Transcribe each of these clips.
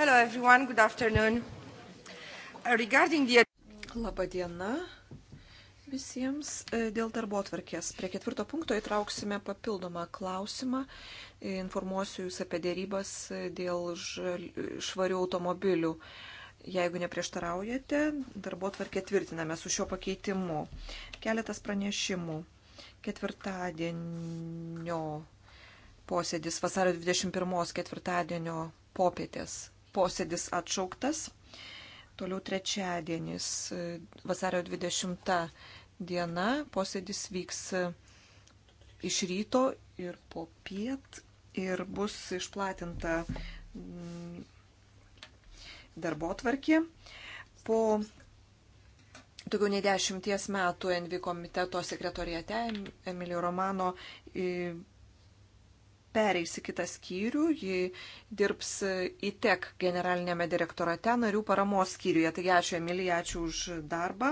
Hello everyone, good afternoon. Regarding the... Labą dieną visiems. E, dėl darbo atvarkės. Prie ketvirto punkto įtrauksime papildomą klausimą. E, informuosiu Jūs apie dėrybas e, dėl švarių automobilių. Jeigu neprieštaraujate, darbo atvarkė tvirtiname su šiuo pakeitimu. Keletas pranešimų. Ketvirtadienio posėdis vasario 21 ketvirtadienio popietės posėdis atšauktas. Toliau trečiadienis, vasario 20 diena, posėdis vyks iš ryto ir po piet ir bus išplatinta mm, darbo tvarkė. Po daugiau nei dešimties metų Envi komiteto sekretorijate Emilio Romano pereis į kitą skyrių, ji dirbs ITEK generalinėme direktorate narių paramos skyriuje. Taigi ačiū Emilija, ačiū už darbą.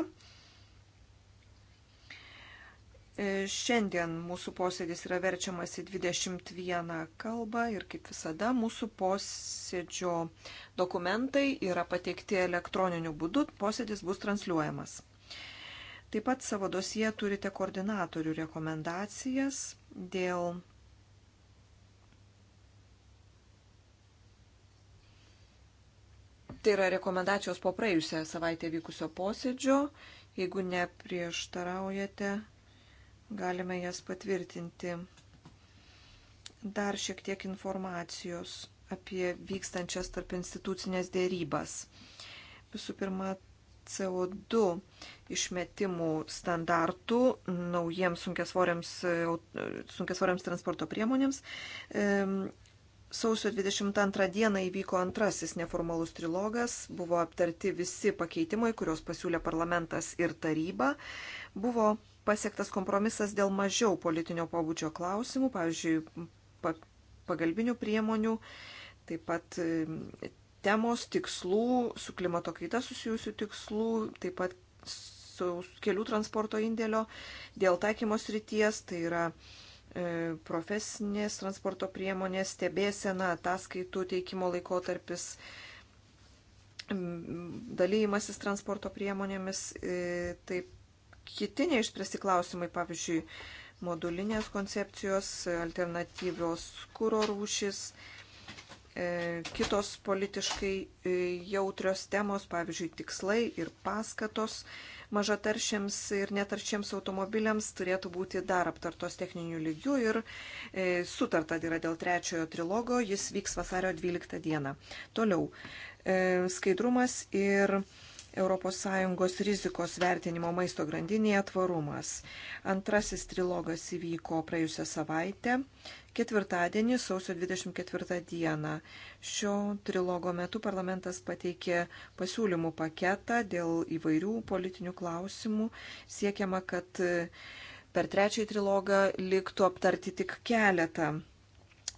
E, šiandien mūsų posėdis yra verčiamas į 21 kalbą ir kaip visada mūsų posėdžio dokumentai yra pateikti elektroniniu būdu, posėdis bus transliuojamas. Taip pat savo dosiją turite koordinatorių rekomendacijas dėl Tai yra rekomendacijos po praėjusią savaitę vykusio posėdžio. Jeigu neprieštaraujate, galime jas patvirtinti. Dar šiek tiek informacijos apie vykstančias tarp institucinės dėrybas. Visų pirma, CO2 išmetimų standartų naujiems sunkiasvoriams, sunkiasvoriams transporto priemonėms. Sausio 22 dieną įvyko antrasis neformalus trilogas, buvo aptarti visi pakeitimai, kuriuos pasiūlė parlamentas ir taryba. Buvo pasiektas kompromisas dėl mažiau politinio pobūdžio klausimų, pavyzdžiui, pagalbinių priemonių, taip pat e, temos tikslų, su klimato kaita susijusių tikslų, taip pat su kelių transporto indėlio, dėl taikymos ryties, tai yra E, profesinės transporto priemonės, stebėsena, ataskaitų teikimo laikotarpis, dalymasis transporto priemonėmis, e, taip kiti neišspręsti klausimai, pavyzdžiui, modulinės koncepcijos, alternatyvios kūro rūšis, e, kitos politiškai jautrios temos, pavyzdžiui, tikslai ir paskatos mažataršiams ir netaršiams automobiliams turėtų būti dar aptartos techninių lygių ir e, sutarta yra dėl trečiojo trilogo, jis vyks vasario 12 dieną. Toliau, e, skaidrumas ir ES rizikos vertinimo maisto grandinėje tvarumas. Antrasis trilogas įvyko praėjusią savaitę, ketvirtadienį, sausio 24 dieną. Šio trilogo metu parlamentas pateikė pasiūlymų paketą dėl įvairių politinių klausimų. Siekiama, kad per trečiąjį trilogą liktų aptarti tik keletą,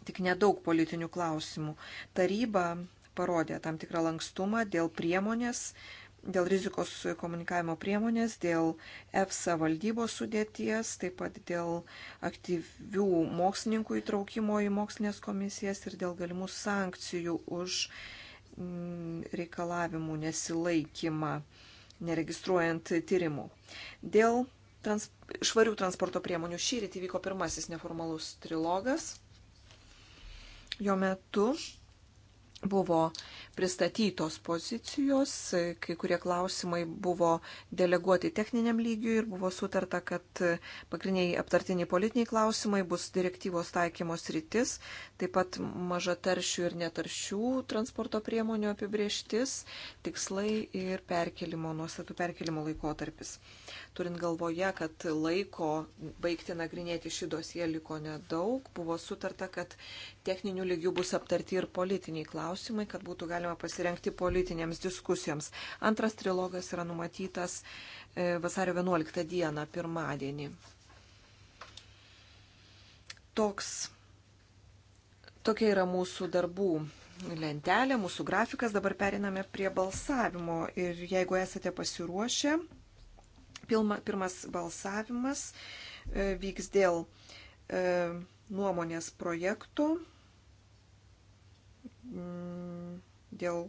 tik nedaug politinių klausimų. Taryba parodė tam tikrą lankstumą dėl priemonės dėl rizikos komunikavimo priemonės, dėl EFSA valdybos sudėties, taip pat dėl aktyvių mokslininkų įtraukimo į mokslinės komisijas ir dėl galimų sankcijų už mm, reikalavimų nesilaikymą, neregistruojant tyrimų. Dėl trans, švarių transporto priemonių šį rytį vyko pirmasis neformalus trilogas. Jo metu buvo pristatytos pozicijos, kai kurie klausimai buvo deleguoti techniniam lygiui ir buvo sutarta, kad pagrindiniai aptartiniai politiniai klausimai bus direktyvos taikymos rytis, taip pat maža taršių ir netaršių transporto priemonių apibrieštis, tikslai ir perkelimo, nuostatų perkelimo laikotarpis. Turint galvoje, kad laiko baigti nagrinėti šį dosiją liko nedaug, buvo sutarta, kad techninių lygių bus aptarti ir politiniai klausimai, kad būtų galima pasirenkti politinėms diskusijoms. Antras trilogas yra numatytas e, vasario 11 dieną, pirmadienį. Toks, tokia yra mūsų darbų lentelė, mūsų grafikas. Dabar periname prie balsavimo ir jeigu esate pasiruošę, pilma, pirmas balsavimas e, vyks dėl e, nuomonės projektų mm, dėl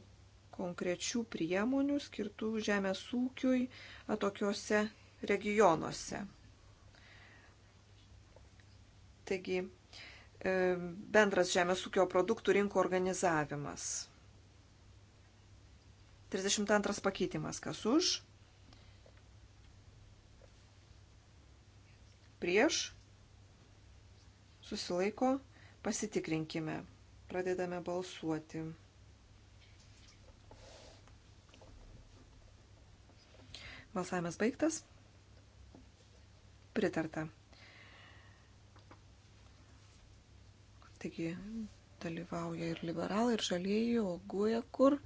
konkrečių priemonių skirtų žemės ūkiui atokiuose regionuose. Taigi, e, bendras žemės ūkio produktų rinkų organizavimas. 32 pakeitimas. Kas už? Prieš? susilaiko, pasitikrinkime. Pradedame balsuoti. Balsavimas baigtas. Pritarta. Taigi dalyvauja ir liberalai, ir žalieji, o guoja kur.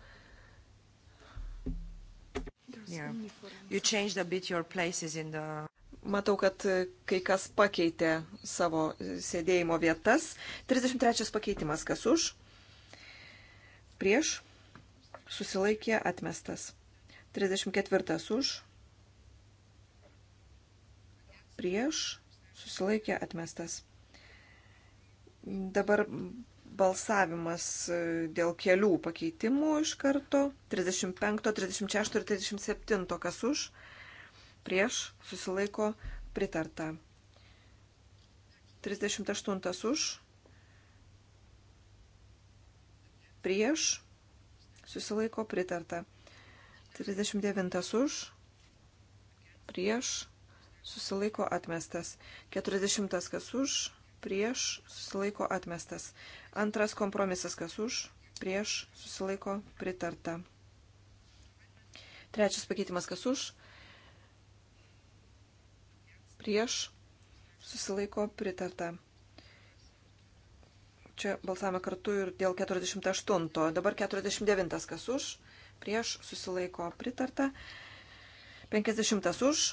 Yeah. You changed a bit your places in the... Matau, kad kai kas pakeitė savo sėdėjimo vietas. 33 pakeitimas. Kas už? Prieš. Susilaikė atmestas. 34 už. Prieš. Susilaikė atmestas. Dabar balsavimas dėl kelių pakeitimų iš karto. 35, 36 ir 37. Kas už? prieš, susilaiko pritarta. 38 už, prieš, susilaiko pritarta. 39 už, prieš, susilaiko atmestas. 40 kas už, prieš, susilaiko atmestas. Antras kompromisas kas už, prieš, susilaiko pritarta. Trečias pakeitimas kas už, prieš, susilaiko pritarta. Čia balsavome kartu ir dėl 48. Dabar 49. Kas už, prieš, susilaiko pritarta. 50. Už,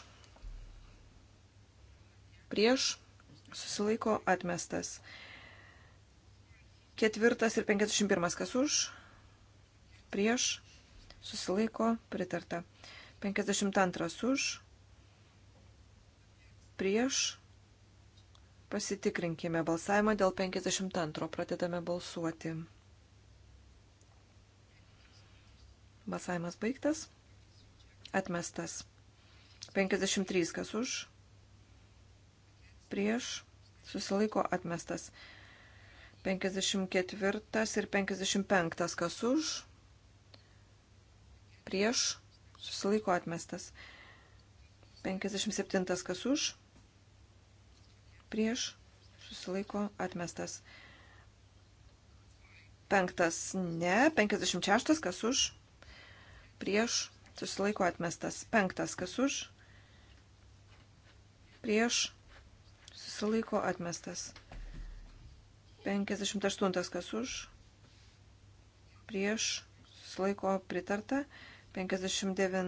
prieš, susilaiko atmestas. Ketvirtas ir 51. Kas už, prieš, susilaiko pritarta. 52. Už, prieš. Pasitikrinkime balsavimą dėl 52. Pradedame balsuoti. Balsavimas baigtas. Atmestas. 53. Kas už? Prieš. Susilaiko atmestas. 54 ir 55. Kas už? Prieš. Susilaiko atmestas. 57. Kas už? prieš susilaiko atmestas. Penktas ne, 56 kas už, prieš susilaiko atmestas. Penktas kas už, prieš susilaiko atmestas. 58 kas už, prieš susilaiko pritarta. 59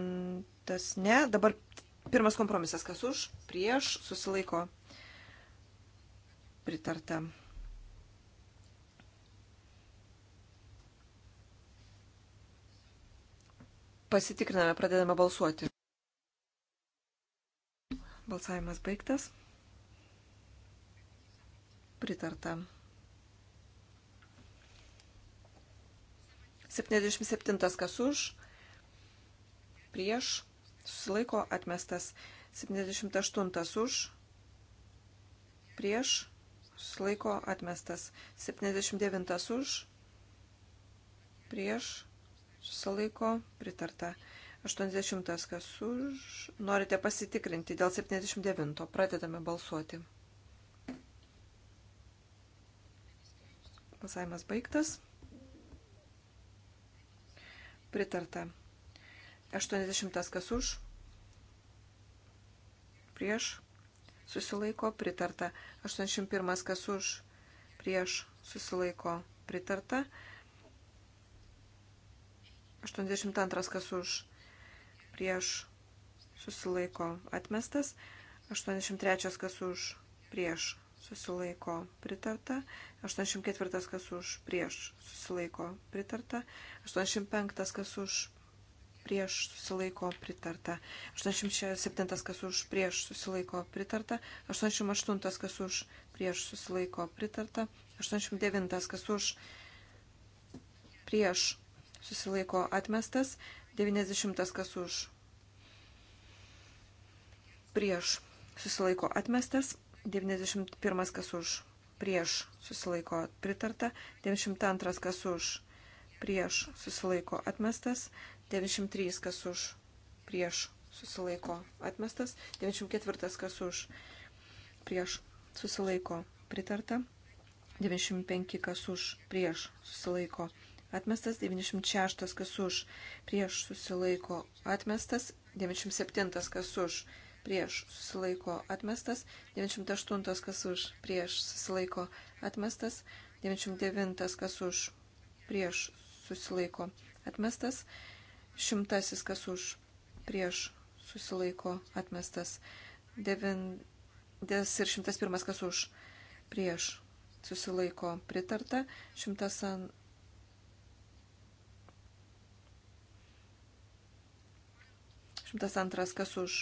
ne, dabar pirmas kompromisas kas už, prieš susilaiko atmestas pritarta. Pasitikriname, pradedame balsuoti. Balsavimas baigtas. Pritarta. 77 kas už, prieš, susilaiko atmestas. 78 už, prieš, susilaiko atmestas. 79 už, prieš, susilaiko pritarta. 80 kas už, norite pasitikrinti dėl 79, pradedame balsuoti. Balsavimas baigtas. Pritarta. 80 kas už, prieš, susilaiko pritarta. 81 kas už prieš susilaiko pritarta. 82 kas už prieš susilaiko atmestas. 83 kas už prieš susilaiko pritarta. 84 kas už prieš susilaiko pritarta. 85 kas už prieš susilaiko pritarta. 87 kas už prieš susilaiko pritarta. 88 kas už prieš susilaiko pritarta. 89 kas už prieš susilaiko atmestas. 90 kas už prieš susilaiko atmestas. 91 kas už prieš susilaiko pritarta. 92 kas už prieš susilaiko atmestas. 93 kas už prieš susilaiko atmestas, 94 kas už prieš susilaiko pritarta, 95 kas už prieš susilaiko atmestas, 96 kas už prieš susilaiko atmestas, 97 kas už prieš susilaiko atmestas, 98 kas už prieš susilaiko atmestas, 99 kas už prieš susilaiko atmestas, Šimtasis, kas už, prieš, susilaiko, atmestas. Devintas ir šimtas pirmas, kas už, prieš, susilaiko, pritarta. Šimtas ant. Šimtas antras, kas už,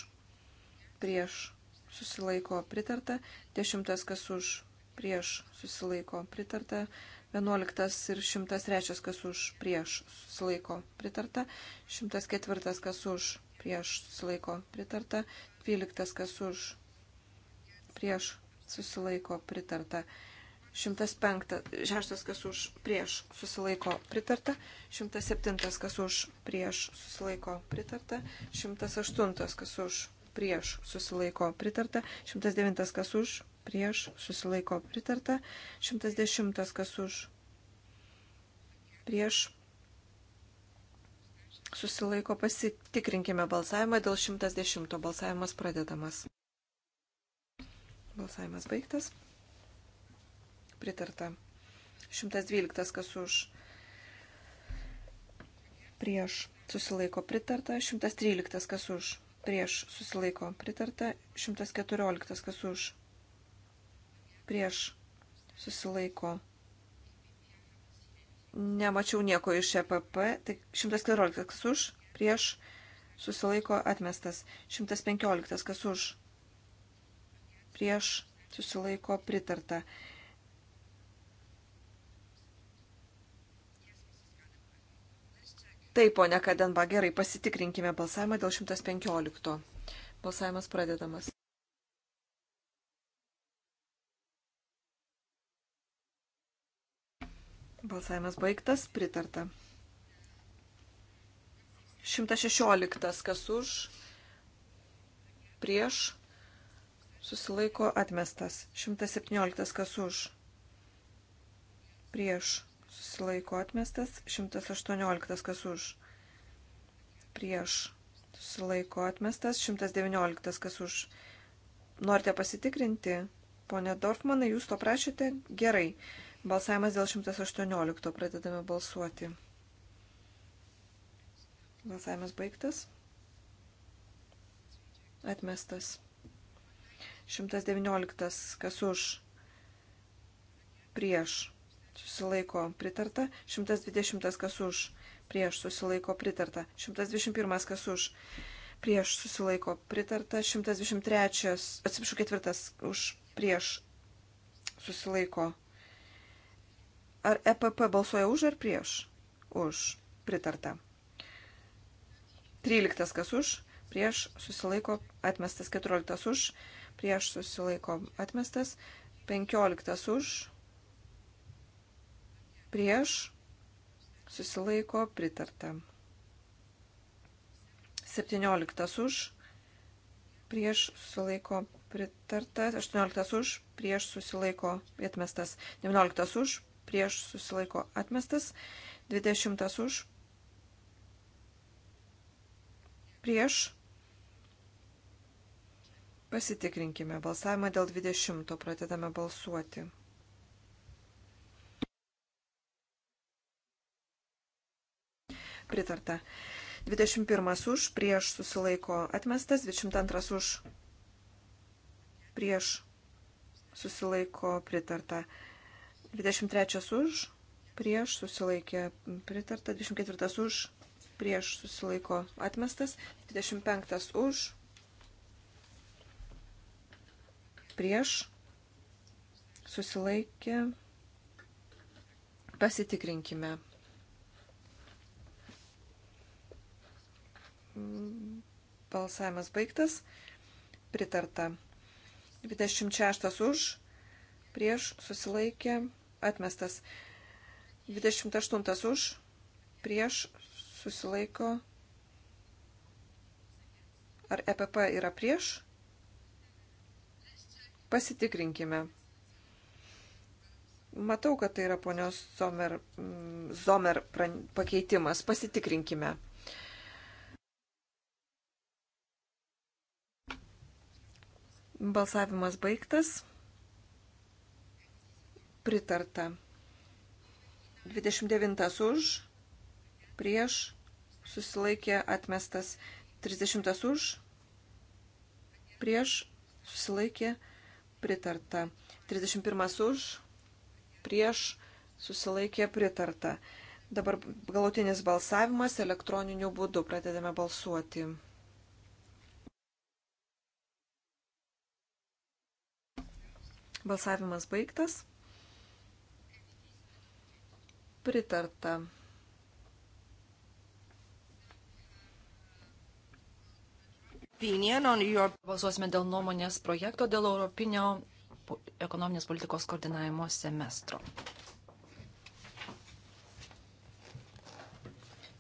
prieš, susilaiko pritarta, dešimtas kas už prieš susilaiko pritarta, 11 ir 103, kas už prieš susilaiko pritarta, 104, kas už prieš susilaiko pritarta, 12, kas už prieš susilaiko pritarta, 105, 6, kas už prieš susilaiko pritarta, 107, kas už prieš susilaiko pritarta, 108, kas už prieš susilaiko pritarta, 109, kas už prieš susilaiko pritarta, 110 kas už prieš susilaiko pasitikrinkime balsavimą dėl 110 balsavimas pradedamas. Balsavimas baigtas. Pritarta. 112 kas už prieš susilaiko pritarta, 113 kas už prieš susilaiko pritarta, 114 kas už prieš susilaiko. Nemačiau nieko iš EPP, tai 114 kas už, prieš susilaiko atmestas, 115 kas už, prieš susilaiko pritarta. Taip, ponia Kadenba, gerai, pasitikrinkime balsavimą dėl 115. Balsavimas pradedamas. Balsavimas baigtas, pritarta. 116. Kas už, prieš, susilaiko atmestas. 117. Kas už, prieš, susilaiko atmestas. 118. Kas už, prieš, susilaiko atmestas. 119. Kas už, norite pasitikrinti? Pone Dorfmanai, jūs to prašėte? Gerai. Gerai. Balsavimas dėl 118. Pradedame balsuoti. Balsavimas baigtas. Atmestas. 119. Kas už? Prieš. Susilaiko pritarta. 120. Kas už? Prieš. Susilaiko pritarta. 121. Kas už? Prieš. Susilaiko pritarta. 123. Atsiprašau, ketvirtas. Už. Prieš. Susilaiko pritarta Ar EPP balsuoja už ar prieš? Už. Pritarta. 13 kas už, prieš susilaiko atmestas, 14 už, prieš susilaiko atmestas, 15 už, prieš susilaiko pritarta. 17 už, prieš susilaiko pritarta, 18 už, prieš susilaiko atmestas, 19 už, prieš susilaiko atmestas, 20 už, prieš pasitikrinkime balsavimą dėl 20, pradedame balsuoti. Pritarta. 21 už, prieš susilaiko atmestas, 22 už, prieš susilaiko pritarta. 23 už, prieš susilaikė pritarta, 24 už, prieš susilaiko atmestas, 25 už, prieš susilaikė. Pasitikrinkime. Balsavimas baigtas. Pritarta. 26 už, prieš susilaikė atmestas. 28 už, prieš, susilaiko. Ar EPP yra prieš? Pasitikrinkime. Matau, kad tai yra ponios Zomer, mm, Zomer pakeitimas. Pasitikrinkime. Balsavimas baigtas pritarta. 29 už, prieš, susilaikė atmestas. 30 už, prieš, susilaikė pritarta. 31 už, prieš, susilaikė pritarta. Dabar galutinis balsavimas elektroniniu būdu. Pradedame balsuoti. Balsavimas baigtas. Pritarta. Balsuosime dėl nuomonės projekto dėl Europinio ekonominės politikos koordinavimo semestro.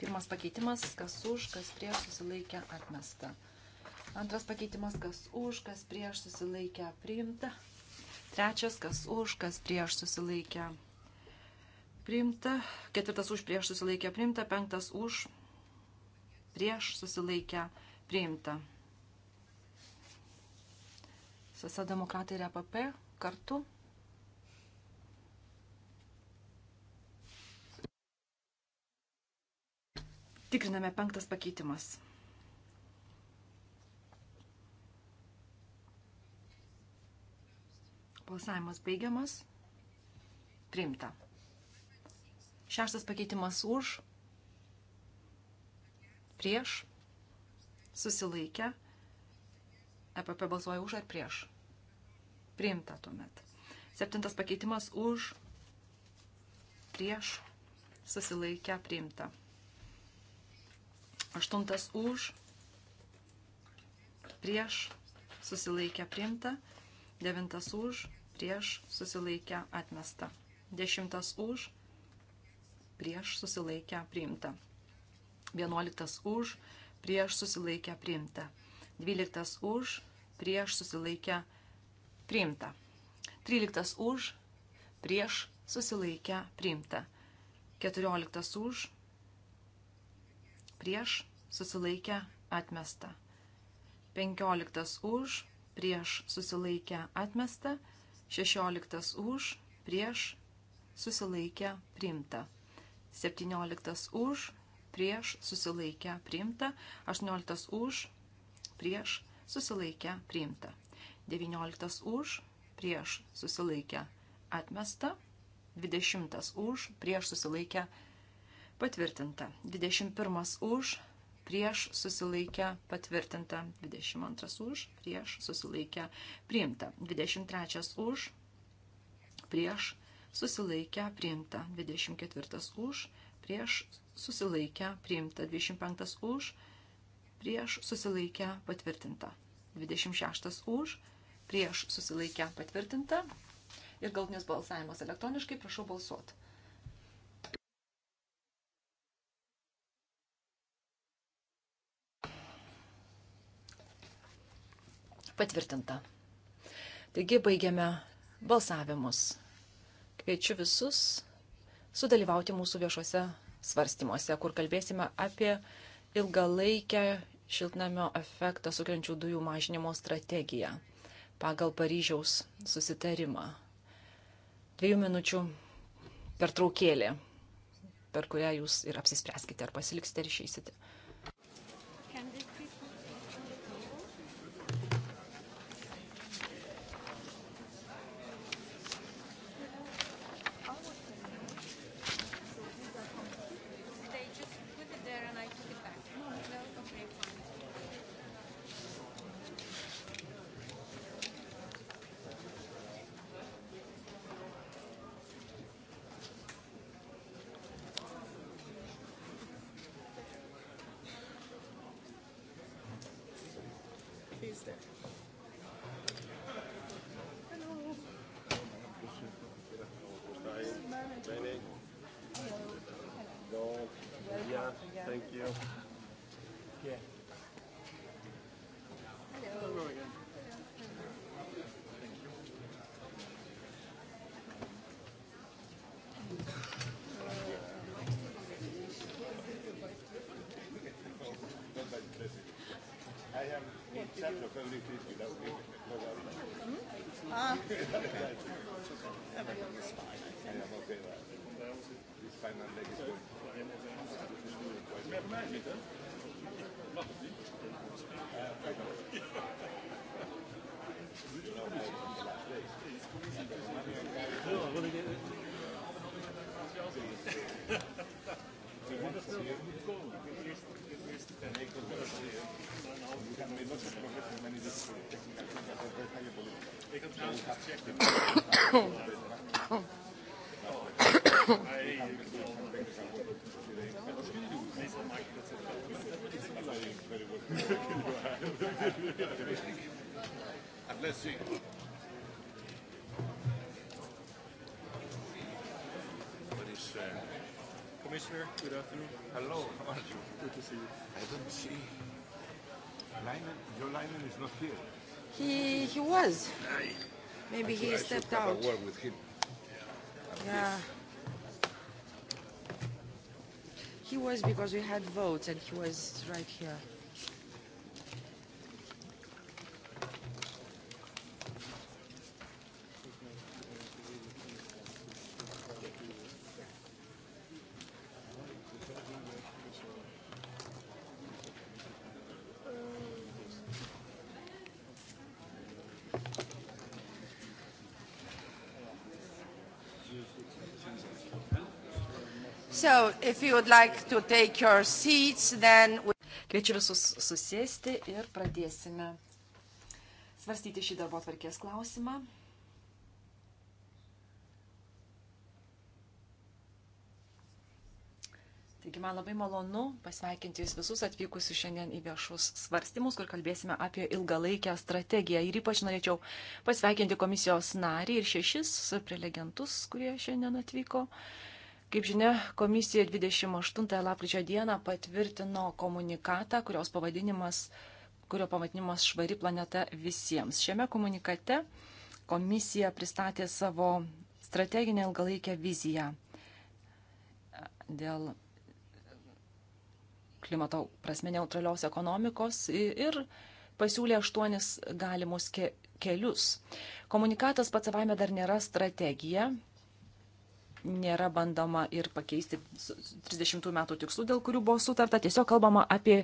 Pirmas pakeitimas, kas už, kas prieš susilaikę atmesta. Antras pakeitimas, kas už, kas prieš susilaikę priimta. Trečias, kas už, kas prieš susilaikę atmesta priimta, ketvirtas už prieš susilaikę priimta, penktas už prieš susilaikę priimta. Socialdemokratai ir APP e kartu. Tikriname penktas pakeitimas. Balsavimas baigiamas. Priimta. Šeštas pakeitimas už, prieš, susilaikę. EPP balsuoja už ar prieš. Priimta tuomet. Septintas pakeitimas už, prieš, susilaikę, priimta. Aštuntas už, prieš, susilaikę, priimta. Devintas už, prieš, susilaikę, atmesta. Dešimtas už, prieš prieš susilaikę priimta. 11 už, prieš susilaikę priimta. 12 už, prieš susilaikę priimta. 13 už, prieš susilaikę priimta. 14 už, prieš susilaikę atmesta. 15 už, prieš susilaikę atmesta. 16 už, prieš susilaikę priimta. 17 už, prieš susilaikę priimta, 18 už, prieš susilaikę priimta, 19 už, prieš susilaikę atmesta, 20 už, prieš susilaikę patvirtinta, 21 už, prieš susilaikę patvirtinta, 22 už, prieš susilaikę priimta, 23 už, prieš susilaikę priimta 24 už, prieš susilaikę priimta 25 už, prieš susilaikę patvirtinta 26 už, prieš susilaikę patvirtinta ir galtinis balsavimas elektroniškai, prašau balsuoti. Patvirtinta. Taigi baigiame balsavimus. Kviečiu visus sudalyvauti mūsų viešuose svarstymuose, kur kalbėsime apie ilgalaikę šiltnamio efektą sukeliančių dujų mažinimo strategiją pagal Paryžiaus susitarimą. Dviejų minučių pertraukėlė, per kurią jūs ir apsispręskite, ar pasiliksite ir išeisite. Let's see. What is, uh, Commissioner, good afternoon. Hello, how are you? Good to see you. I don't see. Leinen, your Leinen is not here. He he was. Aye. Maybe Actually, he stepped I should out. Have a word with him. Yeah. yeah. This. He was because we had votes and he was right here. So, if you would like to take your seats, then... Kviečiu visus susėsti ir pradėsime svarstyti šį darbo atvarkės klausimą. Taigi man labai malonu pasveikinti Jūs visus atvykusius šiandien į viešus svarstymus, kur kalbėsime apie ilgalaikę strategiją. Ir ypač norėčiau pasveikinti komisijos narį ir šešis prelegentus, kurie šiandien atvyko. Uh, Kaip žinia, komisija 28 lapkričio dieną patvirtino komunikatą, kurios pavadinimas, kurio pavadinimas Švari planeta visiems. Šiame komunikate komisija pristatė savo strateginę ilgalaikę viziją dėl klimato prasme neutralios ekonomikos ir pasiūlė aštuonis galimus ke kelius. Komunikatas pats savaime dar nėra strategija, nėra bandoma ir pakeisti 30 metų tikslų, dėl kurių buvo sutarta. Tiesiog kalbama apie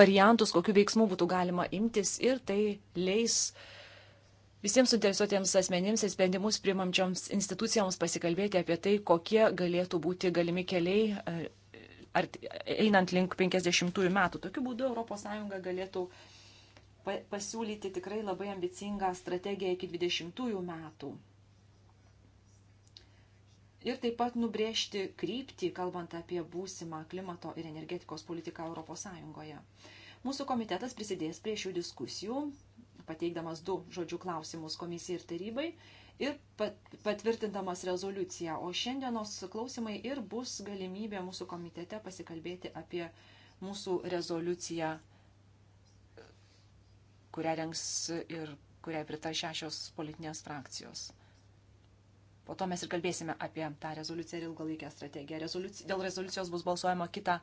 variantus, kokiu veiksmu būtų galima imtis ir tai leis visiems suinteresuotiems asmenims ir sprendimus primamčioms institucijoms pasikalbėti apie tai, kokie galėtų būti galimi keliai e, ar, einant link 50 metų. Tokiu būdu ES galėtų pasiūlyti tikrai labai ambicingą strategiją iki 20 metų ir taip pat nubrėžti kryptį, kalbant apie būsimą klimato ir energetikos politiką ES. Mūsų komitetas prisidės prie šių diskusijų, pateikdamas du žodžių klausimus komisijai ir tarybai ir patvirtindamas rezoliuciją. O šiandienos klausimai ir bus galimybė mūsų komitete pasikalbėti apie mūsų rezoliuciją, kurią rengs ir kuriai pritar šešios politinės frakcijos. Po to mes ir kalbėsime apie tą rezoliuciją ir ilgalaikę strategiją. Rezoliuci dėl rezoliucijos bus balsuojama kitą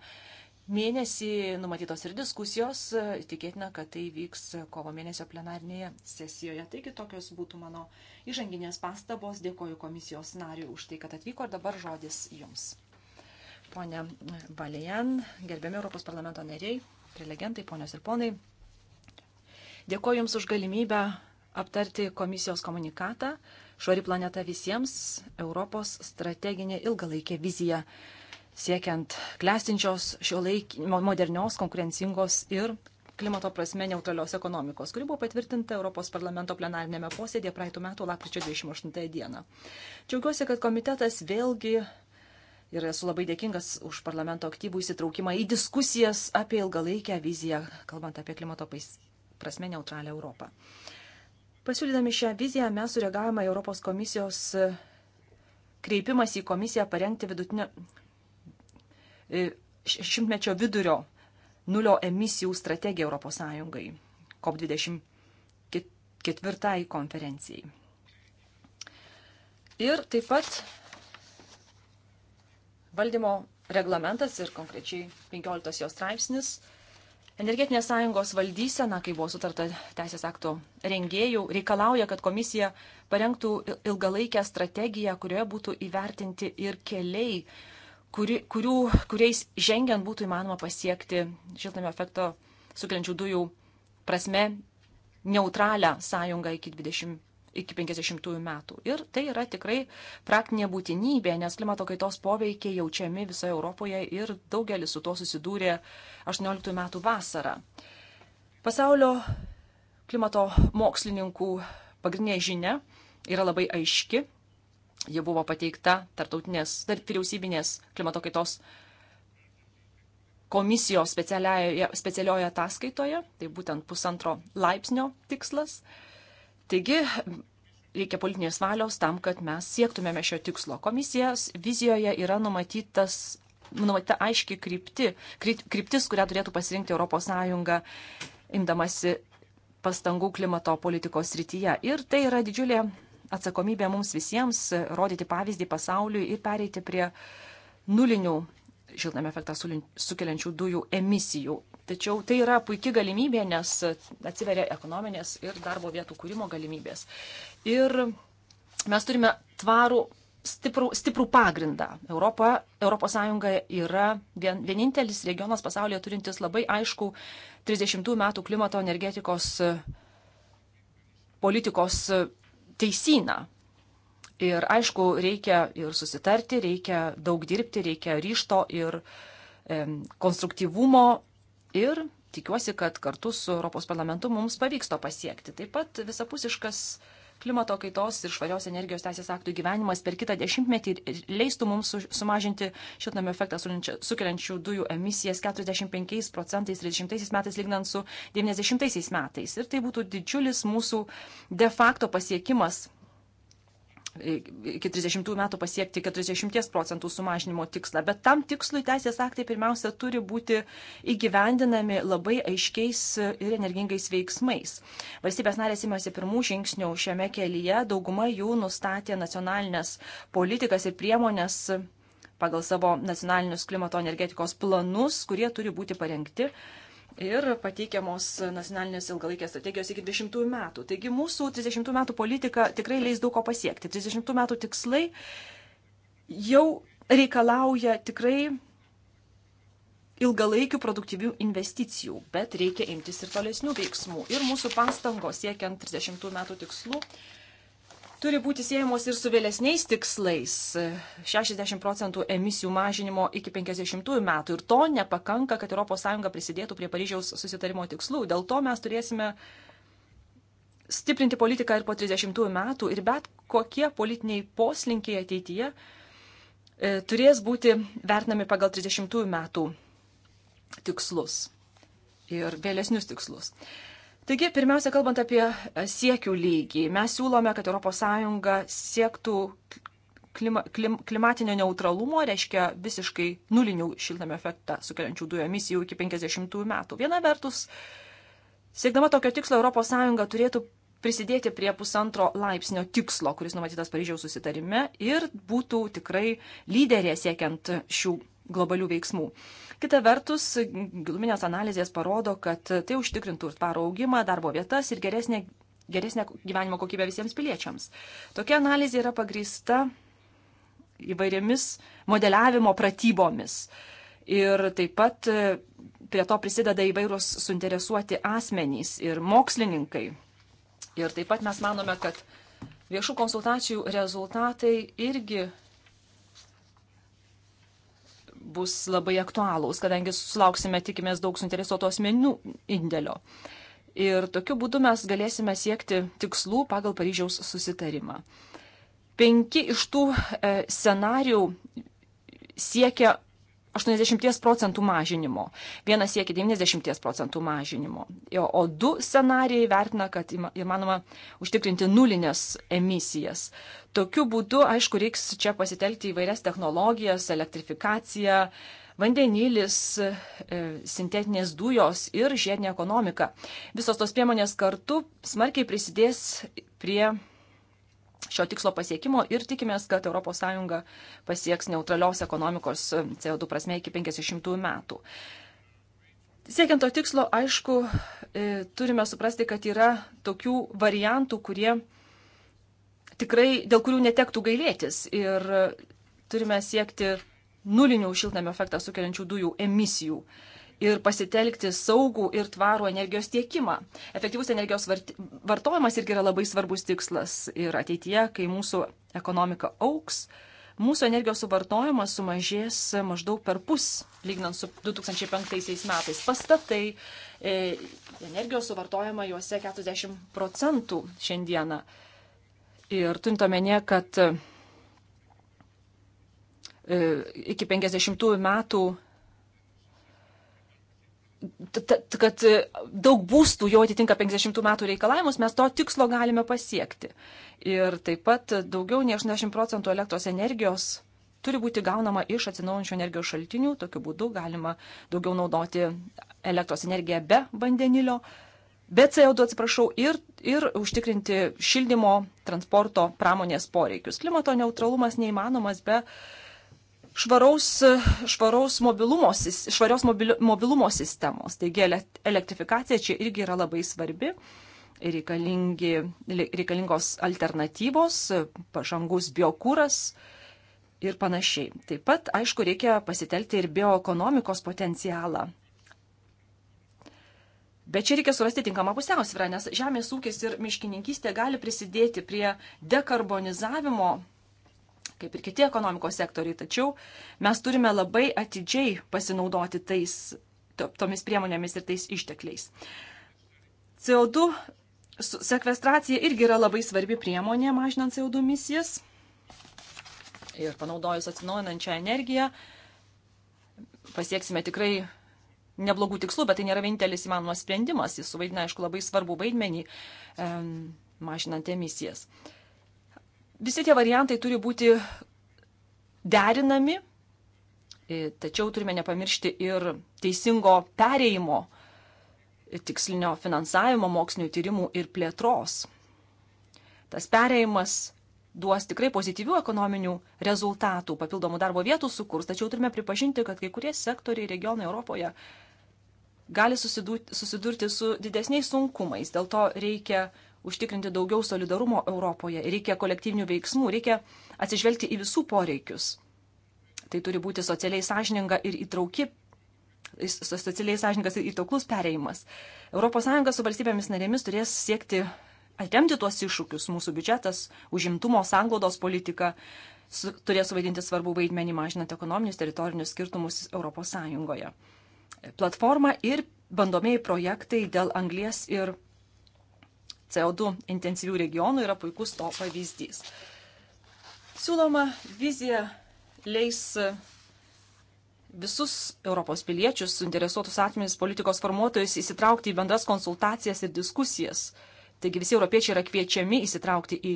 mėnesį, numatytos ir diskusijos. Tikėtina, kad tai vyks kovo mėnesio plenarnėje sesijoje. Taigi tokios būtų mano įžanginės pastabos. Dėkoju komisijos nariui už tai, kad atvyko ir dabar žodis jums. Pone Valijan, gerbiami Europos parlamento nariai, prelegentai, ponios ir ponai. Dėkoju Jums už galimybę aptarti komisijos komunikatą Švari planeta visiems - Europos strateginė ilgalaikė vizija siekiant klestinčios šio laik, modernios, konkurencingos ir klimato prasme neutralios ekonomikos, kuri buvo patvirtinta Europos parlamento plenarinėme posėdėje praeitų metų lapkričio 28 dieną. Džiaugiuosi, kad komitetas vėlgi ir esu labai dėkingas už parlamento aktyvų įsitraukimą į diskusijas apie ilgalaikę viziją, kalbant apie klimato prasme neutralią Europą. Uh, Pasiūlydami šią viziją mes sureagavome Europos komisijos e, kreipimas į komisiją parengti vidutinio e, šimtmečio vidurio nulio emisijų strategiją ES COP24 konferencijai. Ir taip pat valdymo reglamentas ir konkrečiai 15 jo straipsnis Energetinės sąjungos valdysena, kai buvo sutarta teisės akto rengėjų, reikalauja, kad komisija parengtų ilgalaikę strategiją, kurioje būtų įvertinti ir keliai, kuri, kurių, kuriais žengiant būtų įmanoma pasiekti šiltame efekto sukeliančių dujų prasme neutralią sąjungą iki 20 iki 50 metų. Ir tai yra tikrai praktinė būtinybė, nes klimato kaitos poveikiai jaučiami visoje Europoje ir daugelis su to susidūrė 18 metų vasarą. Pasaulio klimato mokslininkų pagrindinė žinia yra labai aiški. Ji buvo pateikta tarptautinės, tarp vyriausybinės klimato kaitos komisijos specialioje ataskaitoje, tai būtent pusantro laipsnio tikslas. Taigi reikia politinės valios tam, kad mes siektumėme šio tikslo. Komisijos vizijoje yra numatytas, numatyta aiški krypti, kryptis, kurią turėtų pasirinkti ES imdamasi pastangų klimato politikos rytyje. Ir tai yra didžiulė atsakomybė mums visiems rodyti pavyzdį pasauliui ir pereiti prie nulinių šiltnamio efektą sukeliančių dujų emisijų. Tačiau tai yra puikia galimybė, nes atsiveria ekonominės ir darbo vietų kūrimo galimybės. Ir mes turime tvarų, stiprų, stiprų pagrindą. Europa, Europos Sąjunga yra vien, vienintelis regionas pasaulyje turintis labai aišku 30 metų klimato energetikos politikos teisyną. Ir aišku, reikia ir susitarti, reikia daug dirbti, reikia ryšto ir e, konstruktyvumo. Ir tikiuosi, kad kartu su Europos parlamentu mums pavyks to pasiekti. Taip pat visapusiškas klimato kaitos ir švarios energijos teisės aktų gyvenimas per kitą dešimtmetį leistų mums sumažinti šiltnamio efektą sukeliančių dujų emisijas 45 procentais 30 metais lygnant su 90 metais. Ir tai būtų didžiulis mūsų de facto pasiekimas iki 30 metų pasiekti 40 procentų sumažinimo tikslą, bet tam tikslui teisės aktai pirmiausia turi būti įgyvendinami labai aiškiais ir energingais veiksmais. Valstybės narės imasi pirmų žingsnių šiame kelyje, dauguma jų nustatė nacionalinės politikas ir priemonės pagal savo nacionalinius klimato energetikos planus, kurie turi būti parengti ir pateikiamos nacionalinės ilgalaikės strategijos iki 20 metų. Taigi mūsų 30 metų politika tikrai leis daug ko pasiekti. 30 metų tikslai jau reikalauja tikrai ilgalaikių produktyvių investicijų, bet reikia imtis ir tolesnių veiksmų. Ir mūsų pastangos siekiant 30 metų tikslų turi būti siejamos ir su vėlesniais tikslais e, - 60 procentų emisijų mažinimo iki 50 metų. Ir to nepakanka, kad ES prisidėtų prie Paryžiaus susitarimo tikslų. Dėl to mes turėsime stiprinti politiką ir po 30 metų ir bet kokie politiniai poslinkiai ateityje e, turės būti vertinami pagal 30 metų tikslus ir vėlesnius tikslus. Taigi, pirmiausia, kalbant apie e, siekių lygį, mes siūlome, kad ES siektų klima, klim, klimatinio neutralumo, reiškia visiškai nulinių šiltnamio efektą sukeliančių dujų emisijų iki 50 metų. Viena vertus, siekdama tokio tikslo, ES turėtų prisidėti prie pusantro laipsnio tikslo, kuris numatytas Paryžiaus susitarime ir būtų tikrai lyderė siekiant šių globalių veiksmų. Kita vertus, giluminės analizės parodo, kad tai užtikrintų ir tvarų augimą, darbo vietas ir geresnė, geresnė gyvenimo kokybė visiems piliečiams. Tokia analizė yra pagrįsta įvairiomis modeliavimo pratybomis. Ir taip pat e, prie to prisideda įvairūs suinteresuoti asmenys ir mokslininkai. Ir taip pat mes manome, kad viešų konsultacijų rezultatai irgi bus labai aktualūs, kadangi sulauksime, tikimės, daug suinteresuotų asmenių indėlio. Ir tokiu būdu mes galėsime siekti tikslų pagal Paryžiaus susitarimą. Penki iš tų e, scenarių siekia 80 procentų mažinimo. Vienas siekia 90 procentų mažinimo. O du scenarijai vertina, kad įmanoma užtikrinti nulinės emisijas. Tokiu būdu, aišku, reiks čia pasitelkti įvairias technologijas, elektrifikaciją, vandenilis, e, sintetinės dujos ir žiedinė ekonomika. Visos tos priemonės kartu smarkiai prisidės prie šio tikslo pasiekimo ir tikimės, kad ES pasieks neutralios ekonomikos e, CO2 prasme iki 50 metų. Siekiant to tikslo, aišku, e, turime suprasti, kad yra tokių variantų, kurie tikrai, dėl kurių netektų gailėtis ir turime siekti nulinių šiltnamio efektą sukeliančių dujų emisijų. Uh, ir pasitelkti saugų ir tvarų energijos tiekimą. Efektyvus energijos vartojimas irgi yra labai svarbus tikslas ir ateityje, kai mūsų ekonomika auks, mūsų energijos suvartojimas sumažės maždaug per pus, lygnant su 2005 metais. Pastatai e, energijos suvartojama juose 40 procentų šiandieną. Ir turint omenyje, kad e, iki 50 metų kad e, daug būstų jau atitinka 50 metų reikalavimus, mes to tikslo galime pasiekti. Ir taip pat daugiau nei 80 procentų elektros energijos turi būti gaunama iš atsinaujančių energijos šaltinių, tokiu būdu galima daugiau naudoti elektros energiją be vandenilio, be CO2 atsiprašau, ir, ir užtikrinti šildymo, transporto, pramonės poreikius. Klimato neutralumas neįmanomas be uh, švaraus, švaraus mobilumo, švarios mobilumo sistemos. Taigi elektrifikacija čia irgi yra labai svarbi. Reikalingos alternatyvos, pažangus biokūras ir panašiai. Taip pat, aišku, reikia pasitelti ir bioekonomikos potencialą. Bet čia reikia surasti tinkamą pusiausvyrą, nes žemės ūkis ir miškininkystė gali prisidėti prie dekarbonizavimo kaip ir kiti ekonomikos sektoriai, tačiau mes turime labai atidžiai pasinaudoti tais, to, tomis priemonėmis ir tais ištekliais. CO2 sekvestracija irgi yra labai svarbi priemonė mažinant CO2 misijas ir panaudojus atsinaujinančią energiją pasieksime tikrai neblogų tikslų, bet tai nėra vienintelis įmanomas sprendimas. Jis suvaidina, aišku, labai svarbu vaidmenį mažinant emisijas. Um, Visi tie variantai turi būti derinami, e, tačiau turime nepamiršti ir teisingo pereimo, e, tikslinio finansavimo, mokslinių tyrimų ir plėtros. Tas pereimas duos tikrai pozityvių ekonominių rezultatų, papildomų darbo vietų sukurs, tačiau turime pripažinti, kad kai kurie sektoriai regionai Europoje gali susidurti su didesniais sunkumais. Dėl to reikia užtikrinti daugiau solidarumo Europoje, reikia kolektyvinių veiksmų, reikia atsižvelgti į visų poreikius. Tai turi būti socialiai sąžininga ir įtrauki, socialiai sąžiningas ir įtrauklus pereimas. ES su valstybėmis narėmis turės siekti atremti tuos iššūkius. Mūsų biudžetas, užimtumo, sanglaudos politika su, turės suvaidinti svarbų vaidmenį mažinant ekonominius teritorinius skirtumus ES. Platforma ir bandomieji projektai dėl anglies ir CO2 intensyvių regionų yra puikus to pavyzdys. Siūloma vizija leis visus Europos piliečius, suinteresuotus asmenys, politikos formuotojus įsitraukti į bendras konsultacijas ir diskusijas. Taigi visi europiečiai yra kviečiami įsitraukti į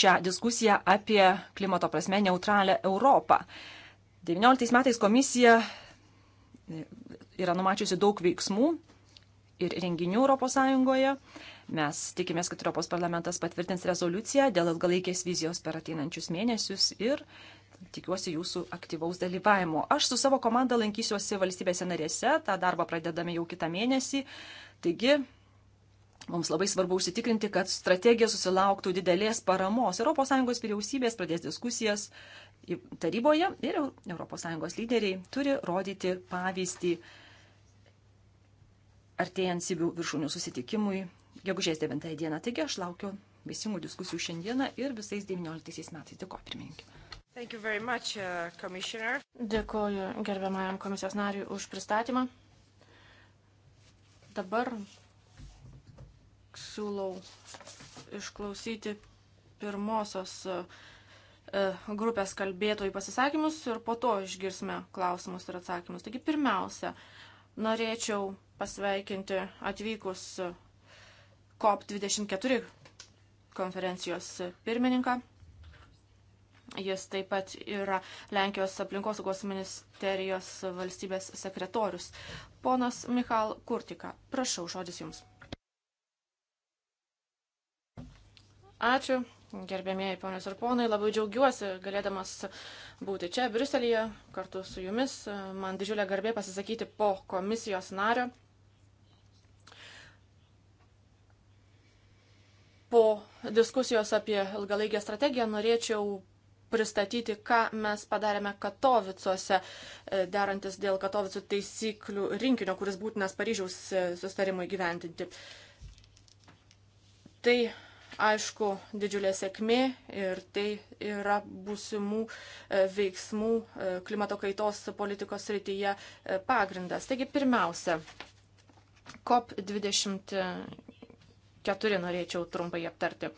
šią diskusiją apie klimato prasme neutralią Europą. 19 metais komisija e, yra numačiusi daug veiksmų ir renginių ES. Mes tikimės, kad Europos parlamentas patvirtins rezoliuciją dėl ilgalaikės vizijos per ateinančius mėnesius ir tikiuosi jūsų aktyvaus dalyvavimo. Aš su savo komanda lankysiuosi valstybėse narėse, tą darbą pradedame jau kitą mėnesį. Taigi, Mums labai svarbu užsitikrinti, kad strategija susilauktų didelės paramos. ES vyriausybės pradės diskusijas taryboje ir ES lyderiai turi rodyti pavyzdį artėjant Sibių viršūnių susitikimui gegužės 9 dieną. Taigi aš laukiu visingų diskusijų šiandieną ir visais 19 metais. Dėkuoju, pirmininkė. Much, uh, Dėkuoju gerbiamajam komisijos nariui už pristatymą. Dabar siūlau išklausyti pirmosios e, grupės kalbėtojų pasisakymus ir po to išgirsime klausimus ir atsakymus. Taigi pirmiausia, norėčiau pasveikinti atvykus COP24 konferencijos pirmininką. Jis taip pat yra Lenkijos aplinkosaugos ministerijos valstybės sekretorius. Ponas Michal Kurtika, prašau, žodis Jums. Ačiū, gerbėmėjai ponios ir ponai, labai džiaugiuosi galėdamas būti čia, Briuselėje, kartu su Jumis. Man didžiulė garbė pasisakyti po komisijos nario po diskusijos apie ilgalaikę strategiją norėčiau pristatyti, ką mes padarėme Katovicuose, e, derantis dėl Katovicų taisyklių rinkinio, kuris būtinas Paryžiaus e, sustarimui gyventinti. Tai, aišku, didžiulė sėkmė ir tai yra būsimų e, veiksmų klimato kaitos politikos rytyje pagrindas. Taigi, pirmiausia, COP20 keturi norėčiau trumpai aptarti.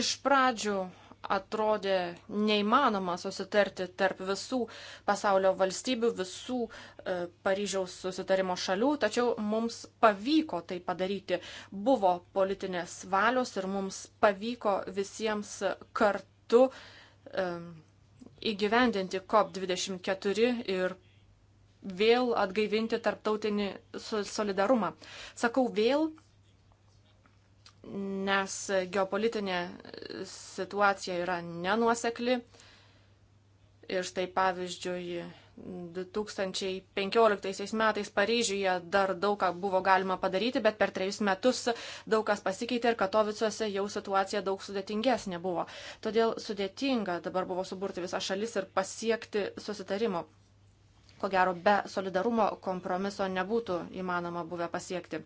Iš pradžių atrodė neįmanoma susitarti tarp visų pasaulio valstybių, visų e, Paryžiaus susitarimo šalių, tačiau mums pavyko tai padaryti. Buvo politinės valios ir mums pavyko visiems kartu e, įgyvendinti COP24 ir vėl atgaivinti tarptautinį solidarumą. Sakau vėl, nes geopolitinė situacija yra nenuosekli. Ir štai pavyzdžiui, 2015 metais Paryžiuje dar daug ką buvo galima padaryti, bet per trejus metus daug kas pasikeitė ir Katovicuose jau situacija daug sudėtingesnė buvo. Todėl sudėtinga dabar buvo suburti visą šalis ir pasiekti susitarimo ko gero be solidarumo kompromiso nebūtų įmanoma buvę pasiekti.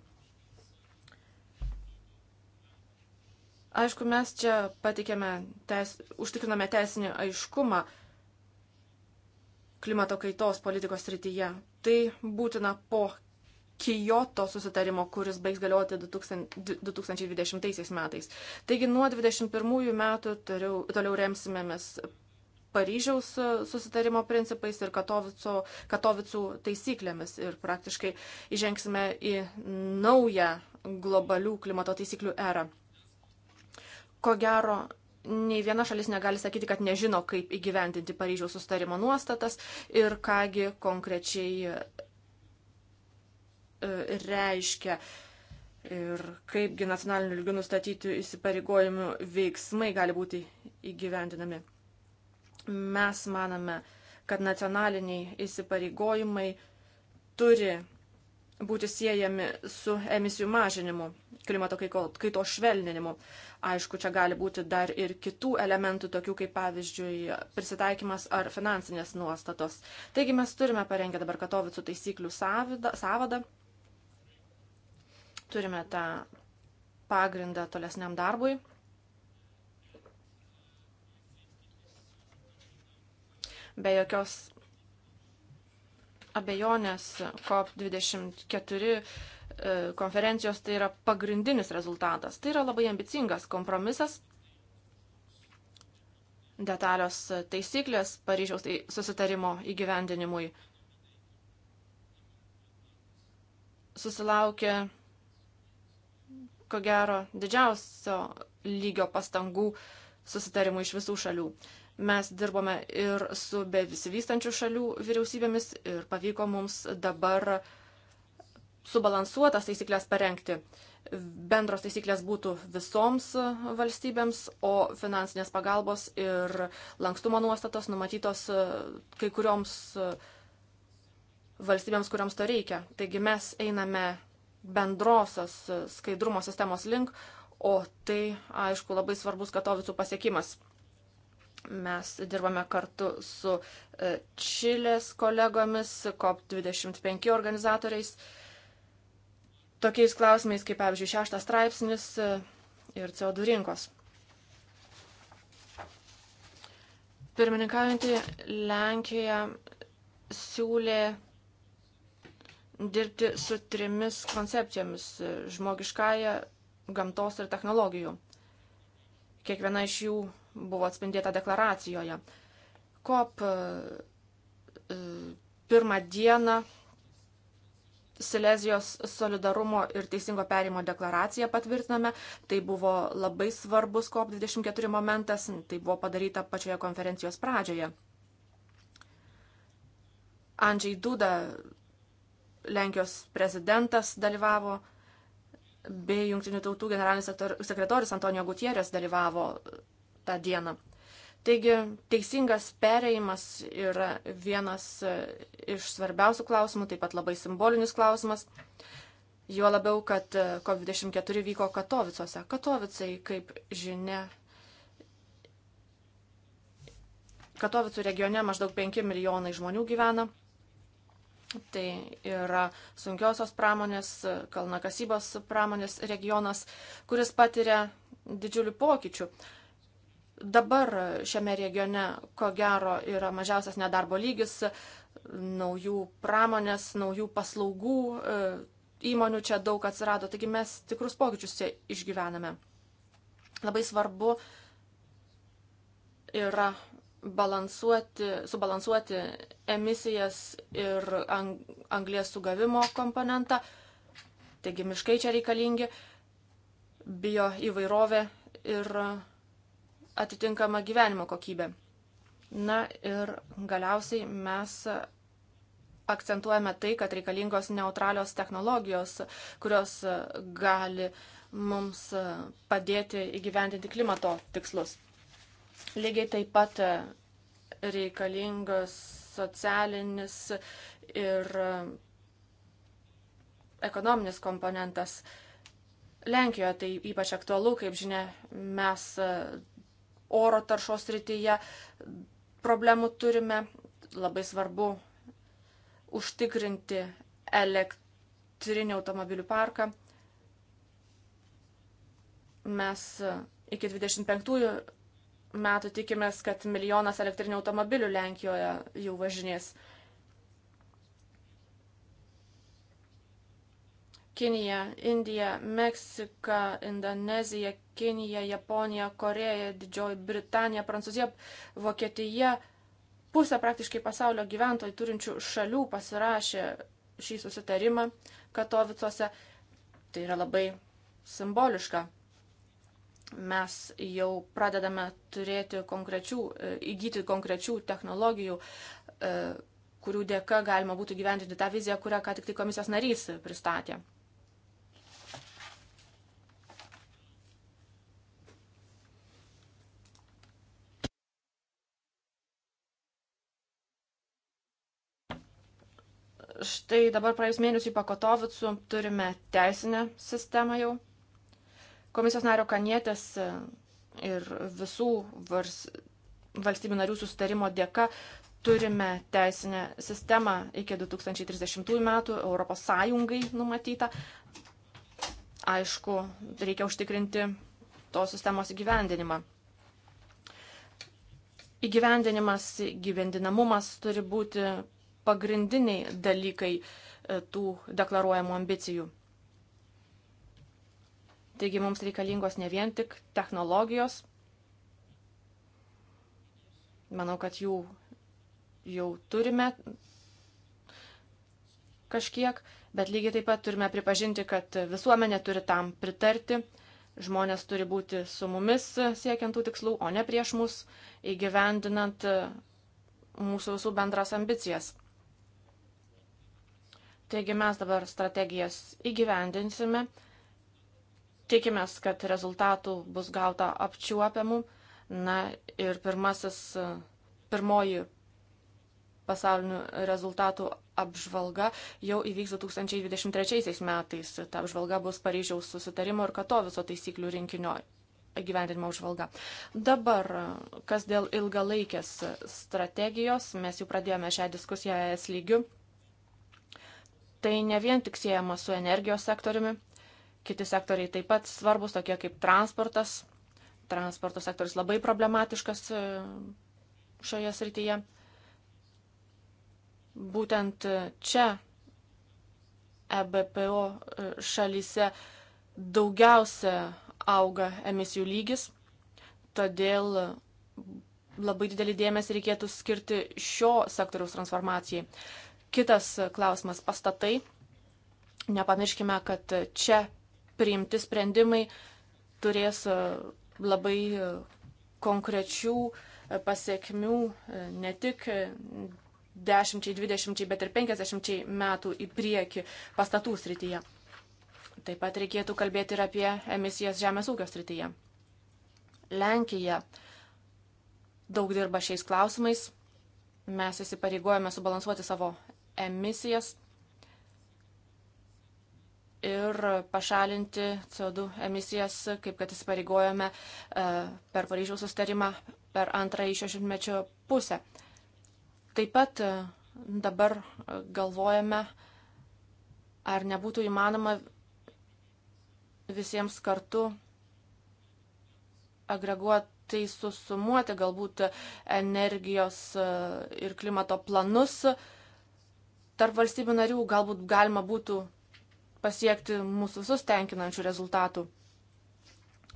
Aišku, mes čia patikėme, teis, užtikriname teisinį aiškumą klimato kaitos politikos rytyje. Tai būtina po Kijoto susitarimo, kuris baigs galioti 2020 metais. Taigi nuo 2021 metų toliau remsimėmės Paryžiaus e, susitarimo principais ir Katovicų, Katovicų taisyklėmis ir praktiškai įžengsime į naują globalių klimato taisyklių erą. Ko gero, nei viena šalis negali sakyti, kad nežino, kaip įgyvendinti Paryžiaus sustarimo nuostatas ir kągi konkrečiai e, reiškia ir kaipgi nacionaliniu lygiu nustatyti įsipareigojimų veiksmai gali būti įgyvendinami. Mes maname, kad nacionaliniai įsipareigojimai turi būti siejami su emisijų mažinimu, klimato kaito švelninimu. Aišku, čia gali būti dar ir kitų elementų, tokių kaip pavyzdžiui prisitaikymas ar finansinės nuostatos. Taigi mes turime parengę dabar Katovicų taisyklių savadą, turime tą pagrindą tolesniam darbui. Be jokios abejonės COP24 e, konferencijos tai yra pagrindinis rezultatas. Tai yra labai ambicingas kompromisas. Detalios taisyklės Paryžiaus tai susitarimo įgyvendinimui susilaukė, ko gero, didžiausio lygio pastangų susitarimų iš visų šalių. Mes dirbome ir su bevisivystančių šalių vyriausybėmis ir pavyko mums dabar subalansuotas taisyklės parengti. Bendros taisyklės būtų visoms valstybėms, o finansinės pagalbos ir lankstumo nuostatos numatytos kai kurioms valstybėms, kuriams to reikia. Taigi mes einame bendrosios skaidrumo sistemos link, o tai, aišku, labai svarbus katovicų pasiekimas. Mes dirbame kartu su e, Čilės kolegomis, COP25 organizatoriais, tokiais klausimais kaip, pavyzdžiui, šeštas straipsnis e, ir CO2 rinkos. Pirmininkaujantį Lenkiją siūlė dirbti su trimis koncepcijomis - žmogiškąją, gamtos ir technologijų. Kiekviena iš jų buvo atspindėta deklaracijoje. COP e, e, pirmą dieną Silezijos solidarumo ir teisingo perimo deklaraciją patvirtiname. Tai buvo labai svarbus COP24 momentas, tai buvo padaryta pačioje konferencijos pradžioje. Andžiai Duda, Lenkijos prezidentas, dalyvavo bei Junktinių tautų generalinis sekretorius Antonijo Gutierės dalyvavo tą dieną. Taigi teisingas perėjimas yra vienas e, iš svarbiausių klausimų, taip pat labai simbolinis klausimas. Juo labiau, kad e, COP24 vyko Katovicuose. Katovicai, kaip žinia, Katovicų regione maždaug 5 milijonai žmonių gyvena. Tai yra sunkiosios pramonės, kalnakasybos pramonės regionas, kuris patiria didžiulių pokyčių. Uh, Dabar šiame regione, ko gero, yra mažiausias nedarbo lygis, naujų pramonės, naujų paslaugų e, įmonių čia daug atsirado, taigi mes tikrus pokyčius čia išgyvename. Labai svarbu yra balansuoti, subalansuoti emisijas ir anglės sugavimo komponentą. Taigi miškai čia reikalingi, bio įvairovė ir atitinkamą gyvenimo kokybę. Na ir galiausiai mes akcentuojame tai, kad reikalingos neutralios technologijos, kurios gali mums padėti įgyvendinti klimato tikslus. Lygiai taip pat reikalingas socialinis ir ekonominis komponentas. Lenkijoje tai ypač aktualu, kaip žinia, mes oro taršos rytyje problemų turime. Labai svarbu užtikrinti elektrinį automobilių parką. Mes iki 25 metų tikimės, kad milijonas elektrinių automobilių Lenkijoje jau važinės. Kinija, Indija, Meksika, Indonezija, Kinija, Japonija, Koreja, Didžioji Britanija, Prancūzija, Vokietija. Pusė praktiškai pasaulio gyventojų turinčių šalių pasirašė šį susitarimą Katovicuose. Tai yra labai simboliška. Mes jau pradedame turėti konkrečių, e, įgyti konkrečių technologijų, e, kurių dėka galima būtų gyventi tą viziją, kurią ką tik tai komisijos narys pristatė. Štai dabar praėjus mėnesiui pakotovicų turime teisinę sistemą jau. Komisijos nario kanietės e, ir visų vars, valstybių narių susitarimo dėka turime teisinę sistemą iki 2030 metų Europos Sąjungai numatytą. Aišku, reikia užtikrinti tos sistemos įgyvendinimą. Įgyvendinimas, įgyvendinamumas turi būti pagrindiniai dalykai e, tų deklaruojamų ambicijų. Taigi mums reikalingos ne vien tik technologijos, manau, kad jų jau turime kažkiek, bet lygiai taip pat turime pripažinti, kad visuomenė turi tam pritarti, žmonės turi būti su mumis siekiant tų tikslų, o ne prieš mus, įgyvendinant e, mūsų visų bendras ambicijas. Taigi mes dabar strategijas įgyvendinsime, tikimės, kad rezultatų bus gauta apčiuopiamų. Na ir pirmasis, pirmoji pasaulinių rezultatų apžvalga jau įvyks 2023 metais. Ta apžvalga bus Paryžiaus susitarimo ir Katoviso taisyklių rinkinio gyvendinimo apžvalga. Dabar, kas dėl ilgalaikės strategijos, mes jau pradėjome šią diskusiją es lygiu tai ne vien tik siejama su energijos sektoriumi, kiti sektoriai taip pat svarbus, tokie kaip transportas. Transporto sektorius labai problematiškas e, šioje srityje. Būtent e, čia EBPO e, šalyse daugiausia auga emisijų lygis, todėl labai didelį dėmesį reikėtų skirti šio sektoriaus transformacijai. Kitas klausimas - pastatai. Nepamirškime, kad čia priimti sprendimai turės e, labai e, konkrečių e, pasiekmių ne tik 10, 20, bet ir 50 metų į priekį pastatų srityje. Taip pat reikėtų kalbėti ir apie emisijas žemės ūkio srityje. Lenkija daug dirba šiais klausimais. Mes įsipareigojame subalansuoti savo emisijas ir pašalinti CO2 emisijas, kaip kad įsipareigojome e, per Paryžiaus sustarimą per antrąjį šešimtmečio pusę. Taip pat e, dabar galvojame, ar nebūtų įmanoma visiems kartu agreguotai susumuoti galbūt energijos e, ir klimato planus, tarp valstybių narių galbūt galima būtų pasiekti mūsų visus tenkinančių rezultatų.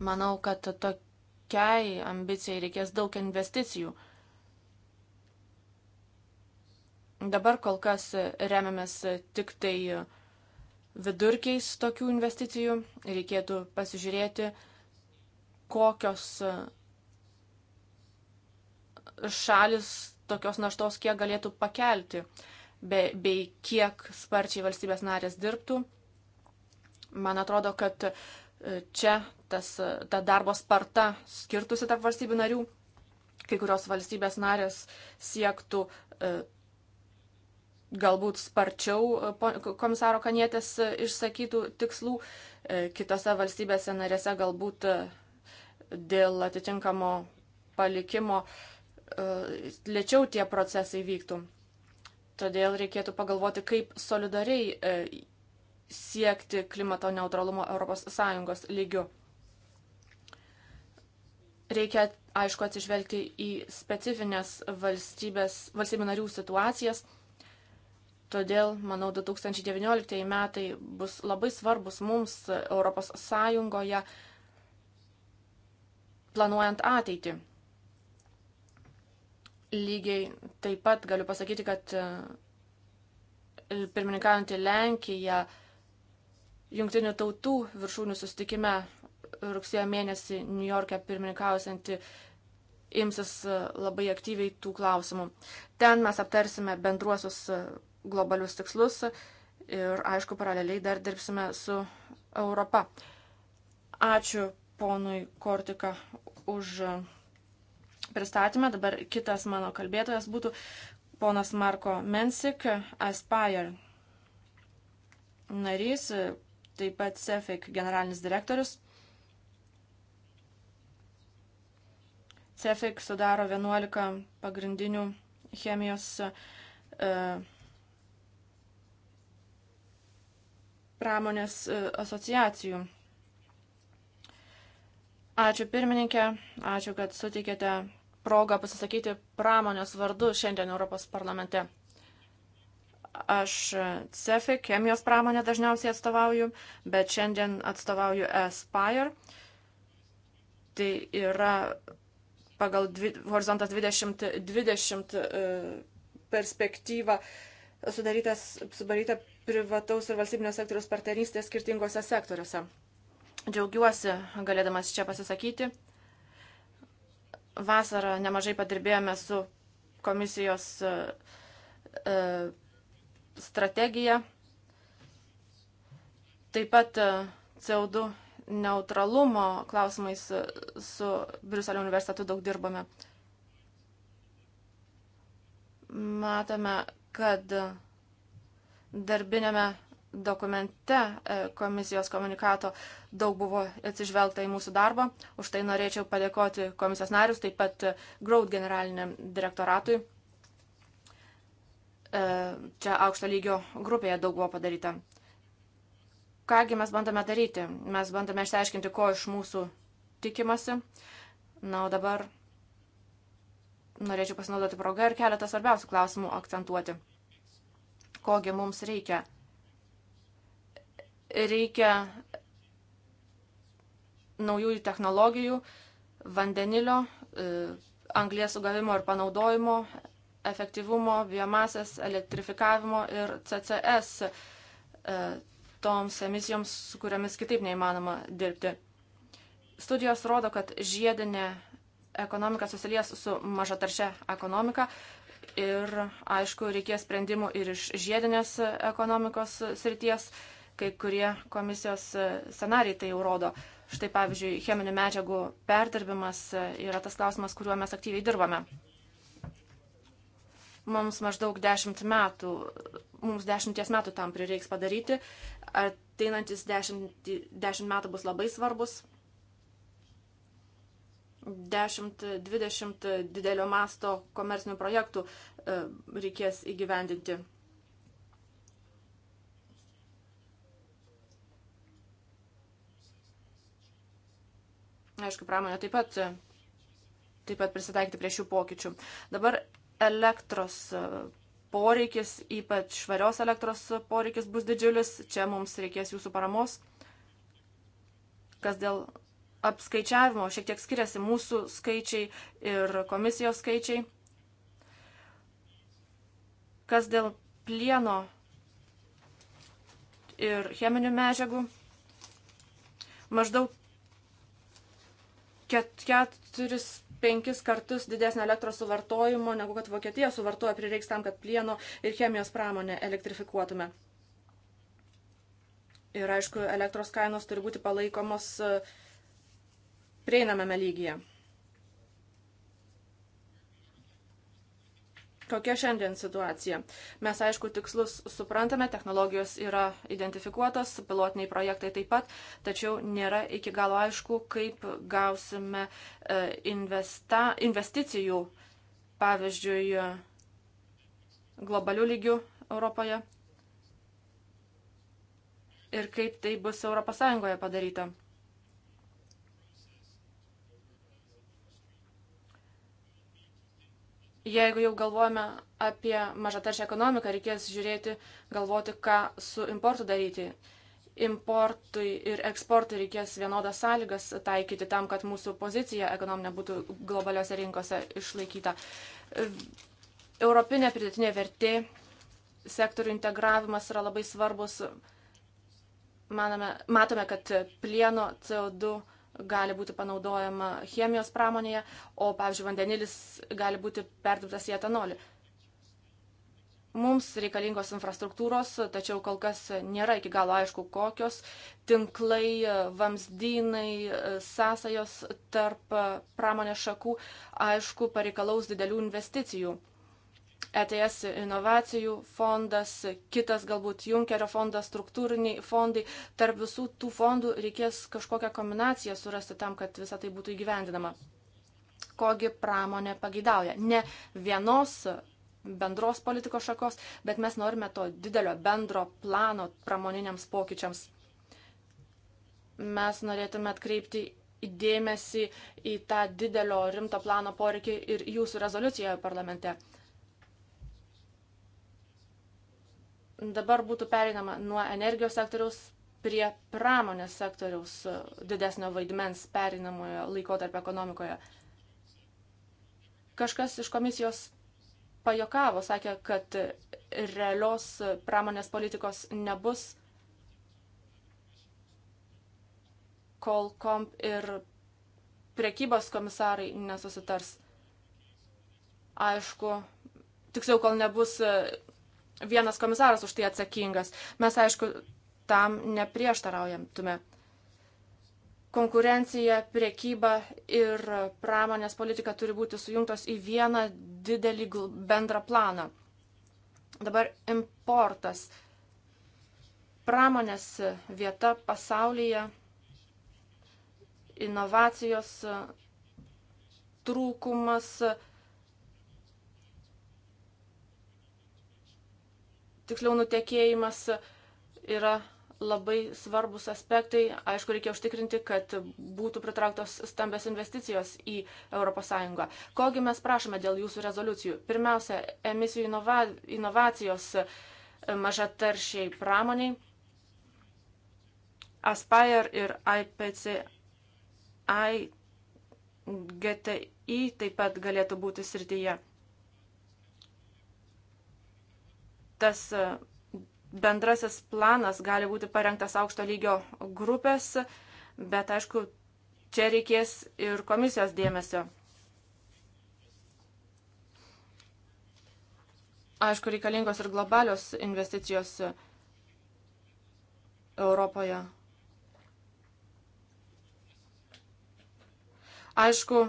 Manau, kad tokiai ambicijai reikės daug investicijų. Dabar kol kas remiamės tik tai vidurkiais tokių investicijų. Reikėtų pasižiūrėti, kokios šalis tokios naštos kiek galėtų pakelti be, bei kiek sparčiai valstybės narės dirbtų. Man atrodo, kad e, čia tas, e, ta darbo sparta skirtusi tarp valstybių narių. Kai kurios valstybės narės siektų e, galbūt sparčiau komisaro kanietės išsakytų tikslų, kitose valstybėse narėse galbūt dėl atitinkamo palikimo lėčiau tie procesai vyktų. Todėl reikėtų pagalvoti, kaip solidariai e, siekti klimato neutralumo ES lygiu. Reikia, aišku, atsižvelgti į specifines valstybės, valstybių narių situacijas. Todėl, manau, 2019 metai bus labai svarbus mums ES planuojant ateitį. Lygiai taip pat galiu pasakyti, kad e, pirmininkaujantį Lenkiją jungtinių tautų viršūnių sustikime rugsėjo mėnesį New York'e pirmininkausianti imsis e, labai aktyviai tų klausimų. Ten mes aptarsime bendruosius e, globalius tikslus ir, aišku, paraleliai dar dirbsime su Europa. Ačiū ponui Kortika už pristatymą. Dabar kitas mano kalbėtojas būtų ponas Marko Mensik, Aspire narys, taip pat CEFIC generalinis direktorius. CEFIC sudaro 11 pagrindinių chemijos e, pramonės e, asociacijų. Ačiū pirmininkė, ačiū, kad sutikėte progą pasisakyti pramonės vardu šiandien Europos parlamente. Aš CEFI, chemijos pramonę dažniausiai atstovauju, bet šiandien atstovauju Aspire. Tai yra pagal dvi, horizontas 2020 20, perspektyvą sudaryta privataus ir valstybinio sektoriaus partnerystė skirtingose sektoriuose. Džiaugiuosi galėdamas čia pasisakyti vasarą nemažai padirbėjome su komisijos e, e, strategija. Taip pat e, CO2 neutralumo klausimais su Briuselio universitetu daug dirbame. Matome, kad darbinėme dokumente e, komisijos komunikato daug buvo atsižvelgta į mūsų darbą. Už tai norėčiau padėkoti komisijos narius, taip pat Growth generaliniam direktoratui. E, čia aukšto lygio grupėje daug buvo padaryta. Kągi mes bandome daryti? Mes bandome išsiaiškinti, ko iš mūsų tikimasi. Na, o dabar norėčiau pasinaudoti progą ir keletą svarbiausių klausimų akcentuoti. Kogi mums reikia? Reikia naujųjų technologijų, vandenilio, e, anglės sugavimo ir panaudojimo, efektyvumo, biomasės, elektrifikavimo ir CCS e, toms emisijoms, su kuriamis kitaip neįmanoma dirbti. Studijos rodo, kad žiedinė ekonomika susilies su mažataršia ekonomika ir, aišku, reikės sprendimų ir iš žiedinės ekonomikos srities. Uh, kai kurie komisijos e, scenarijai tai jau rodo. Štai pavyzdžiui, cheminių medžiagų perdirbimas e, yra tas klausimas, kuriuo mes aktyviai dirbame. Mums maždaug dešimt metų, mums dešimties metų tam prireiks padaryti. Ateinantis dešimt, dešimt metų bus labai svarbus. 10-20 didelio masto komercinių projektų e, reikės įgyvendinti aišku, pramonė taip pat, taip pat prisitaikyti prie šių pokyčių. Dabar elektros e, poreikis, ypač švarios elektros poreikis bus didžiulis, čia mums reikės jūsų paramos. Kas dėl apskaičiavimo, šiek tiek skiriasi mūsų skaičiai ir komisijos skaičiai. Kas dėl plieno ir cheminių medžiagų, maždaug keturis, penkis kartus didesnio elektros suvartojimo, negu kad Vokietija suvartoja prireiks tam, kad plieno ir chemijos pramonę elektrifikuotume. Ir aišku, elektros kainos turi būti palaikomos e, prieinamame lygyje. Kokia šiandien situacija? Mes, aišku, tikslus suprantame, technologijos yra identifikuotos, pilotiniai projektai taip pat, tačiau nėra iki galo aišku, kaip gausime e, investa, investicijų, pavyzdžiui, globalių lygių Europoje ir kaip tai bus ES padaryta. jeigu jau galvojame apie mažataršę ekonomiką, reikės žiūrėti, galvoti, ką su importu daryti. Importui ir eksportui reikės vienodas sąlygas taikyti tam, kad mūsų pozicija ekonominė būtų globaliuose rinkose išlaikyta. Europinė pridėtinė vertė, sektorių integravimas yra labai svarbus. Maname, matome, kad plieno CO2 gali būti panaudojama chemijos pramonėje, o, pavyzdžiui, vandenilis gali būti perdirbtas į etanolį. Mums reikalingos infrastruktūros, tačiau kol kas nėra iki galo aišku, kokios tinklai, vamzdynai, sąsajos tarp pramonės šakų, aišku, pareikalaus didelių investicijų. ETS inovacijų fondas, kitas galbūt Junkerio fondas, struktūriniai fondai. Tarp visų tų fondų reikės kažkokią kombinaciją surasti tam, kad visa tai būtų įgyvendinama. Kogi pramonė pagidauja? Ne vienos bendros politikos šakos, bet mes norime to didelio bendro plano pramoniniams pokyčiams. Mes norėtume atkreipti dėmesį į tą didelio rimto plano poreikį ir jūsų rezoliucijoje parlamente. dabar būtų pereinama nuo energijos sektoriaus prie pramonės sektoriaus e, didesnio vaidmens pereinamojo laikotarpio ekonomikoje. Kažkas iš komisijos pajokavo, sakė, kad realios pramonės politikos nebus, kol komp ir prekybos komisarai nesusitars. Aišku, tiksliau, kol nebus e, vienas komisaras už tai atsakingas. Mes, aišku, tam neprieštaraujamtume. Konkurencija, priekyba ir pramonės politika turi būti sujungtos į vieną didelį bendrą planą. Dabar importas. Pramonės vieta pasaulyje, inovacijos trūkumas, tiksliau nutekėjimas yra labai svarbus aspektai. Aišku, reikia užtikrinti, kad būtų pritrauktos stambės investicijos į ES. Kogi mes prašome dėl jūsų rezoliucijų? Pirmiausia, emisijų inova, inovacijos e, mažataršiai pramoniai. Aspire ir IPCI GTI taip pat galėtų būti srityje. tas e, bendrasis planas gali būti parengtas aukšto lygio grupės, bet aišku, čia reikės ir komisijos dėmesio. Aišku, reikalingos ir globalios investicijos Europoje. Aišku,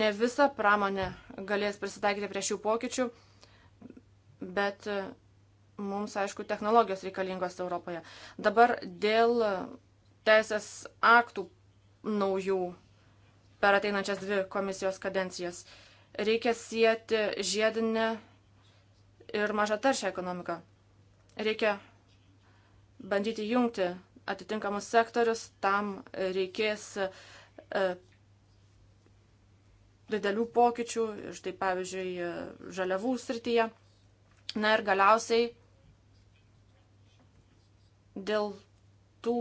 ne visa pramonė galės prisitaikyti prie šių pokyčių bet e, mums, aišku, technologijos reikalingos Europoje. Dabar dėl teisės aktų naujų per ateinančias dvi komisijos kadencijas reikia sieti žiedinę ir mažą taršę ekonomiką. Reikia bandyti jungti atitinkamus sektorius, tam reikės e, didelių pokyčių, štai pavyzdžiui, e, žaliavų srityje. Na ir galiausiai dėl tų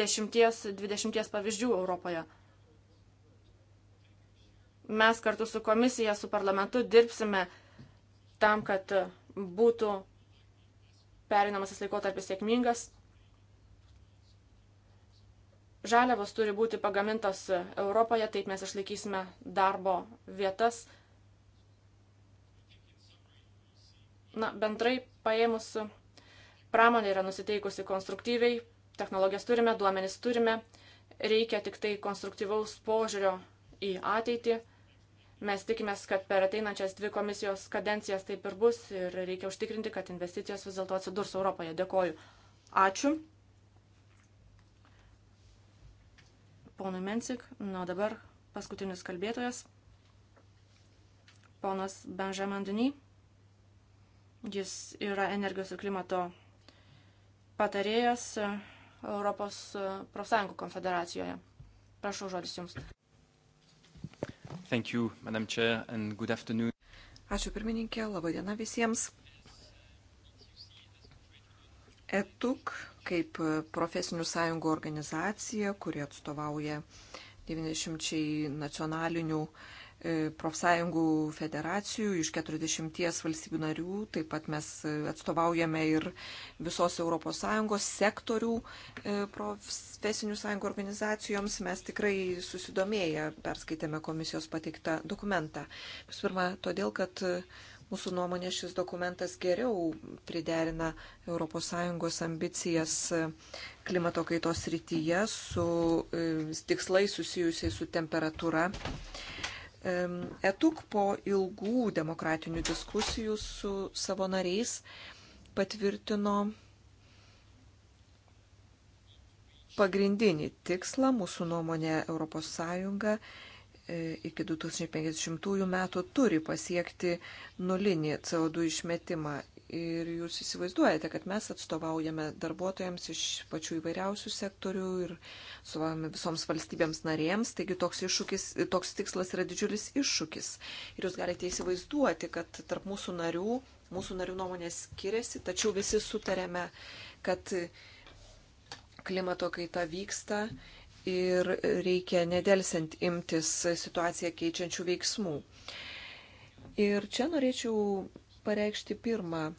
10-20 pavyzdžių Europoje. Mes kartu su komisija, su parlamentu dirbsime tam, kad būtų perinamasis laikotarpis sėkmingas. Žaliavos turi būti pagamintos Europoje, taip mes išlaikysime darbo vietas Na, bendrai paėmus, pramonė yra nusiteikusi konstruktyviai, technologijas turime, duomenis turime, reikia tik tai konstruktyvaus požiūrio į ateitį. Mes tikimės, kad per ateinančias dvi komisijos kadencijas taip ir bus ir reikia užtikrinti, kad investicijos vis dėlto atsidurs Europoje. Dėkoju. Ačiū. Ponui Mensik, nuo dabar paskutinis kalbėtojas. Ponas Benjamin Denis. Jis yra energijos ir klimato patarėjas e, Europos e, profsąjungų konfederacijoje. Prašau žodis Jums. Thank you, Madam Chair, and good afternoon. Ačiū pirmininkė, laba diena visiems. ETUK kaip e, profesinių sąjungų organizacija, kuri atstovauja 90 nacionalinių uh, E, profsąjungų federacijų iš 40 valstybių narių, taip pat mes atstovaujame ir visos ES sektorių e, profesinių sąjungų organizacijoms. Mes tikrai susidomėję perskaitėme komisijos pateiktą dokumentą. Visų pirma, todėl, kad e, mūsų nuomonė šis dokumentas geriau priderina ES ambicijas klimato kaitos rytyje su tikslai susijusiai su temperatūra ETUK po ilgų demokratinių diskusijų su savo nariais patvirtino pagrindinį tikslą, mūsų nuomonė ES e, iki 2050 metų turi pasiekti nulinį CO2 išmetimą Ir jūs įsivaizduojate, kad mes atstovaujame darbuotojams iš pačių įvairiausių sektorių ir suvaujame visoms valstybėms narėms, taigi toks, iššūkis, toks tikslas yra didžiulis iššūkis. Ir jūs galite įsivaizduoti, kad tarp mūsų narių, mūsų narių nuomonės skiriasi, tačiau visi sutarėme, kad klimato kaita vyksta ir reikia nedelsiant imtis situaciją keičiančių veiksmų. Ir čia norėčiau pareikšti pirmą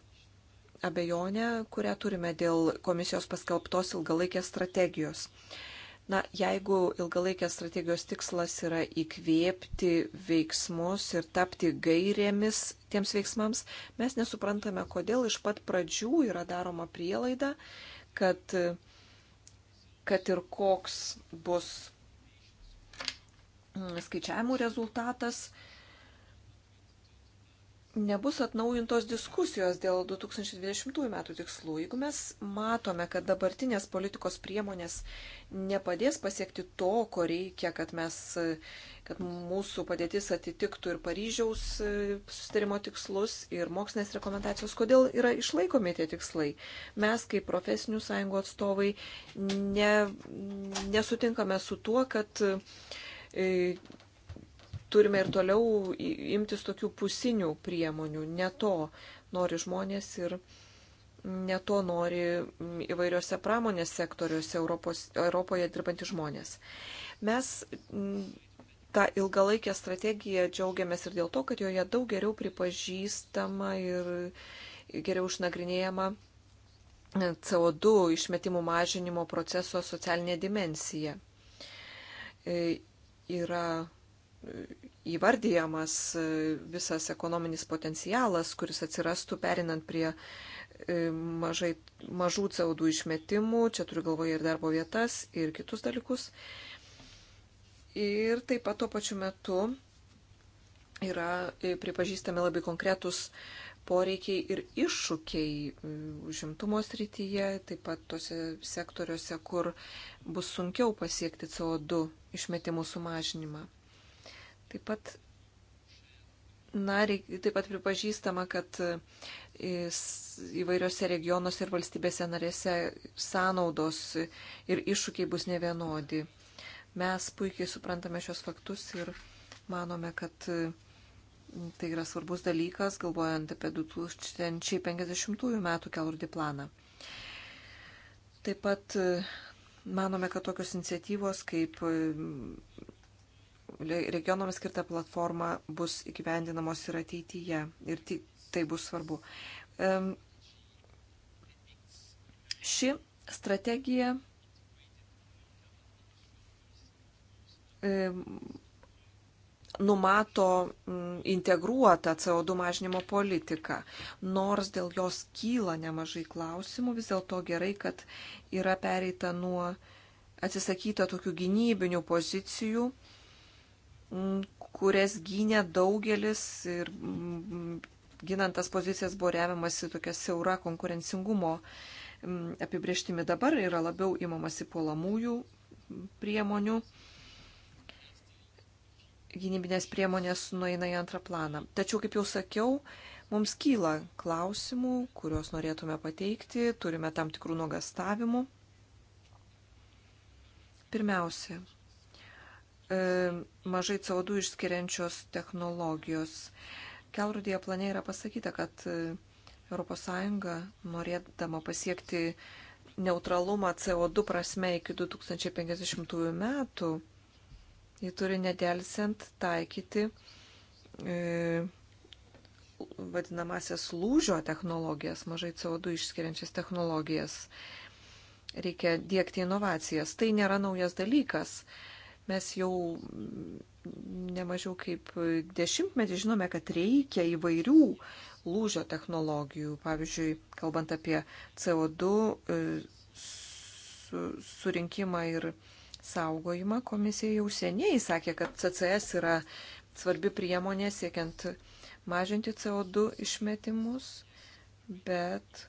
abejonę, kurią turime dėl komisijos paskelbtos ilgalaikės strategijos. Na, jeigu ilgalaikės strategijos tikslas yra įkvėpti veiksmus ir tapti gairėmis tiems veiksmams, mes nesuprantame, kodėl iš pat pradžių yra daroma prielaida, kad, kad ir koks bus mm, skaičiavimų rezultatas, nebus atnaujintos diskusijos dėl 2020 metų tikslų. Jeigu mes matome, kad dabartinės politikos priemonės nepadės pasiekti to, ko reikia, kad, mes, kad mūsų padėtis atitiktų ir Paryžiaus e, sustarimo tikslus, ir mokslinės rekomendacijos, kodėl yra išlaikomi tie tikslai. Mes, kaip profesinių sąjungų atstovai, ne, nesutinkame su tuo, kad e, turime ir toliau imtis tokių pusinių priemonių. Ne to nori žmonės ir ne to nori įvairiose pramonės sektoriuose Europos, Europoje dirbantys žmonės. Mes mm, tą ilgalaikę strategiją džiaugiamės ir dėl to, kad joje daug geriau pripažįstama ir geriau išnagrinėjama CO2 išmetimų mažinimo proceso socialinė dimensija. E, yra įvardyjamas e, visas ekonominis potencialas, kuris atsirastų perinant prie e, mažai, mažų CO2 išmetimų, čia turiu galvoje ir darbo vietas, ir kitus dalykus. Ir taip pat tuo pačiu metu yra e, pripažįstami labai konkretus poreikiai ir iššūkiai užimtumo srityje, taip pat tose sektoriuose, kur bus sunkiau pasiekti CO2 išmetimų sumažinimą. Taip pat, na, reik, taip pat pripažįstama, kad e, įvairiose regionuose ir valstybėse narėse sąnaudos ir iššūkiai bus nevienodi. Mes puikiai suprantame šios faktus ir manome, kad e, Tai yra svarbus dalykas, galvojant apie 2050 metų kelrodį planą. Taip pat e, manome, kad tokios iniciatyvos kaip regionams skirta platforma bus įgyvendinamos ir ateityje. Ir tai bus svarbu. Ši strategija numato integruotą CO2 mažinimo politiką. Nors dėl jos kyla nemažai klausimų, vis dėlto gerai, kad yra pereita nuo atsisakyta tokių gynybinių pozicijų kurias gynė daugelis ir mm, ginant tas pozicijas buvo remiamasi tokia siaura konkurencingumo mm, apibrieštimi. Dabar yra labiau imamasi puolamųjų priemonių. Gynybinės priemonės nueina į antrą planą. Tačiau, kaip jau sakiau, mums kyla klausimų, kuriuos norėtume pateikti, turime tam tikrų nuogastavimų. Pirmiausia, E, mažai CO2 išskiriančios technologijos. Kelrudėje plane yra pasakyta, kad ES norėdama pasiekti neutralumą CO2 prasme iki 2050 metų, ji turi nedelsiant taikyti e, vadinamasias lūžio technologijas, mažai CO2 išskiriančias technologijas. Reikia dėkti inovacijas. Tai nėra naujas dalykas. E, Mes jau mm, nemažiau kaip dešimtmetį žinome, kad reikia įvairių lūžio technologijų. Pavyzdžiui, kalbant apie CO2 e, surinkimą ir saugojimą, komisija jau seniai sakė, kad CCS yra svarbi priemonė siekiant mažinti CO2 išmetimus, bet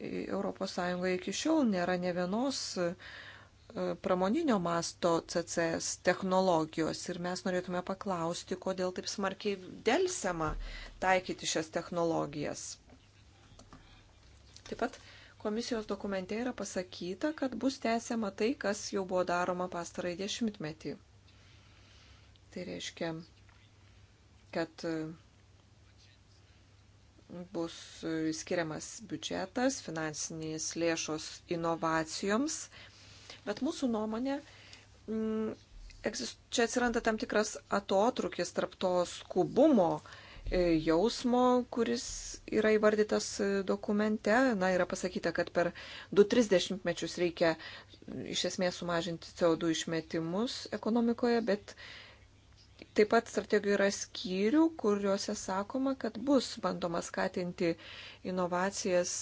ES iki šiol nėra ne vienos pramoninio masto CCS technologijos ir mes norėtume paklausti, kodėl taip smarkiai dėlsiama taikyti šias technologijas. Taip pat komisijos dokumente yra pasakyta, kad bus tęsiama tai, kas jau buvo daroma pastarąjį dešimtmetį. Tai reiškia, kad e, bus skiriamas biudžetas, finansinės lėšos inovacijoms Bet mūsų nuomonė, m, mm, čia atsiranda tam tikras atotrukis tarp to skubumo e, jausmo, kuris yra įvardytas e, dokumente. Na, yra pasakyta, kad per 2-30 mečius reikia iš esmės sumažinti CO2 išmetimus ekonomikoje, bet taip pat strategijoje yra skyrių, kuriuose sakoma, kad bus bandoma skatinti inovacijas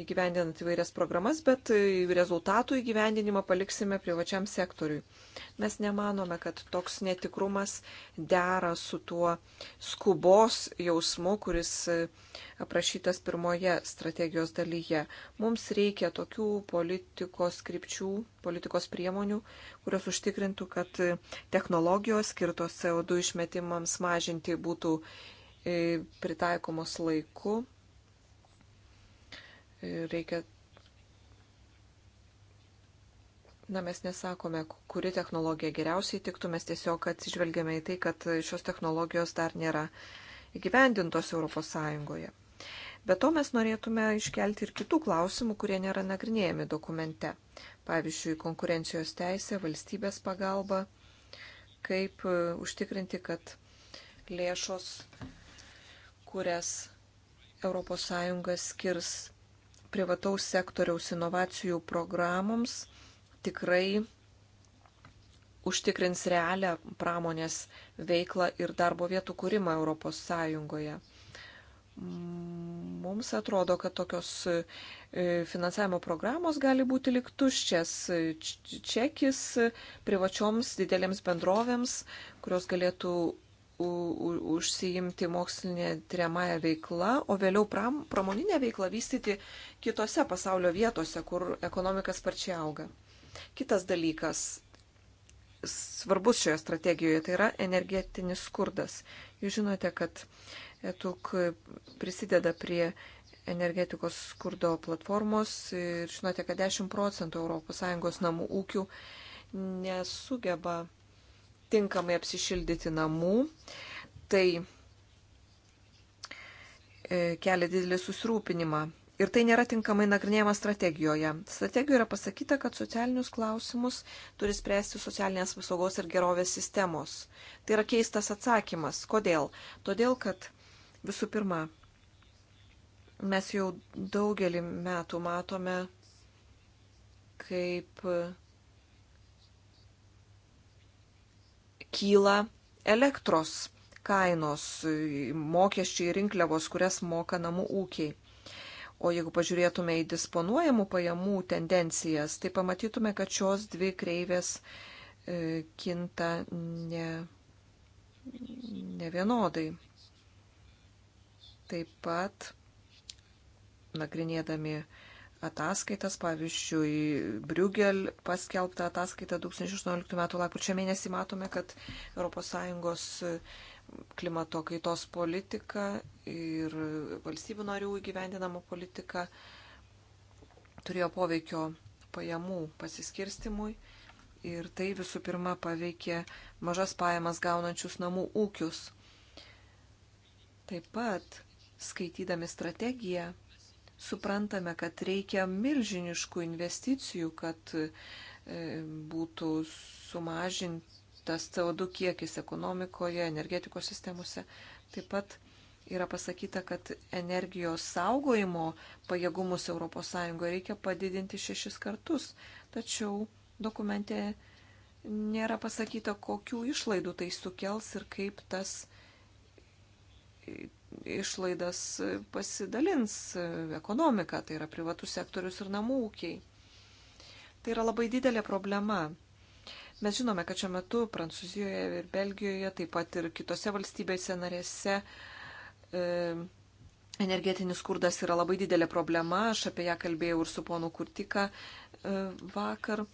įgyvendinant įvairias programas, bet rezultatų įgyvendinimą paliksime privačiam sektoriui. Mes nemanome, kad toks netikrumas dera su tuo skubos jausmu, kuris e, aprašytas pirmoje strategijos dalyje. Mums reikia tokių politikos krypčių, politikos priemonių, kurios užtikrintų, kad technologijos skirtos CO2 išmetimams mažinti būtų e, pritaikomos laiku Reikia. Na, mes nesakome, kuri technologija geriausiai tiktų, mes tiesiog atsižvelgiame į tai, kad šios technologijos dar nėra įgyvendintos ES. Be to mes norėtume iškelti ir kitų klausimų, kurie nėra nagrinėjami dokumente. Pavyzdžiui, konkurencijos teisė, valstybės pagalba, kaip e, užtikrinti, kad lėšos, kurias ES skirs privataus sektoriaus inovacijų programoms tikrai užtikrins realią pramonės veiklą ir darbo vietų kūrimą Europos Sąjungoje. Mums atrodo, kad tokios e, finansavimo programos gali būti lik tuščias čekis privačioms didelėms bendrovėms, kurios galėtų užsiimti mokslinė tiriamąją veiklą, o vėliau pram, pramoninę veiklą vystyti kitose pasaulio vietose, kur ekonomika sparčiai auga. Kitas dalykas svarbus šioje strategijoje tai yra energetinis skurdas. Jūs žinote, kad ETUK prisideda prie energetikos skurdo platformos ir žinote, kad 10 procentų ES namų ūkių nesugeba tinkamai apsišildyti namų. Tai e, kelia didelį susirūpinimą. Ir tai nėra tinkamai nagrinėjama strategijoje. Strategijoje yra pasakyta, kad socialinius klausimus turi spręsti socialinės apsaugos ir gerovės sistemos. Tai yra keistas atsakymas. Kodėl? Todėl, kad visų pirma, mes jau daugelį metų matome, kaip kyla elektros kainos, mokesčiai rinkliavos, kurias moka namų ūkiai. O jeigu pažiūrėtume į disponuojamų pajamų tendencijas, tai pamatytume, kad šios dvi kreivės e, kinta ne, ne vienodai. Taip pat, nagrinėdami ataskaitas, pavyzdžiui, Briugel paskelbtą ataskaitą 2018 m. lapkričio mėnesį matome, kad ES klimato kaitos politika ir valstybių narių įgyvendinama politika turėjo poveikio pajamų pasiskirstimui ir tai visų pirma paveikė mažas pajamas gaunančius namų ūkius. Taip pat, skaitydami strategiją, suprantame, kad reikia milžiniškų investicijų, kad e, būtų sumažintas CO2 kiekis ekonomikoje, energetikos sistemose. Taip pat yra pasakyta, kad energijos saugojimo pajėgumus ES reikia padidinti šešis kartus. Tačiau dokumente nėra pasakyta, kokių išlaidų tai sukels ir kaip tas išlaidas pasidalins ekonomika, tai yra privatus sektorius ir namų ūkiai. Tai yra labai didelė problema. Mes žinome, kad šiuo metu Prancūzijoje ir Belgijoje, taip pat ir kitose valstybėse narėse e, energetinis skurdas yra labai didelė problema. Aš apie ją kalbėjau ir su ponu Kurtika e, vakar.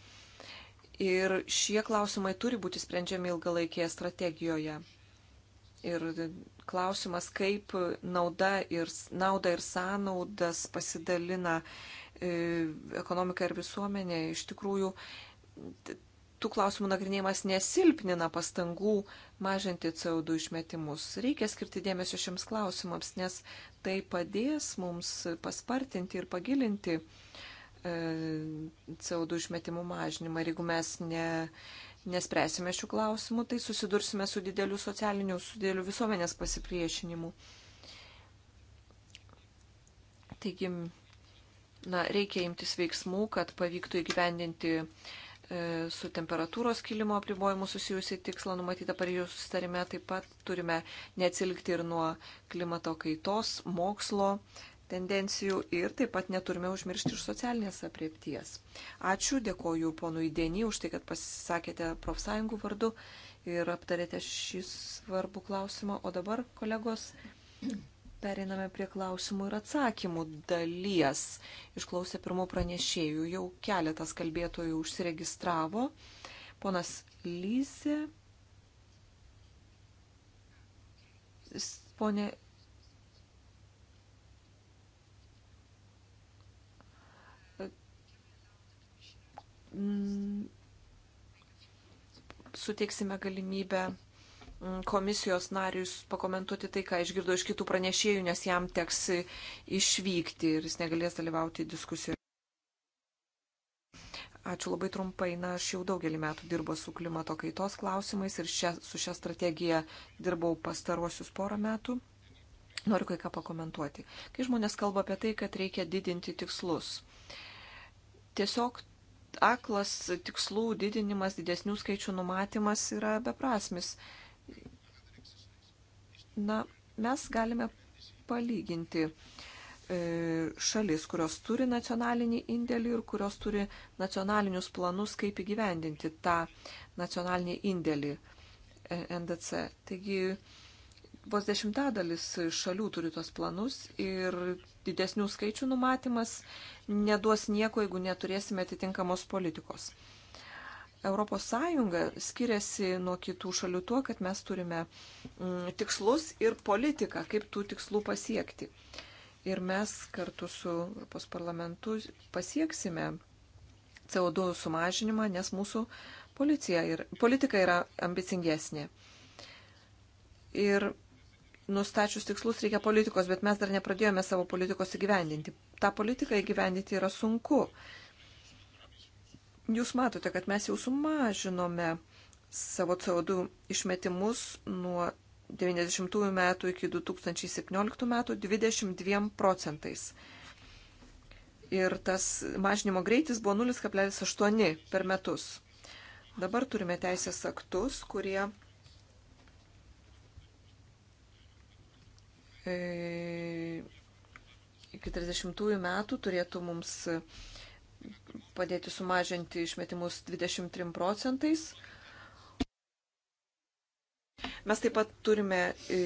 Ir šie klausimai turi būti sprendžiami ilgalaikėje strategijoje. Ir klausimas, kaip nauda ir, nauda ir sąnaudas pasidalina e, ekonomika ir visuomenė, iš tikrųjų tų klausimų nagrinėjimas nesilpnina pastangų mažinti CO2 išmetimus. Reikia skirti dėmesio šiems klausimams, nes tai padės mums paspartinti ir pagilinti e, CO2 išmetimų mažinimą. Ir jeigu mes ne, nespręsime šių klausimų, tai susidursime su dideliu socialiniu, su dideliu visuomenės pasipriešinimu. Taigi, na, reikia imtis veiksmų, kad pavyktų įgyvendinti e, su temperatūros kilimo apribojimu susijusi tikslą numatytą Paryžiaus sustarime. Taip pat turime neatsilikti ir nuo klimato kaitos, mokslo, tendencijų ir taip pat neturime užmiršti ir socialinės apriepties. Ačiū, dėkoju ponui Denį už tai, kad pasisakėte profsąjungų vardu ir aptarėte šį svarbų klausimą. O dabar, kolegos, periname prie klausimų ir atsakymų dalies. Išklausė pirmo pranešėjų, jau keletas kalbėtojų užsiregistravo. Ponas Lyse, ponė Mm, suteiksime galimybę mm, komisijos narius pakomentuoti tai, ką išgirdo iš kitų pranešėjų, nes jam teks išvykti ir jis negalės dalyvauti diskusijoje. Ačiū labai trumpai. Na, aš jau daugelį metų dirbu su klimato kaitos klausimais ir šia, su šia strategija dirbau pastaruosius porą metų. Noriu kai ką pakomentuoti. Kai žmonės kalba apie tai, kad reikia didinti tikslus, tiesiog aklas tikslų didinimas, didesnių skaičių numatymas yra beprasmis. Na, mes galime palyginti e, šalis, kurios turi nacionalinį indėlį ir kurios turi nacionalinius planus, kaip įgyvendinti tą nacionalinį indėlį e, NDC. Taigi, vos dešimtadalis šalių turi tos planus ir didesnių skaičių numatymas neduos nieko, jeigu neturėsime atitinkamos politikos. Europos Sąjunga skiriasi nuo kitų šalių tuo, kad mes turime mm, tikslus ir politiką, kaip tų tikslų pasiekti. Ir mes kartu su Europos parlamentu pasieksime CO2 sumažinimą, nes mūsų policija ir politika yra ambicingesnė. Ir nustačius tikslus reikia politikos, bet mes dar nepradėjome savo politikos įgyvendinti. Ta politika įgyvendinti yra sunku. Jūs matote, kad mes jau sumažinome savo CO2 išmetimus nuo 90 metų iki 2017 metų 22 procentais. Ir tas mažinimo greitis buvo 0,8 per metus. Dabar turime teisės aktus, kurie E, iki 30 metų turėtų mums padėti sumažinti išmetimus 23 procentais. Mes taip pat turime e,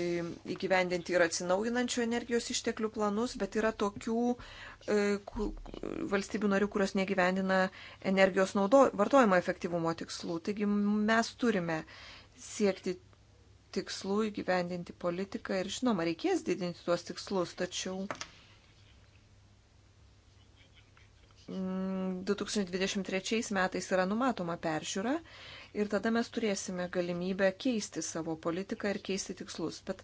įgyvendinti ir atsinaujinančių energijos išteklių planus, bet yra tokių e, valstybių narių, kurios negyvendina energijos naudo, vartojimo efektyvumo tikslų. Taigi mes turime siekti tikslų įgyvendinti politiką ir žinoma, reikės didinti tuos tikslus, tačiau 2023 mm, metais yra numatoma peržiūra ir tada mes turėsime galimybę keisti savo politiką ir keisti tikslus. Bet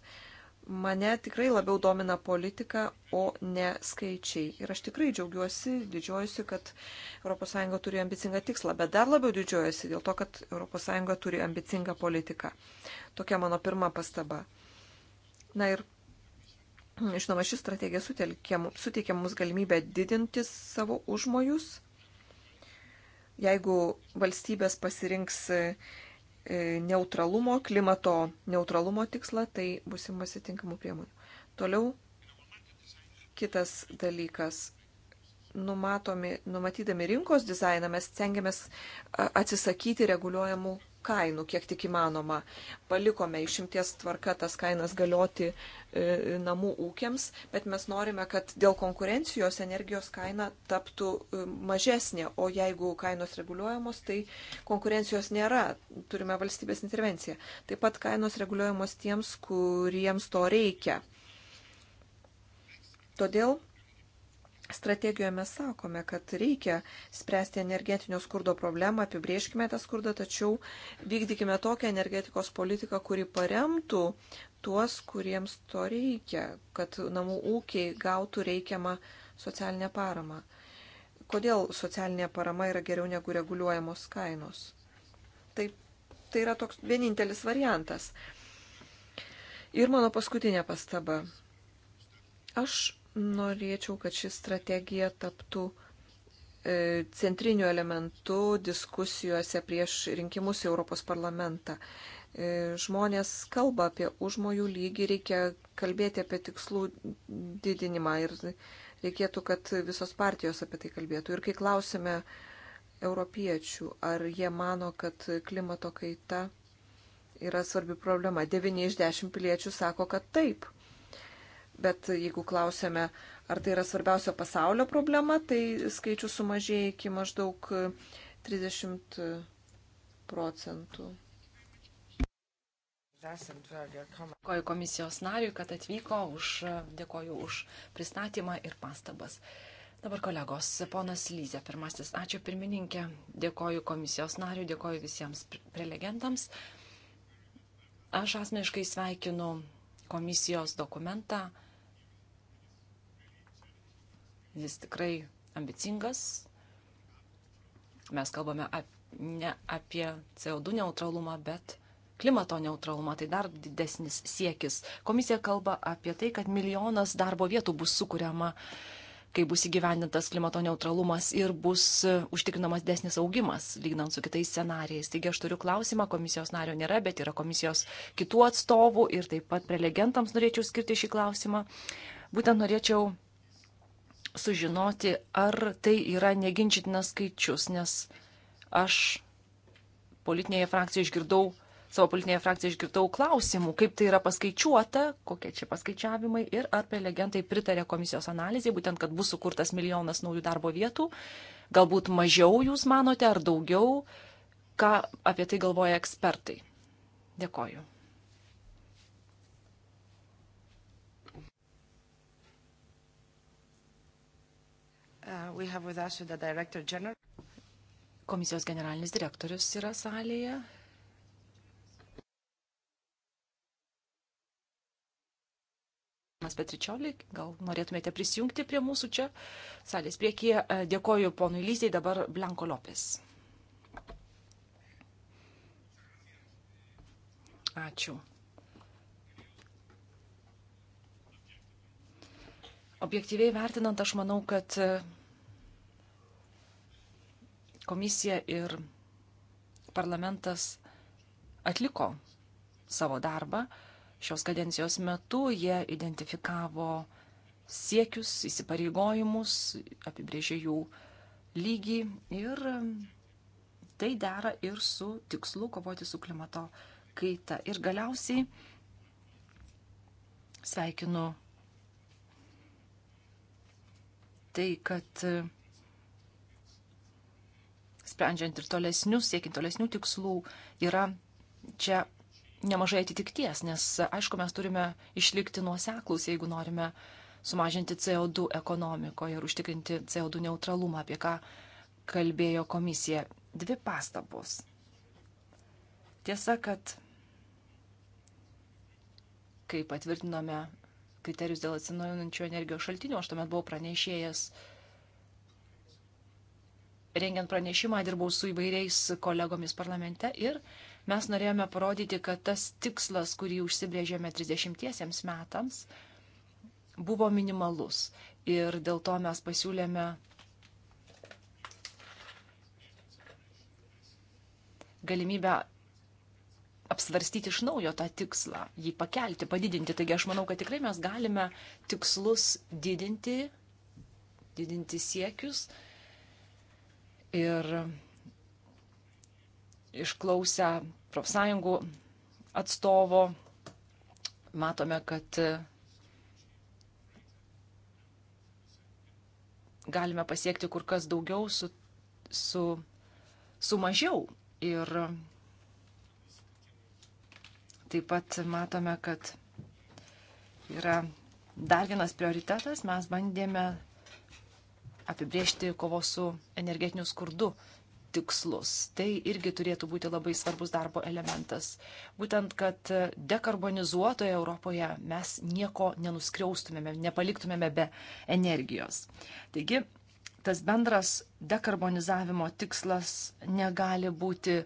Mane tikrai labiau domina politika, o ne skaičiai. Ir aš tikrai džiaugiuosi, didžiuojuosi, kad ES turi ambicingą tikslą, bet dar labiau didžiuojuosi dėl to, kad ES turi ambicingą politiką. Tokia mano pirma pastaba. Na ir, žinoma, ši strategija suteikia mums galimybę didinti savo užmojus. Jeigu valstybės pasirinks E, neutralumo, klimato neutralumo tikslą, tai bus imasi tinkamų priemonių. Toliau kitas dalykas. Numatomi, numatydami rinkos dizainą mes stengiamės atsisakyti reguliuojamų kainų, kiek tik įmanoma. Palikome išimties tvarka tas kainas galioti e, namų ūkiams, bet mes norime, kad dėl konkurencijos energijos kaina taptų e, mažesnė, o jeigu kainos reguliuojamos, tai konkurencijos nėra, turime valstybės intervenciją. Taip pat kainos reguliuojamos tiems, kuriems to reikia. Todėl Strategijoje mes sakome, kad reikia spręsti energetinio skurdo problemą, apibrieškime tą skurdą, tačiau vykdykime tokią energetikos politiką, kuri paremtų tuos, kuriems to reikia, kad namų ūkiai gautų reikiamą socialinę paramą. Kodėl socialinė parama yra geriau negu reguliuojamos kainos? Tai, tai yra toks vienintelis variantas. Ir mano paskutinė pastaba. Aš Norėčiau, kad ši strategija taptų e, centriniu elementu diskusijose prieš rinkimus į Europos parlamentą. E, žmonės kalba apie užmojų lygį, reikia kalbėti apie tikslų didinimą ir reikėtų, kad visos partijos apie tai kalbėtų. Ir kai klausime europiečių, ar jie mano, kad klimato kaita yra svarbi problema, 9 iš 10 piliečių sako, kad taip. Bet jeigu klausėme, ar tai yra svarbiausia pasaulio problema, tai skaičius sumažėja iki maždaug 30 e, e, procentų. Dėkoju komisijos nariui, kad atvyko, už, e, dėkoju už pristatymą ir pastabas. Dabar kolegos, ponas Lyzė, pirmasis, ačiū pirmininkė, dėkoju komisijos nariui, dėkoju visiems prelegentams. Aš asmeniškai sveikinu komisijos dokumentą jis tikrai ambicingas. Mes kalbame ap, ne apie CO2 neutralumą, bet klimato neutralumą, tai dar didesnis siekis. Komisija kalba apie tai, kad milijonas darbo vietų bus sukūriama, kai bus įgyvendintas klimato neutralumas ir bus užtikrinamas desnis augimas, lygnant su kitais scenarijais. Taigi aš turiu klausimą, komisijos nario nėra, bet yra komisijos kitų atstovų ir taip pat prelegentams norėčiau skirti šį klausimą. Būtent norėčiau sužinoti, ar tai yra neginčytinas skaičius, nes aš politinėje frakcijoje išgirdau, savo politinėje frakcijoje išgirdau klausimų, kaip tai yra paskaičiuota, kokie čia paskaičiavimai ir ar prelegentai pritarė komisijos analizai, būtent, kad bus sukurtas milijonas naujų darbo vietų, galbūt mažiau jūs manote ar daugiau, ką apie tai galvoja ekspertai. Dėkoju. Uh, Komisijos generalinis direktorius yra salėje. Mes Petričiolik, gal norėtumėte prisijungti prie mūsų čia salės priekyje. Uh, dėkoju ponui Lysiai, dabar Blanko Lopes. Ačiū. Objektyviai vertinant, aš manau, kad e, komisija ir parlamentas atliko savo darbą. Šios kadencijos metu jie identifikavo siekius, įsipareigojimus, apibrėžė jų lygį ir tai dera ir su tikslu kovoti su klimato kaita. Ir galiausiai sveikinu tai, kad e, sprendžiant ir tolesnius, siekiant tolesnių tikslų, yra čia nemažai atitikties, nes aišku, mes turime išlikti nuoseklus, jeigu norime sumažinti CO2 ekonomikoje ir užtikrinti CO2 neutralumą, apie ką kalbėjo komisija. Dvi pastabos. Tiesa, kad kai patvirtinome kriterijus dėl atsinaujinančių energijos šaltinių, aš tuomet buvau pranešėjęs. Rengiant pranešimą dirbau su įvairiais kolegomis parlamente ir mes norėjome parodyti, kad tas tikslas, kurį užsibrėžėme 30 metams, buvo minimalus. Ir dėl to mes pasiūlėme galimybę apsvarstyti iš naujo tą tikslą, jį pakelti, padidinti. Taigi aš manau, kad tikrai mes galime tikslus didinti, didinti siekius. Ir išklausę profsąjungų atstovo matome, kad galime pasiekti kur kas daugiau su, su, su mažiau. Ir Taip pat matome, kad yra dar vienas prioritetas. Mes bandėme apibriežti kovos su energetiniu skurdu tikslus. Tai irgi turėtų būti labai svarbus darbo elementas. Būtent, kad dekarbonizuotoje Europoje mes nieko nenuskriaustumėme, nepaliktumėme be energijos. Taigi, tas bendras dekarbonizavimo tikslas negali būti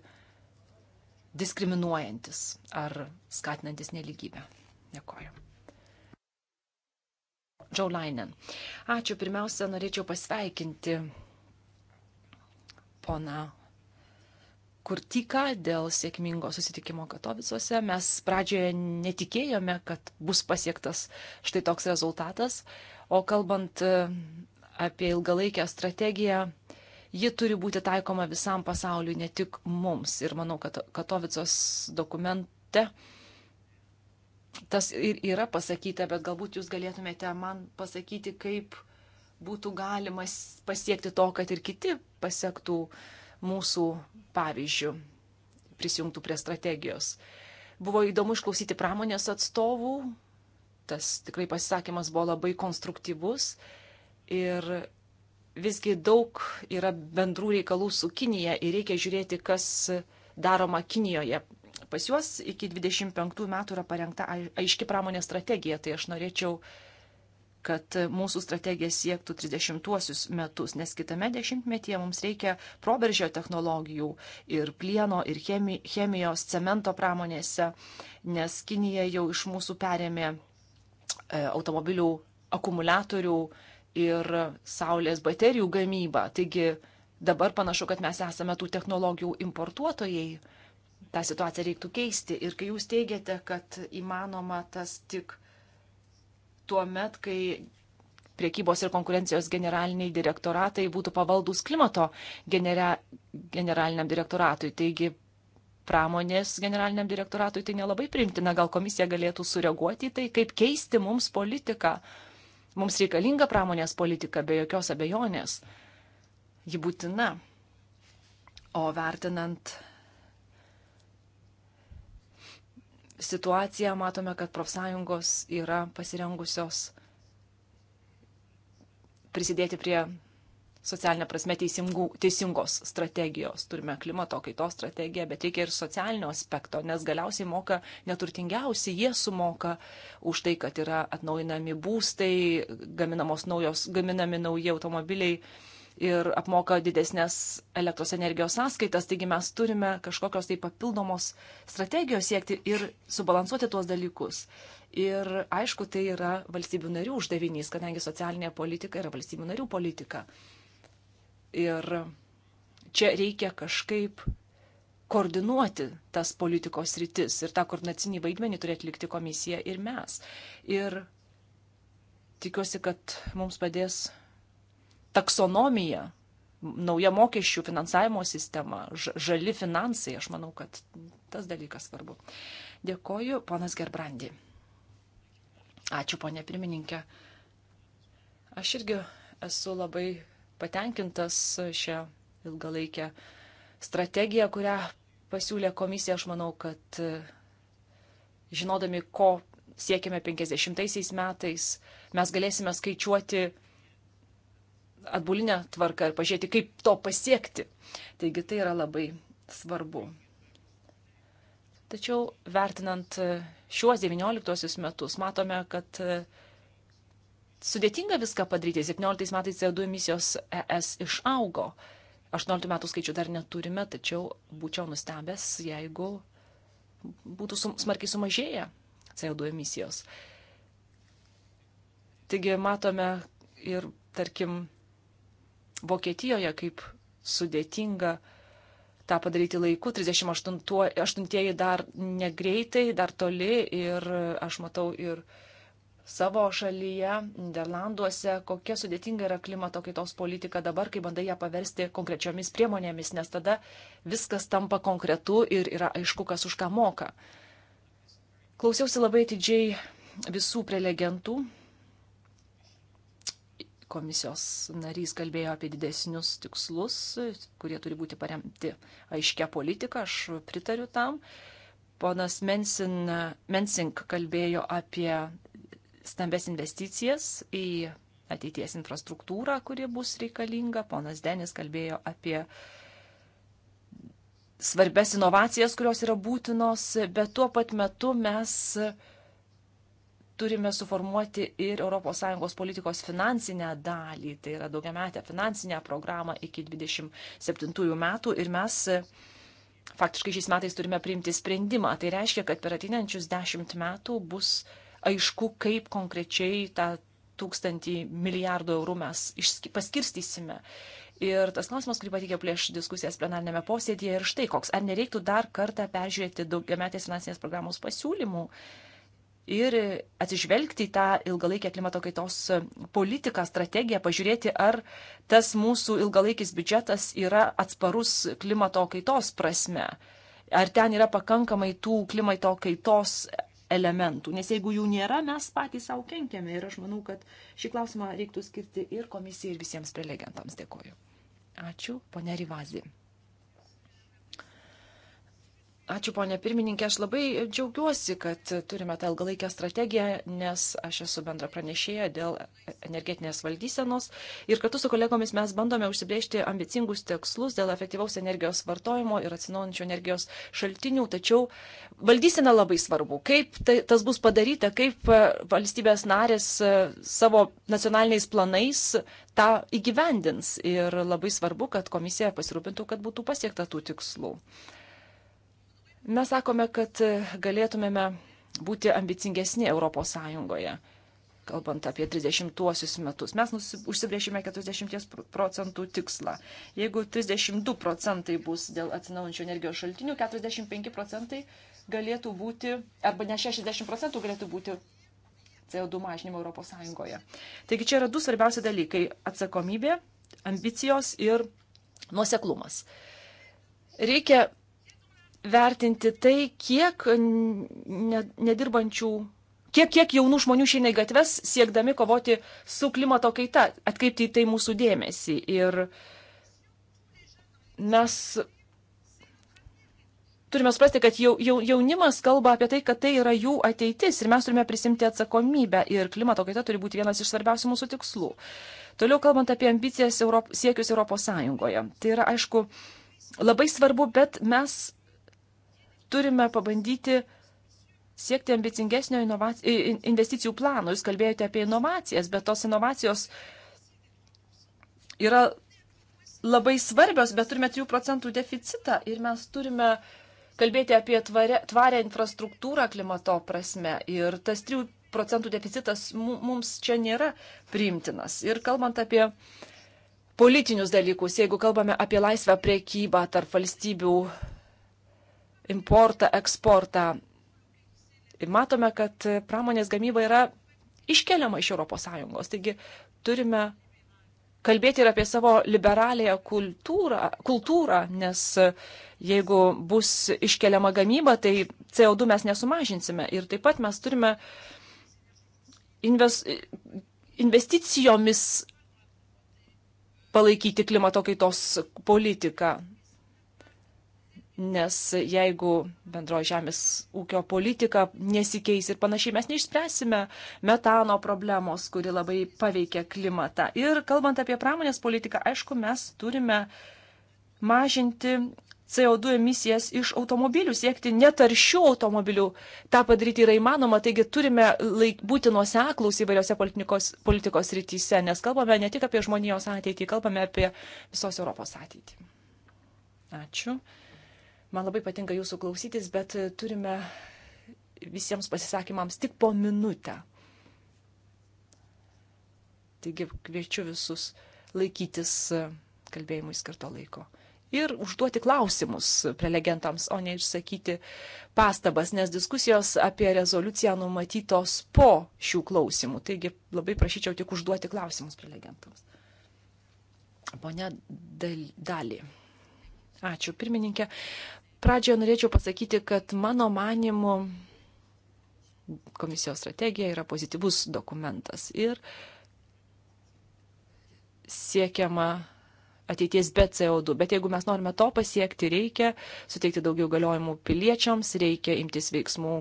diskriminuojantis ar skatinantis neligybę. Dėkoju. Džau Lainen. Ačiū. Pirmiausia, norėčiau pasveikinti poną Kurtiką dėl sėkmingo susitikimo Katovicuose. Mes pradžioje netikėjome, kad bus pasiektas štai toks rezultatas, o kalbant e, apie ilgalaikę strategiją, ji turi būti taikoma visam pasauliu, ne tik mums. Ir manau, kad Katovicos dokumente tas ir yra pasakyta, bet galbūt jūs galėtumėte man pasakyti, kaip būtų galima pasiekti to, kad ir kiti pasiektų mūsų pavyzdžių, prisijungtų prie strategijos. Buvo įdomu išklausyti pramonės atstovų, tas tikrai pasisakymas buvo labai konstruktyvus ir visgi daug yra bendrų reikalų su Kinija ir reikia žiūrėti, kas daroma Kinijoje. Pas juos iki 25 metų yra parengta aiški pramonės strategija, tai aš norėčiau, kad mūsų strategija siektų 30-uosius metus, nes kitame dešimtmetyje mums reikia proveržio technologijų ir plieno, ir chemijos, cemento pramonėse, nes Kinija jau iš mūsų perėmė e, automobilių akumuliatorių, ir saulės baterijų gamybą. Taigi dabar panašu, kad mes esame tų technologijų importuotojai. Ta situacija reiktų keisti. Ir kai jūs teigiate, kad įmanoma tas tik tuo met, kai priekybos ir konkurencijos generaliniai direktoratai būtų pavaldus klimato genera, generaliniam direktoratui. Taigi pramonės generaliniam direktoratui tai nelabai primtina. Gal komisija galėtų sureaguoti į tai, kaip keisti mums politiką, uh, Mums reikalinga pramonės politika be jokios abejonės. Ji būtina. O vertinant situaciją, matome, kad profsąjungos yra pasirengusios prisidėti prie socialinė prasme teisingų, teisingos strategijos. Turime klimato kaitos strategiją, bet reikia ir socialinio aspekto, nes galiausiai moka neturtingiausi, jie sumoka už tai, kad yra atnaujinami būstai, naujos, gaminami nauji automobiliai ir apmoka didesnės elektros energijos sąskaitas, taigi mes turime kažkokios tai papildomos strategijos siekti ir subalansuoti tuos dalykus. Ir aišku, tai yra valstybių narių uždavinys, kadangi socialinė politika yra valstybių narių politika. Ir čia reikia kažkaip koordinuoti tas politikos rytis ir tą koordinacinį vaidmenį turi atlikti komisija ir mes. Ir tikiuosi, kad mums padės taksonomija, nauja mokesčių finansavimo sistema, žali finansai, aš manau, kad tas dalykas svarbu. Dėkoju, ponas Gerbrandi. Ačiū, ponė pirmininkė. Aš irgi esu labai patenkintas šią ilgalaikę strategiją, kurią pasiūlė komisija. Aš manau, kad e, žinodami, ko siekime 50 metais, mes galėsime skaičiuoti atbulinę tvarką ir pažiūrėti, kaip to pasiekti. Taigi tai yra labai svarbu. Tačiau vertinant e, šiuos 19 metus, matome, kad e, sudėtinga viską padaryti. 17 metais CO2 emisijos ES išaugo. 18 metų skaičių dar neturime, tačiau būčiau nustebęs, jeigu būtų sum, smarkiai sumažėję CO2 emisijos. Taigi matome ir, tarkim, Vokietijoje, kaip sudėtinga tą padaryti laiku. 38-ieji dar negreitai, dar toli ir aš matau ir uh, savo šalyje, Niderlanduose, kokia sudėtinga yra klimato kaitos politika dabar, kai bandai ją paversti konkrečiomis priemonėmis, nes tada viskas tampa konkretu ir yra aišku, kas už ką moka. Klausiausi labai atidžiai visų prelegentų. Komisijos narys kalbėjo apie didesnius tikslus, kurie turi būti paremti aiškia politika, aš pritariu tam ponas Mensin, Mensink kalbėjo apie stambes investicijas į ateities infrastruktūrą, kuri bus reikalinga. Ponas Denis kalbėjo apie svarbes inovacijas, kurios yra būtinos, bet tuo pat metu mes turime suformuoti ir ES politikos finansinę dalį, tai yra daugiametę finansinę programą iki 27 metų ir mes faktiškai šiais metais turime priimti sprendimą. Tai reiškia, kad per ateinančius 10 metų bus aišku, kaip konkrečiai tą tūkstantį milijardų eurų mes paskirstysime. Ir tas klausimas, kurį patikė prieš diskusijas plenarnėme posėdėje, ir štai koks. Ar nereiktų dar kartą peržiūrėti daugiametės finansinės programos pasiūlymų ir atsižvelgti į tą ilgalaikę klimato kaitos politiką, strategiją, pažiūrėti, ar tas mūsų ilgalaikis biudžetas yra atsparus klimato kaitos prasme. Ar ten yra pakankamai tų klimato kaitos elementų, nes jeigu jų nėra, mes patys savo kenkiame ir aš manau, kad šį klausimą reiktų skirti ir komisijai, ir visiems prelegentams. Dėkoju. Ačiū, ponia Rivazė. Ačiū, ponė pirmininkė. Aš labai džiaugiuosi, kad turime tą ilgalaikę strategiją, nes aš esu bendra pranešėja dėl energetinės valdysenos. Ir kartu su kolegomis mes bandome užsibriežti ambicingus tikslus dėl efektyvaus energijos vartojimo ir atsinaujančių energijos šaltinių. Tačiau valdysena labai svarbu. Kaip tai, tas bus padaryta, kaip e, valstybės narės e, savo nacionaliniais planais tą įgyvendins. Ir labai svarbu, kad komisija pasirūpintų, kad būtų pasiekta tų tikslų. Mes sakome, kad galėtumėme būti ambicingesni ES, kalbant apie 30-uosius metus. Mes užsibrėšime 40 procentų tikslą. Jeigu 32 procentai bus dėl atsinaujančių energijos šaltinių, 45 procentai galėtų būti, arba ne 60 procentų galėtų būti CO2 mažinimo ES. Taigi čia yra du svarbiausi dalykai - atsakomybė, ambicijos ir nuoseklumas. Reikia vertinti tai, kiek nedirbančių, kiek, kiek jaunų žmonių išeina į gatves siekdami kovoti su klimato kaita, atkreipti į tai mūsų dėmesį. Ir mes turime suprasti, kad jau, jau, jaunimas kalba apie tai, kad tai yra jų ateitis ir mes turime prisimti atsakomybę ir klimato kaita turi būti vienas iš svarbiausių mūsų tikslų. Toliau kalbant apie ambicijas Europ, siekius Europos Sąjungoje. Tai yra, aišku, labai svarbu, bet mes turime pabandyti siekti ambicingesnio inovac... investicijų plano. Jūs kalbėjote apie inovacijas, bet tos inovacijos yra labai svarbios, bet turime 3 procentų deficitą ir mes turime kalbėti apie tvarę, tvarę infrastruktūrą klimato prasme. Ir tas 3 procentų deficitas mums čia nėra priimtinas. Ir kalbant apie politinius dalykus, jeigu kalbame apie laisvą priekybą tarp valstybių importą, eksportą. Ir matome, kad pramonės gamyba yra iškeliama iš ES. Taigi turime kalbėti ir apie savo liberalėją kultūrą, kultūrą, nes jeigu bus iškeliama gamyba, tai CO2 mes nesumažinsime. Ir taip pat mes turime invest, investicijomis palaikyti klimato kaitos politiką nes jeigu bendroji žemės ūkio politika nesikeis ir panašiai, mes neišspręsime metano problemos, kuri labai paveikia klimatą. Ir kalbant apie pramonės politiką, aišku, mes turime mažinti CO2 emisijas iš automobilių, siekti netaršių automobilių. Ta padaryti yra įmanoma, taigi turime laik, būti nuoseklus įvairiose politikos, politikos rytise, nes kalbame ne tik apie žmonijos ateitį, kalbame apie visos Europos ateitį. Ačiū. Man labai patinka jūsų klausytis, bet e, turime visiems pasisakymams tik po minutę. Taigi kviečiu visus laikytis e, kalbėjimui skirto laiko. Ir užduoti klausimus prelegentams, o ne išsakyti pastabas, nes diskusijos apie rezoliuciją numatytos po šių klausimų. Taigi labai prašyčiau tik užduoti klausimus prelegentams. Pone Dali. Ačiū, pirmininkė. Pradžioje norėčiau pasakyti, kad mano manimu komisijos strategija yra pozityvus dokumentas ir siekiama ateities be CO2. Bet jeigu mes norime to pasiekti, reikia suteikti daugiau galiojimų piliečiams, reikia imtis veiksmų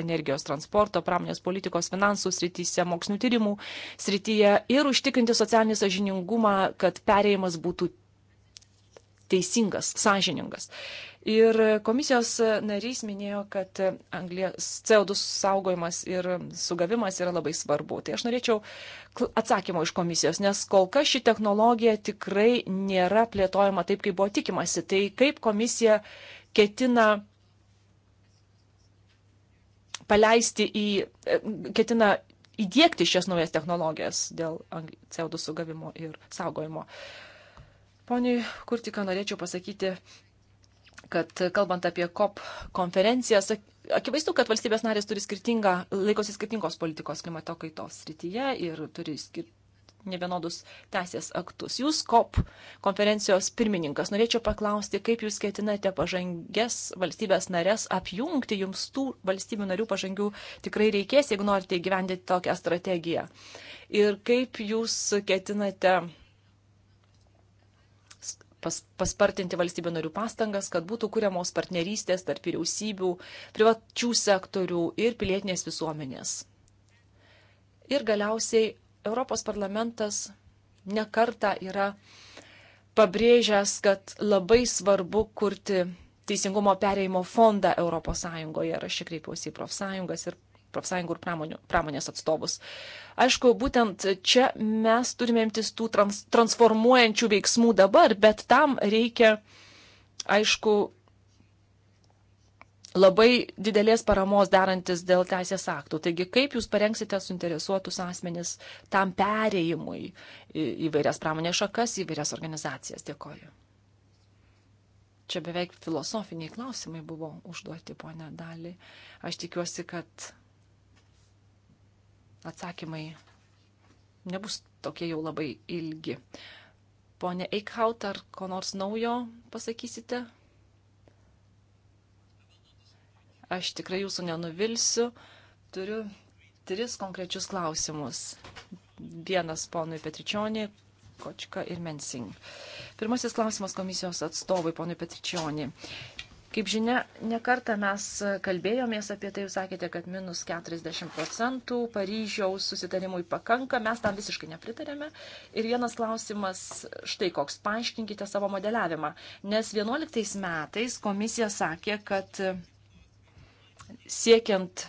energijos transporto, pramonės politikos, finansų srityse, mokslinių tyrimų srityje ir užtikrinti socialinį sažiningumą, kad perėjimas būtų teisingas, sąžiningas. Ir komisijos narys minėjo, kad anglės CO2 saugojimas ir sugavimas yra labai svarbu. Tai aš norėčiau atsakymo iš komisijos, nes kol kas ši technologija tikrai nėra plėtojama taip, kaip buvo tikimasi. Tai kaip komisija ketina paleisti į, e, ketina įdėkti šias naujas technologijas dėl CO2 sugavimo ir saugojimo. Uh, Poniai Kurtika, norėčiau pasakyti, kad kalbant apie COP konferenciją, akivaizdu, kad valstybės narės turi skirtingą, laikosi skirtingos politikos klimato kaitos srityje ir turi skirtingą nevienodus teisės aktus. Jūs COP konferencijos pirmininkas, norėčiau paklausti, kaip jūs ketinate pažangės valstybės narės apjungti, jums tų valstybių narių pažangių tikrai reikės, jeigu norite įgyvendinti tokią strategiją. Ir kaip jūs ketinate pas, paspartinti valstybių narių pastangas, kad būtų kuriamos partnerystės tarp vyriausybių, privačių sektorių ir pilietinės visuomenės. Ir galiausiai Europos parlamentas nekarta yra pabrėžęs, kad labai svarbu kurti teisingumo pereimo fondą ES. Ir aš čia kreipiausi į profsąjungas ir profsąjungų ir pramonių, pramonės atstovus. Aišku, būtent čia mes turime imtis tų trans, transformuojančių veiksmų dabar, bet tam reikia, aišku, labai didelės paramos darantis dėl teisės aktų. Taigi, kaip jūs parengsite suinteresuotus asmenis tam perėjimui įvairias pramonės šakas, įvairias organizacijas? Dėkoju. Čia beveik filosofiniai klausimai buvo užduoti, ponė Dali. Aš tikiuosi, kad atsakymai nebus tokie jau labai ilgi. Pone Eikhaut, ar ko nors naujo pasakysite? Aš tikrai jūsų nenuvilsiu. Turiu tris konkrečius klausimus. Vienas ponui Petričionį, Kočka ir Mensing. Pirmasis klausimas komisijos atstovui, ponui Petričionį. Kaip žinia, nekartą mes kalbėjomės apie tai, jūs sakėte, kad minus 40 procentų Paryžiaus susitarimui pakanka, mes tam visiškai nepritarėme. Ir vienas klausimas, štai koks, paaiškinkite savo modeliavimą. Nes 11 metais komisija sakė, kad siekiant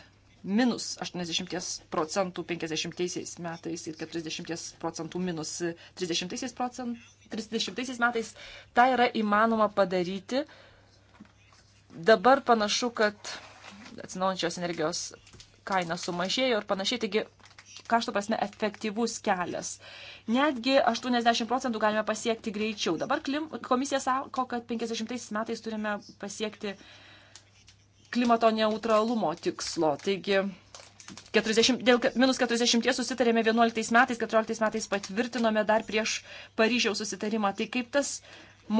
minus 80 procentų 50 metais ir 40 procentų minus 30 procentų. 30 metais tą yra įmanoma padaryti Dabar panašu, kad atsinaujančios energijos kaina sumažėjo ir panašiai, taigi kaštų prasme efektyvus kelias. Netgi 80 procentų galime pasiekti greičiau. Dabar klim, komisija sako, kad 50 metais turime pasiekti klimato neutralumo tikslo. Taigi 40, dėl minus 40 susitarėme 11 metais, 14 metais patvirtinome dar prieš Paryžiaus susitarimą. Tai kaip tas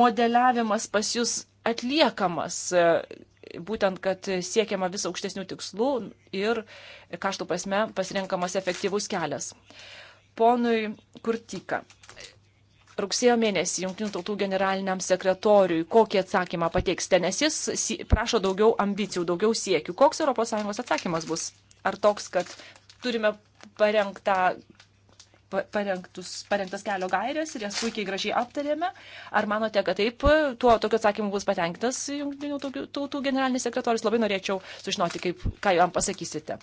modeliavimas pas jūs atliekamas, e, būtent, kad siekiama vis aukštesnių tikslų ir kaštų prasme pasirenkamas efektyvus kelias. Ponui Kurtika, rugsėjo mėnesį Junktinių tautų generaliniam sekretoriui, kokį atsakymą pateiksite, nes jis prašo daugiau ambicijų, daugiau siekių. Koks ES atsakymas bus? Ar toks, kad turime parengtą parengtus, parengtas kelio gairias ir jas puikiai gražiai aptarėme. Ar manote, kad taip, tuo tokiu atsakymu bus patenkintas jungtinių tautų generalinis sekretorius? Labai norėčiau sužinoti, kaip, ką jam pasakysite.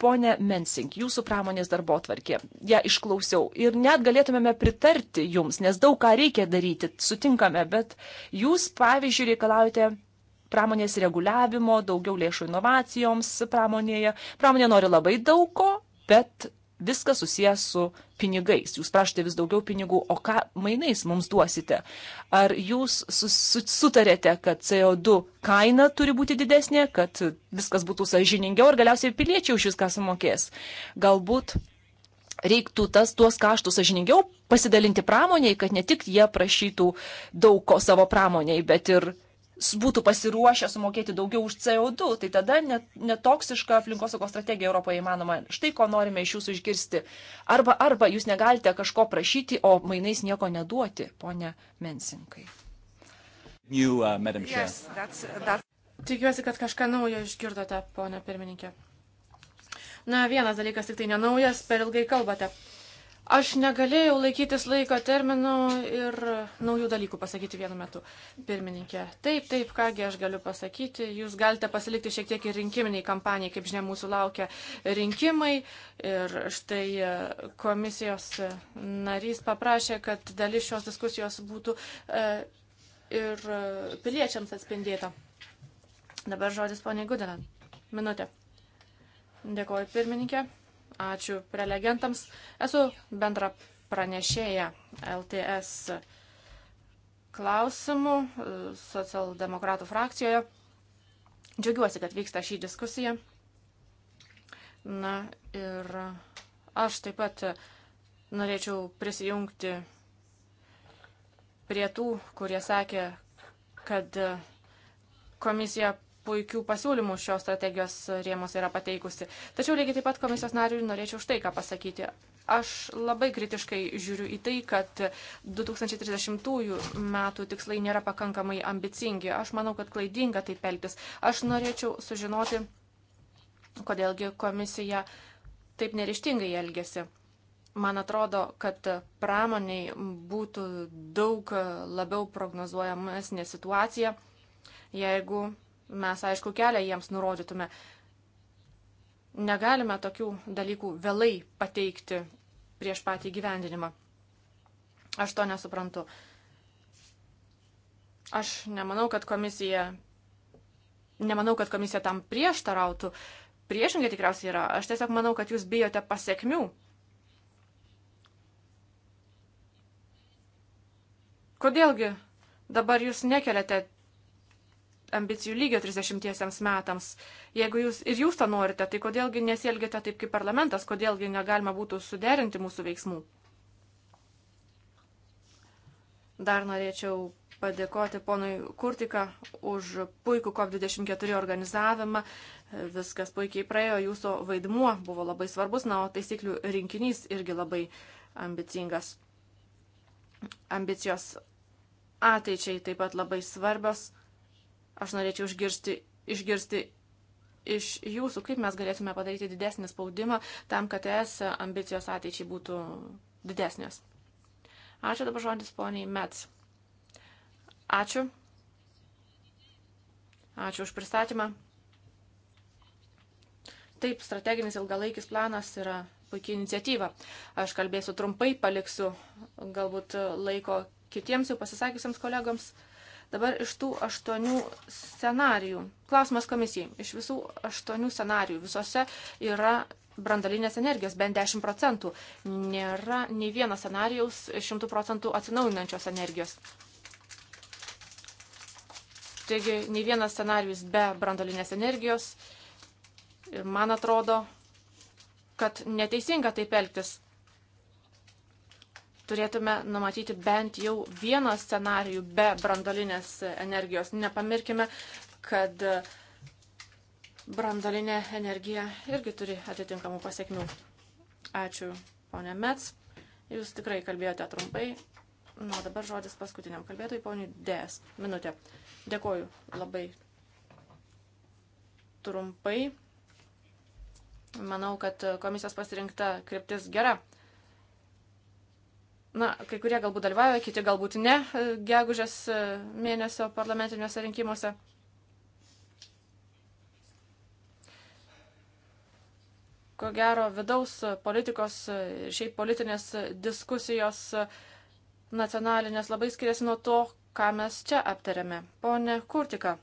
Pone Mensink, jūsų pramonės darbo tvarkė, ją išklausiau ir net galėtumėme pritarti jums, nes daug ką reikia daryti, sutinkame, bet jūs, pavyzdžiui, reikalaujate pramonės reguliavimo, daugiau lėšų inovacijoms pramonėje. Pramonė nori labai daug ko, bet viskas susijęs su pinigais. Jūs prašote vis daugiau pinigų, o ką mainais mums duosite? Ar jūs sutarėte, kad CO2 kaina turi būti didesnė, kad viskas būtų sažiningiau ir galiausiai piliečiai už viską sumokės? Galbūt reiktų tas, tuos kaštus sažiningiau pasidalinti pramoniai, kad ne tik jie prašytų daug ko savo pramoniai, bet ir būtų pasiruošę sumokėti daugiau už CO2, tai tada netoksiška aplinkosaugos strategija Europoje įmanoma. Štai ko norime iš jūsų išgirsti. Arba, arba jūs negalite kažko prašyti, o mainais nieko neduoti, ponia Mensinkai. You, uh, yes, that's, that's... Tikiuosi, kad kažką naujo išgirdote, ponia pirmininkė. Na, vienas dalykas tik tai nenaujas, per ilgai kalbate. Aš negalėjau laikytis laiko terminų ir naujų dalykų pasakyti vienu metu. Pirmininkė, taip, taip, kągi aš galiu pasakyti, jūs galite pasilikti šiek tiek ir rinkiminiai kampanijai, kaip žinia, mūsų laukia rinkimai. Ir štai e, komisijos e, narys paprašė, kad dalis šios diskusijos būtų e, ir e, piliečiams atspindėta. Dabar žodis poniai Gudinan. Minutė. Dėkuoju, pirmininkė. Ačiū prelegentams. Esu bendra pranešėja LTS klausimų e, socialdemokratų frakcijoje. Džiaugiuosi, kad vyksta šį diskusiją. Na ir aš taip pat norėčiau prisijungti prie tų, kurie sakė, kad komisija puikių pasiūlymų šios strategijos rėmus yra pateikusi. Tačiau lygiai taip pat komisijos nariui norėčiau štai ką pasakyti. Aš labai kritiškai žiūriu į tai, kad 2030 metų tikslai nėra pakankamai ambicingi. Aš manau, kad klaidinga taip elgtis. Aš norėčiau sužinoti, kodėlgi komisija taip nerištingai elgesi. Man atrodo, kad pramoniai būtų daug labiau prognozuojamasnė situacija, jeigu mes aišku kelią jiems nurodytume. Negalime tokių dalykų vėlai pateikti prieš patį gyvendinimą. Aš to nesuprantu. Aš nemanau, kad komisija, nemanau, kad komisija tam prieštarautų. Priešingai tikriausiai yra. Aš tiesiog manau, kad jūs bijote pasiekmių. Kodėlgi dabar jūs nekeliate ambicijų lygio 30 metams. Jeigu jūs ir jūs tą norite, tai kodėlgi nesielgite taip kaip parlamentas, kodėlgi negalima būtų suderinti mūsų veiksmų. Dar norėčiau padėkoti ponui Kurtika už puikų COP24 organizavimą. Viskas puikiai praėjo, jūsų vaidmuo buvo labai svarbus, na, o taisyklių rinkinys irgi labai ambicingas. Ambicijos ateičiai taip pat labai svarbios. Aš norėčiau išgirsti, išgirsti iš jūsų, kaip mes galėtume padaryti didesnį spaudimą tam, kad es ambicijos ateičiai būtų didesnės. Ačiū dabar žodis poniai Mets. Ačiū. Ačiū už pristatymą. Taip, strateginis ilgalaikis planas yra puikia iniciatyva. Aš kalbėsiu trumpai, paliksiu galbūt laiko kitiems jau pasisakiusiems kolegams. Dabar iš tų aštuonių scenarijų. Klausimas komisijai. Iš visų aštuonių scenarijų visose yra brandalinės energijos bent 10 procentų. Nėra nei vieno scenarijaus 100 procentų atsinaujinančios energijos. Taigi, nei vienas scenarius be brandalinės energijos. Ir man atrodo, kad neteisinga taip elgtis turėtume numatyti bent jau vieną scenarijų be brandolinės energijos. Nepamirkime, kad brandolinė energija irgi turi atitinkamų pasiekmių. Ačiū, ponė Mets. Jūs tikrai kalbėjote trumpai. Nu, dabar žodis paskutiniam kalbėtojui, poniai Dės. Minutė. Dėkoju labai trumpai. Manau, kad komisijos pasirinkta kryptis gera. Na, kai kurie galbūt dalyvauja, kiti galbūt ne e, gegužės e, mėnesio parlamentiniuose rinkimuose. Ko gero, vidaus politikos, e, šiaip politinės diskusijos nacionalinės labai skiriasi nuo to, ką mes čia aptarėme. Pone Kurtika,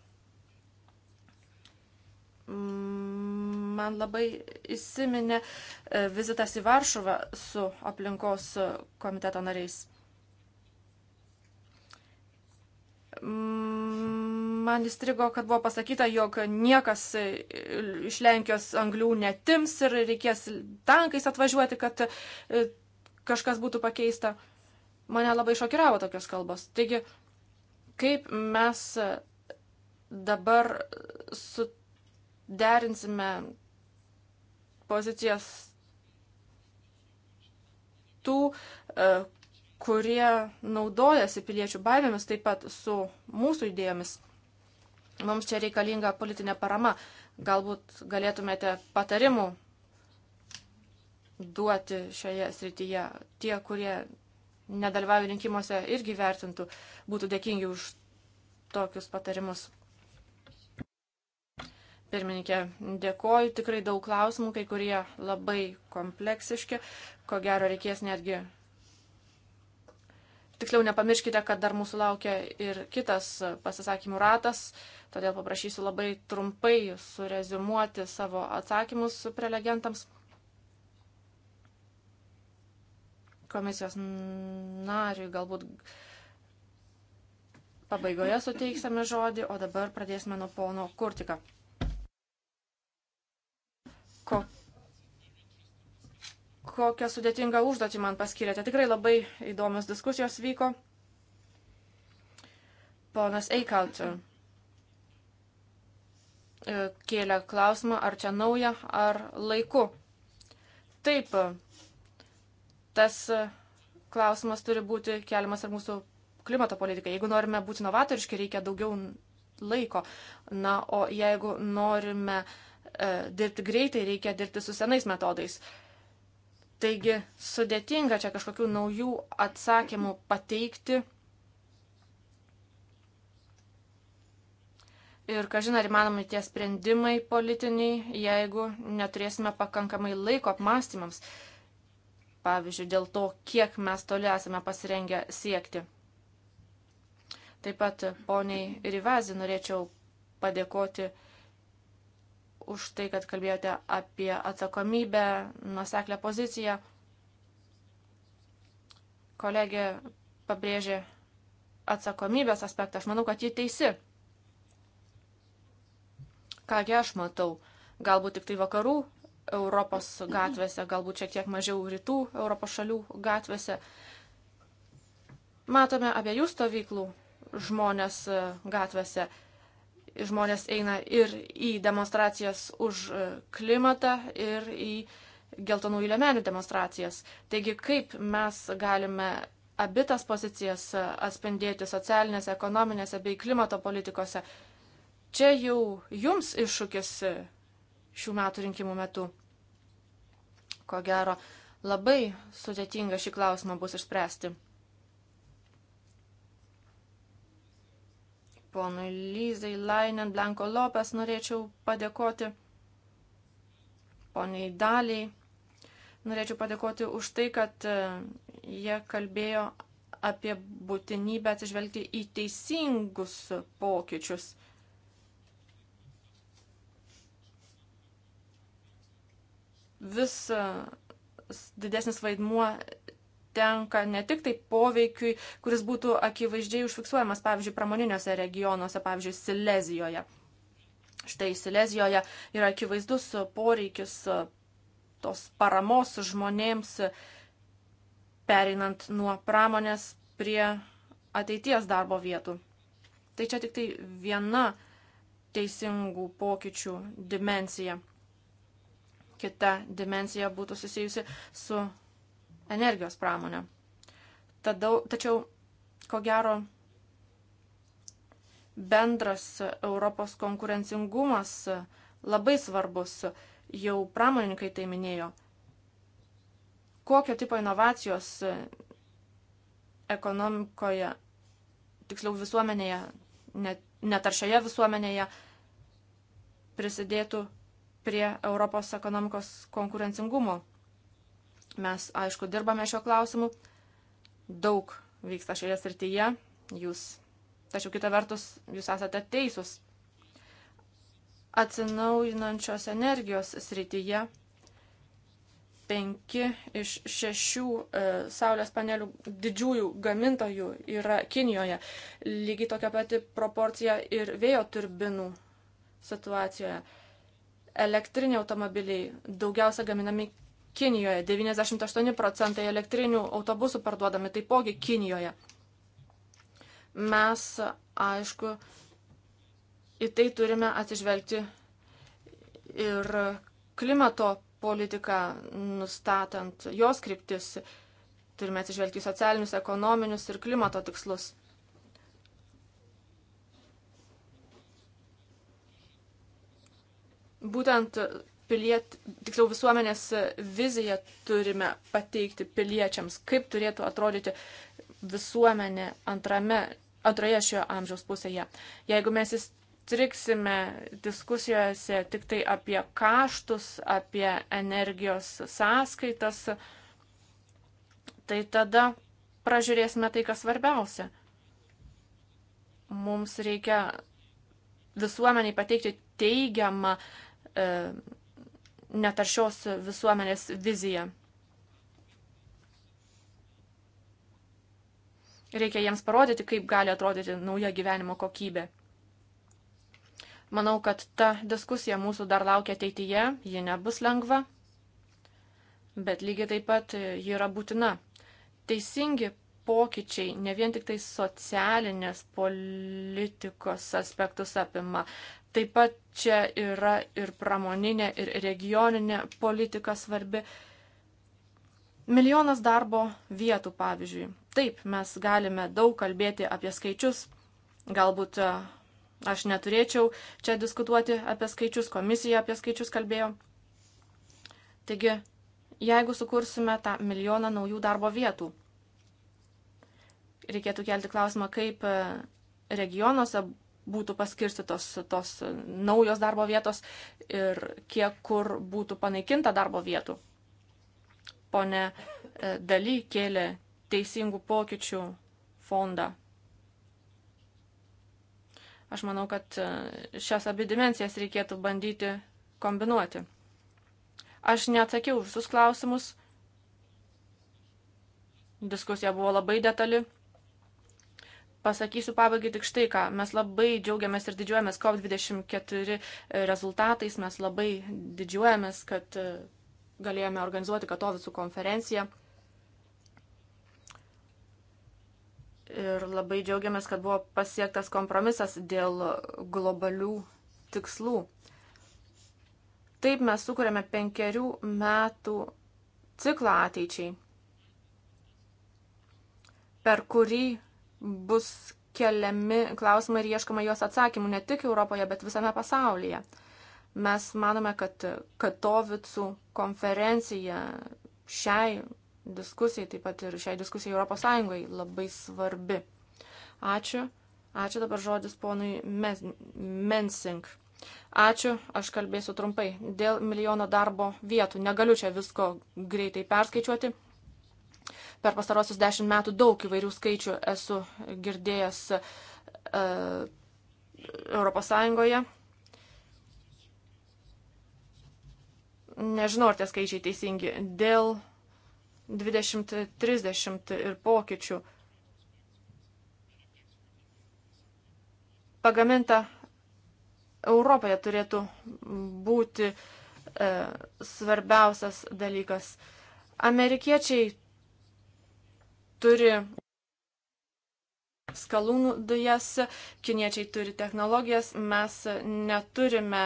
mm man labai įsiminė e, vizitas į Varšuvą su aplinkos komiteto nariais. Mm, man įstrigo, kad buvo pasakyta, jog niekas iš Lenkijos anglių netims ir reikės tankais atvažiuoti, kad e, kažkas būtų pakeista. Mane labai šokiravo tokios kalbos. Taigi, kaip mes dabar suderinsime pozicijas tų, e, kurie naudojasi piliečių baimėmis taip pat su mūsų idėjomis. Mums čia reikalinga politinė parama. Galbūt galėtumėte patarimų duoti šioje srityje. Tie, kurie nedalyvauja rinkimuose, irgi vertintų, būtų dėkingi už tokius patarimus. Pirmininkė, dėkoju, tikrai daug klausimų, kai kurie labai kompleksiški, ko gero reikės netgi. Tiksliau nepamirškite, kad dar mūsų laukia ir kitas pasisakymų ratas, todėl paprašysiu labai trumpai surezumuoti savo atsakymus prelegentams. Komisijos nariui galbūt pabaigoje suteiksime žodį, o dabar pradėsime nuo pono Kurtika ko, kokią sudėtingą užduotį man paskirėte. Tikrai labai įdomios diskusijos vyko. Ponas Eikalt e, kėlė klausimą, ar čia nauja, ar laiku. Taip, tas klausimas turi būti keliamas ir mūsų klimato politikai. Jeigu norime būti novatoriški, reikia daugiau laiko. Na, o jeigu norime uh, E, dirbti greitai, reikia dirbti su senais metodais. Taigi sudėtinga čia kažkokių naujų atsakymų pateikti. Ir kažin ar įmanomi tie sprendimai politiniai, jeigu neturėsime pakankamai laiko apmąstymams. Pavyzdžiui, dėl to, kiek mes toli esame pasirengę siekti. Taip pat poniai Rivazi norėčiau padėkoti uh, už tai, kad kalbėjote apie atsakomybę, nuseklę poziciją. Kolegė pabrėžė atsakomybės aspektą. Aš manau, kad ji teisi. Kągi aš matau, galbūt tik tai vakarų Europos gatvėse, galbūt šiek tiek mažiau rytų Europos šalių gatvėse. Matome abiejų stovyklų žmonės e, gatvėse žmonės eina ir į demonstracijas už e, klimatą, ir į geltonų įlemenių demonstracijas. Taigi, kaip mes galime abitas pozicijas e, atspindėti socialinėse, ekonominėse bei klimato politikose, čia jau jums iššūkis e, šių metų rinkimų metu. Ko gero, labai sudėtinga šį klausimą bus išspręsti. ponui Lyzai, Lainen, Blanko Lopes norėčiau padėkoti, poniai Daliai. Norėčiau padėkoti už tai, kad e, jie kalbėjo apie būtinybę atsižvelgti į teisingus pokyčius. Vis e, didesnis vaidmuo tenka ne tik tai poveikiui, kuris būtų akivaizdžiai užfiksuojamas, pavyzdžiui, pramoniniuose regionuose, pavyzdžiui, Silezijoje. Štai Silezijoje yra akivaizdus poreikis tos paramos žmonėms pereinant nuo pramonės prie ateities darbo vietų. Tai čia tik tai viena teisingų pokyčių dimensija. Kita dimensija būtų susijusi su energijos pramonę. Tadau, tačiau, ko gero, bendras Europos konkurencingumas labai svarbus, jau pramonininkai tai minėjo. Kokio tipo inovacijos ekonomikoje, tiksliau visuomenėje, net, netaršioje visuomenėje prisidėtų prie Europos ekonomikos konkurencingumo Mes, aišku, dirbame šio klausimu. Daug vyksta šioje srityje. Jūs, tačiau kita vertus, jūs esate teisūs. Atsinaujinančios energijos srityje penki iš šešių e, saulės panelių didžiųjų gamintojų yra Kinijoje. Lygiai tokia pati proporcija ir vėjo turbinų situacijoje. Elektriniai automobiliai daugiausia gaminami Kinijoje, 98 procentai elektrinių autobusų parduodami taipogi Kinijoje. Mes, aišku, į tai turime atsižvelgti ir klimato politiką, nustatant jos kryptis, turime atsižvelgti į socialinius, ekonominius ir klimato tikslus. Būtent piliet, tiksliau visuomenės viziją turime pateikti piliečiams, kaip turėtų atrodyti visuomenė antrame, antroje šio amžiaus pusėje. Jeigu mes įstriksime diskusijose tik tai apie kaštus, apie energijos sąskaitas, tai tada pražiūrėsime tai, kas svarbiausia. Mums reikia visuomeniai pateikti teigiamą e, netaršios visuomenės viziją. Reikia jiems parodyti, kaip gali atrodyti nauja gyvenimo kokybė. Manau, kad ta diskusija mūsų dar laukia ateityje, ji nebus lengva, bet lygiai taip pat ji yra būtina. Teisingi pokyčiai ne vien tik tai socialinės politikos aspektus apima, Taip pat čia yra ir pramoninė, ir regioninė politika svarbi. Milijonas darbo vietų, pavyzdžiui. Taip, mes galime daug kalbėti apie skaičius. Galbūt e, aš neturėčiau čia diskutuoti apie skaičius, komisija apie skaičius kalbėjo. Taigi, jeigu sukursime tą milijoną naujų darbo vietų, reikėtų kelti klausimą, kaip e, regionuose būtų paskirstytos tos naujos darbo vietos ir kiek kur būtų panaikinta darbo vietų. Pone e, Daly kėlė teisingų pokyčių fondą. Aš manau, kad e, šias abi dimensijas reikėtų bandyti kombinuoti. Aš neatsakiau visus klausimus. Diskusija buvo labai detali. Pasakysiu pabaigai tik štai ką. Mes labai džiaugiamės ir didžiuojamės COP24 e, rezultatais. Mes labai didžiuojamės, kad e, galėjome organizuoti Katovicų konferenciją. Ir labai džiaugiamės, kad buvo pasiektas kompromisas dėl globalių tikslų. Taip mes sukūrėme penkerių metų ciklą ateičiai, per kurį bus keliami klausimai ir ieškama juos atsakymų ne tik Europoje, bet visame pasaulyje. Mes manome, kad Katovicų konferencija šiai diskusijai, taip pat ir šiai diskusijai Europos Sąjungai labai svarbi. Ačiū. Ačiū dabar žodis ponui Mensink. Ačiū, aš kalbėsiu trumpai. Dėl milijono darbo vietų negaliu čia visko greitai perskaičiuoti per pastarosius dešimt metų daug įvairių skaičių esu girdėjęs e, Europos Sąjungoje. Nežinau, ar tie skaičiai teisingi. Dėl 20-30 ir pokyčių pagaminta Europoje turėtų būti e, svarbiausias dalykas. Amerikiečiai turi skalūnų dujas, kiniečiai turi technologijas, mes neturime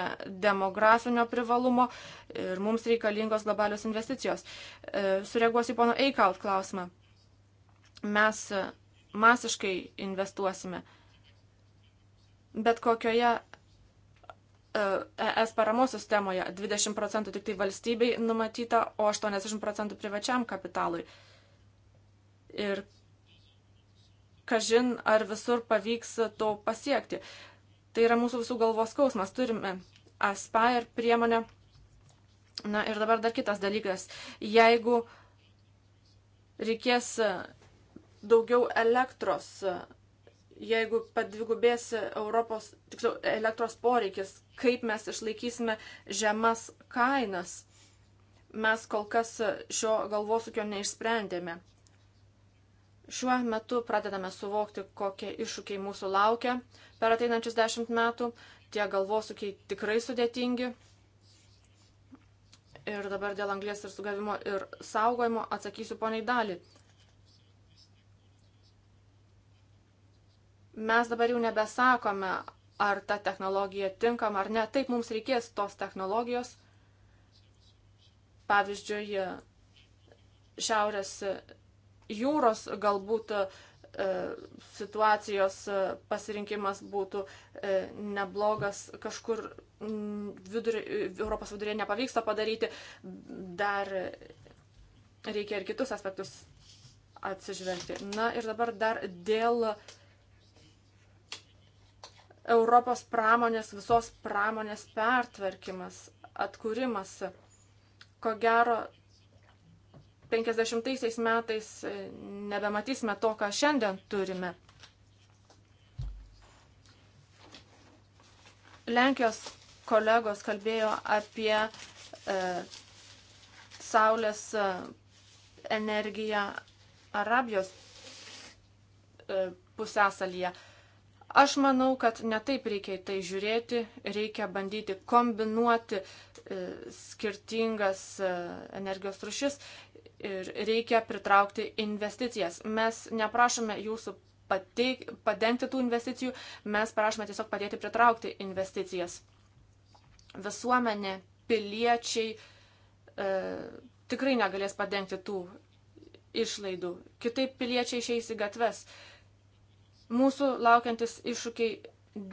demografinio privalumo ir mums reikalingos globalios investicijos. E, sureaguosiu pono Eikaut klausimą. Mes masiškai investuosime. Bet kokioje ES e paramos sistemoje 20 procentų tik tai valstybei numatyta, o 80 procentų privačiam kapitalui ir kažin ar visur pavyks to pasiekti. Tai yra mūsų visų galvos skausmas. Turime Aspire priemonę. Na ir dabar dar kitas dalykas. Jeigu reikės daugiau elektros, jeigu padvigubės Europos, tiksliau, elektros poreikis, kaip mes išlaikysime žemas kainas, mes kol kas šio galvosūkio neišsprendėme. Šiuo metu pradedame suvokti, kokie iššūkiai mūsų laukia per ateinančius dešimt metų. Tie galvosukiai tikrai sudėtingi. Ir dabar dėl anglės ir sugavimo ir saugojimo atsakysiu poniai dalį. Mes dabar jau nebesakome, ar ta technologija tinkama ar ne. Taip mums reikės tos technologijos. Pavyzdžiui, Šiaurės jūros galbūt e, situacijos e, pasirinkimas būtų e, neblogas, kažkur vidurį, Europos vidurėje nepavyksta padaryti, dar reikia ir kitus aspektus atsižvelgti. Na ir dabar dar dėl Europos pramonės, visos pramonės pertvarkymas, atkūrimas. Ko gero, 50 metais e, nebematysime to, ką šiandien turime. Lenkijos kolegos kalbėjo apie e, saulės e, energiją Arabijos e, pusęsalyje. Aš manau, kad netaip reikia į tai žiūrėti, reikia bandyti kombinuoti e, E, skirtingas e, energijos rušis ir reikia pritraukti investicijas. Mes neprašome jūsų pateik, padengti tų investicijų, mes prašome tiesiog padėti pritraukti investicijas. Visuomenė, piliečiai e, tikrai negalės padengti tų išlaidų. Kitaip piliečiai išeis į gatves. Mūsų laukiantis iššūkiai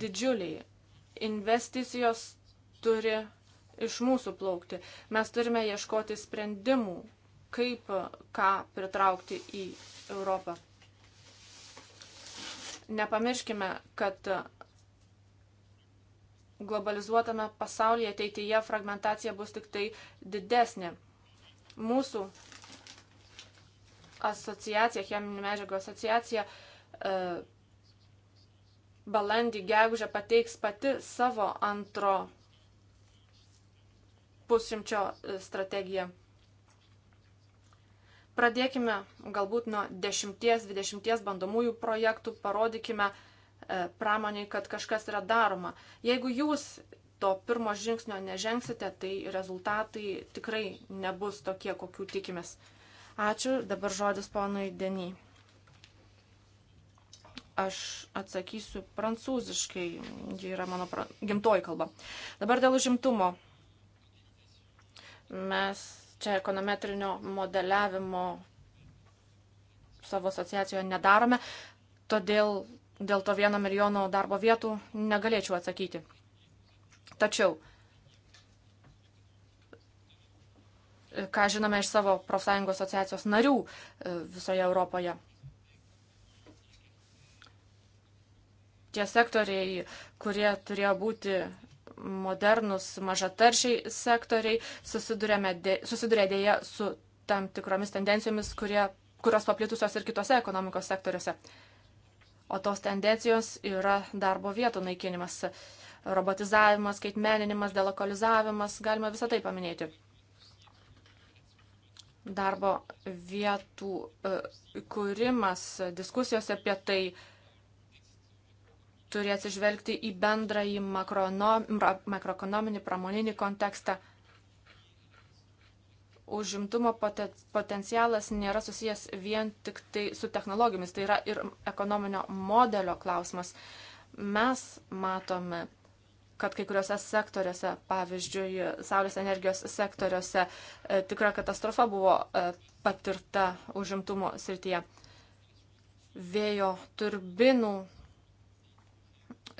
didžiuliai. Investicijos turi iš mūsų plaukti. Mes turime ieškoti sprendimų, kaip ką pritraukti į Europą. Nepamirškime, kad globalizuotame pasaulyje ateityje fragmentacija bus tik tai didesnė. Mūsų asociacija, cheminių medžiagų asociacija, e, balandį, gegužę pateiks pati savo antro pusšimčio strategiją. Pradėkime galbūt nuo 10-20 bandomųjų projektų, parodykime e, pramoniai, kad kažkas yra daroma. Jeigu jūs to pirmo žingsnio nežengsite, tai rezultatai tikrai nebus tokie, kokių tikimės. Ačiū, dabar žodis ponui Denį. Aš atsakysiu prancūziškai, ji yra mano pra... gimtoji kalba. Dabar dėl užimtumo Mes čia ekonometrinio modeliavimo savo asociacijoje nedarome, todėl dėl to vieno milijono darbo vietų negalėčiau atsakyti. Tačiau, ką žinome iš savo profsąjungos asociacijos narių e, visoje Europoje, tie sektoriai, kurie turėjo būti modernus mažataršiai sektoriai susiduria dėja su tam tikromis tendencijomis, kurie, kurios paplitusios ir kitose ekonomikos sektoriuose. O tos tendencijos yra darbo vietų naikinimas, robotizavimas, skaitmeninimas, delokalizavimas, galima visą tai paminėti darbo vietų e, kūrimas, diskusijos apie tai turi atsižvelgti į bendrąjį makroekonominį pramoninį kontekstą. Užimtumo potencialas nėra susijęs vien tik tai su technologijomis, tai yra ir ekonominio modelio klausimas. Mes matome, kad kai kuriuose sektoriuose, pavyzdžiui, saulės energijos sektoriuose, e, tikra katastrofa buvo e, patirta užimtumo srityje. Vėjo turbinų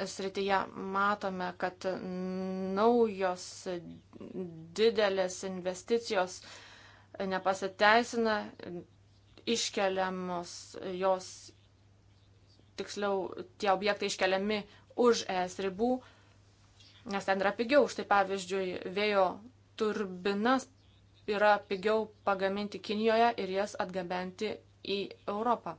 srityje matome, kad naujos didelės investicijos nepasiteisina, iškeliamos jos, tiksliau, tie objektai iškeliami už ES ribų, nes ten yra pigiau. Štai pavyzdžiui, vėjo turbinas yra pigiau pagaminti Kinijoje ir jas atgabenti į Europą.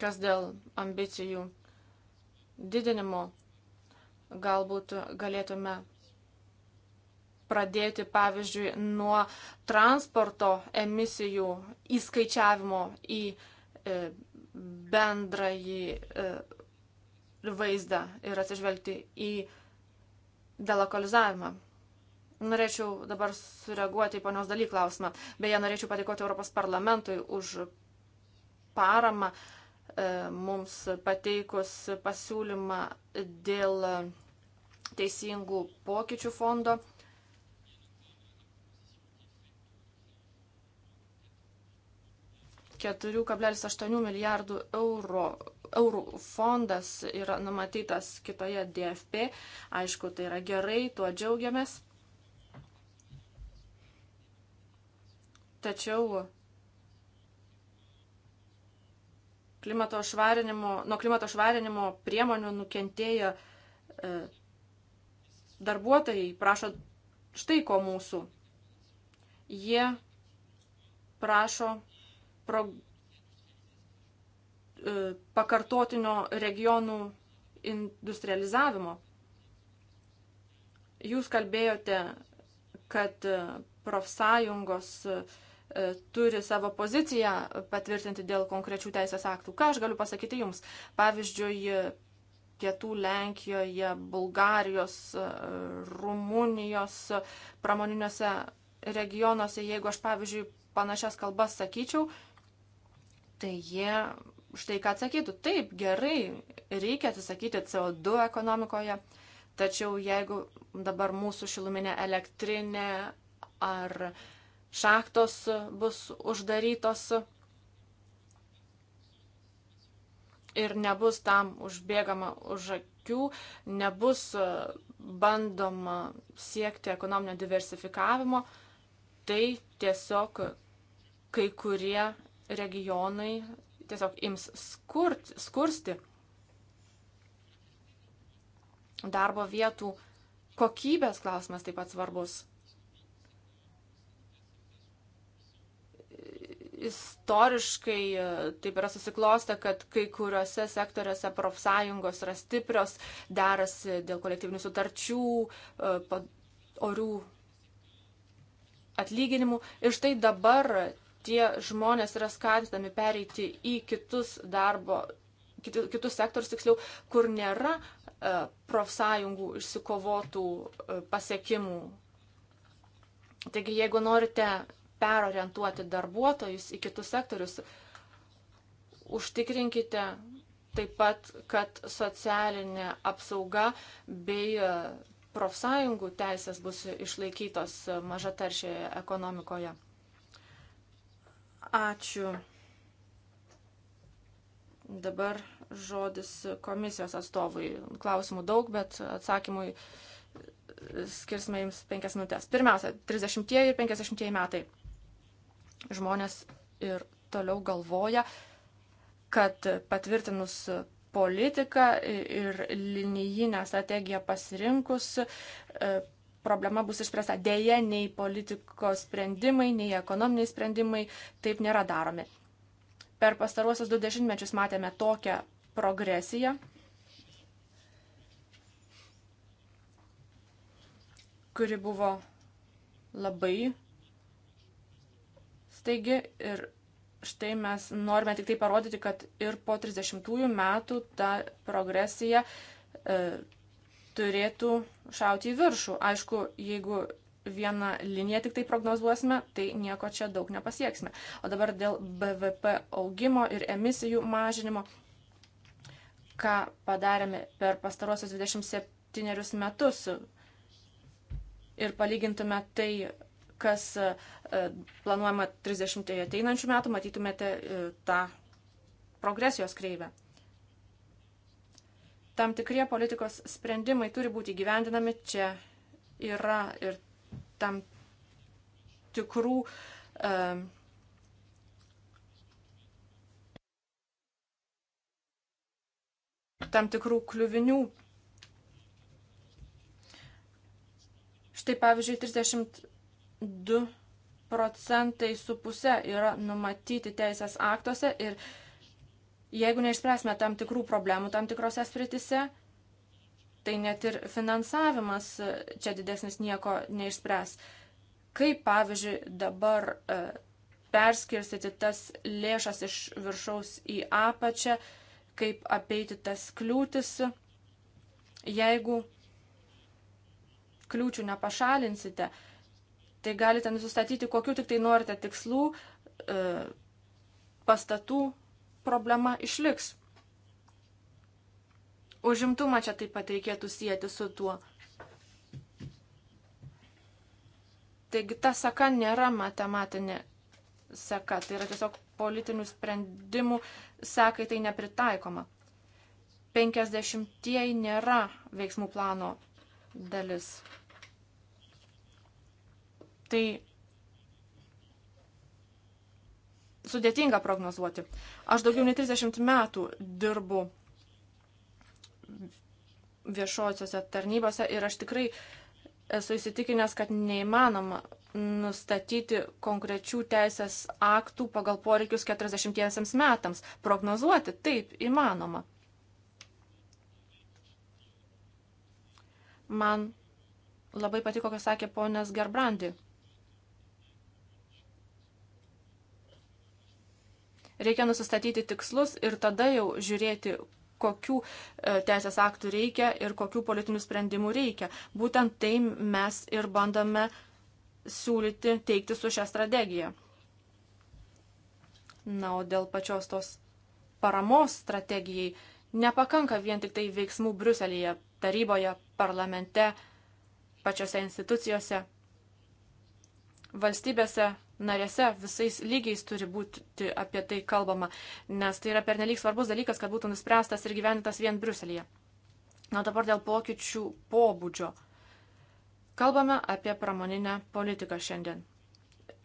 Kas dėl ambicijų didinimo, galbūt galėtume pradėti, pavyzdžiui, nuo transporto emisijų įskaičiavimo į e, bendrąjį e, vaizdą ir atsižvelgti į delokalizavimą. Norėčiau dabar sureaguoti į ponios daly klausimą. Beje, norėčiau padėkoti Europos parlamentui už paramą uh, E, mums pateikus pasiūlymą dėl teisingų pokyčių fondo. Keturių kablelis aštuonių milijardų euro eurų fondas yra numatytas kitoje DFP. Aišku, tai yra gerai, tuo džiaugiamės. Tačiau klimato švarinimo, nuo klimato švarinimo priemonių nukentėję e, darbuotojai prašo štai ko mūsų. Jie prašo pro, e, pakartotinio regionų industrializavimo. Jūs kalbėjote, kad profsąjungos e, E, turi savo poziciją patvirtinti dėl konkrečių teisės aktų. Ką aš galiu pasakyti jums? Pavyzdžiui, pietų Lenkijoje, Bulgarijos, e, Rumunijos pramoniniuose regionuose, jeigu aš, pavyzdžiui, panašias kalbas sakyčiau, tai jie štai ką atsakytų. Taip, gerai, reikia atsisakyti CO2 ekonomikoje, tačiau jeigu dabar mūsų šiluminė elektrinė ar uh, šachtos bus uždarytos ir nebus tam užbėgama už akių, nebus e, bandoma siekti ekonominio diversifikavimo, tai tiesiog kai kurie regionai tiesiog ims skurt, skursti darbo vietų kokybės klausimas taip pat svarbus. istoriškai e, taip yra susiklostę, kad kai kuriuose sektoriuose profsąjungos yra stiprios, derasi dėl kolektyvinių sutarčių, e, orių atlyginimų. Ir štai dabar tie žmonės yra skatintami pereiti į kitus darbo, kitus sektorius tiksliau, kur nėra e, profsąjungų išsikovotų pasiekimų. Taigi, jeigu norite perorientuoti darbuotojus į kitus sektorius. Užtikrinkite taip pat, kad socialinė apsauga bei e, profsąjungų teisės bus išlaikytos e, mažataršioje ekonomikoje. Ačiū. Dabar žodis komisijos atstovui. Klausimų daug, bet atsakymui e, skirsime jums penkias minutės. Pirmiausia, 30-ieji ir 50-ieji metai žmonės ir toliau galvoja, kad patvirtinus politiką ir linijinę strategiją pasirinkus, e, problema bus išspręsta. Deja, nei politikos sprendimai, nei ekonominiai sprendimai taip nėra daromi. Per pastaruosius du dešimtmečius matėme tokią progresiją, kuri buvo labai Taigi ir štai mes norime tik tai parodyti, kad ir po 30-ųjų metų ta progresija e, turėtų šauti į viršų. Aišku, jeigu vieną liniją tik tai prognozuosime, tai nieko čia daug nepasieksime. O dabar dėl BVP augimo ir emisijų mažinimo, ką padarėme per pastarosius 27 metus ir palygintume tai kas e, planuojama 30 ateinančių metų, matytumėte e, tą progresijos kreivę. Tam tikrie politikos sprendimai turi būti gyvendinami, čia yra ir tam tikrų uh, tam tikrų kliuvinių. Štai pavyzdžiui, 30 2 procentai su pusė yra numatyti teisės aktuose ir jeigu neišspręsime tam tikrų problemų tam tikrose sritise, tai net ir finansavimas e, čia didesnis nieko neišspręs. Kaip pavyzdžiui dabar e, perskirstyti tas lėšas iš viršaus į apačią, kaip apeiti tas kliūtis, jeigu kliūčių nepašalinsite, tai galite nusistatyti, kokiu tik tai norite tikslų, e, pastatų problema išliks. Užimtumą čia taip pat reikėtų sieti su tuo. Taigi ta seka nėra matematinė seka, tai yra tiesiog politinių sprendimų sekai tai nepritaikoma. 50-ieji nėra veiksmų plano dalis. Tai sudėtinga prognozuoti. Aš daugiau nei 30 metų dirbu viešuosiuose tarnybose ir aš tikrai esu įsitikinęs, kad neįmanoma nustatyti konkrečių teisės aktų pagal poreikius 40 metams. Prognozuoti taip įmanoma. Man labai patiko, ką sakė ponas Gerbrandi Reikia nusistatyti tikslus ir tada jau žiūrėti, kokių e, teisės aktų reikia ir kokių politinių sprendimų reikia. Būtent tai mes ir bandome siūlyti teikti su šią strategiją. Na, o dėl pačios tos paramos strategijai nepakanka vien tik tai veiksmų Bruselėje, taryboje, parlamente, pačiose institucijose. Valstybėse narėse visais lygiais turi būti apie tai kalbama, nes tai yra pernelyg svarbus dalykas, kad būtų nuspręstas ir gyventas vien Bruselėje. Na dabar dėl pokyčių pobūdžio. Kalbame apie pramoninę politiką šiandien.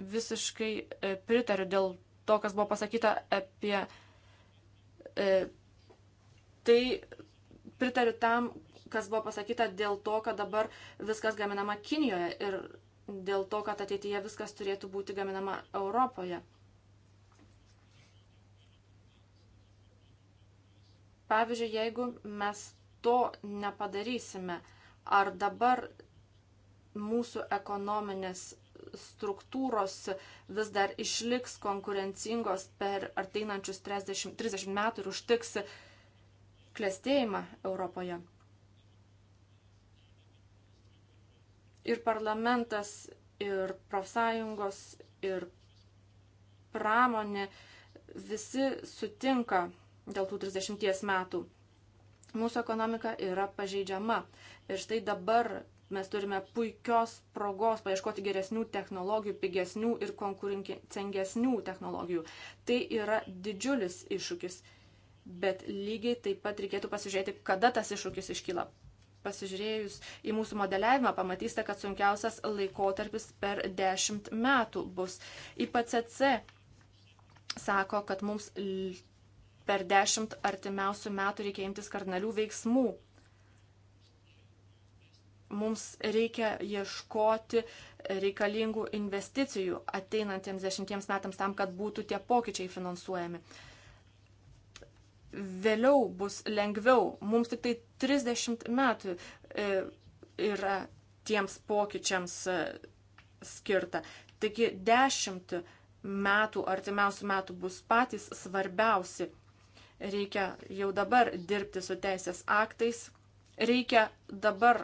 Visiškai e, pritariu dėl to, kas buvo pasakyta apie. E, tai pritariu tam, kas buvo pasakyta dėl to, kad dabar viskas gaminama Kinijoje ir dėl to, kad ateityje viskas turėtų būti gaminama Europoje. Pavyzdžiui, jeigu mes to nepadarysime, ar dabar mūsų ekonominės struktūros vis dar išliks konkurencingos per arteinančius 30, 30 metų ir užtiks klėstėjimą Europoje. ir parlamentas, ir profsąjungos, ir pramonė visi sutinka dėl tų 30 metų. Mūsų ekonomika yra pažeidžiama. Ir štai dabar mes turime puikios progos paieškoti geresnių technologijų, pigesnių ir konkurencingesnių technologijų. Tai yra didžiulis iššūkis. Bet lygiai taip pat reikėtų pasižiūrėti, kada tas iššūkis iškyla pasižiūrėjus į mūsų modeliavimą, pamatysite, kad sunkiausias laikotarpis per 10 metų bus. IPCC sako, kad mums per 10 artimiausių metų reikia imtis karnalių veiksmų. Mums reikia ieškoti reikalingų investicijų ateinantiems dešimtiems metams tam, kad būtų tie pokyčiai finansuojami. Uh, vėliau bus lengviau. Mums tik tai 30 metų e, yra tiems pokyčiams e, skirta. Taigi 10 metų, artimiausių metų bus patys svarbiausi. Reikia jau dabar dirbti su teisės aktais, reikia dabar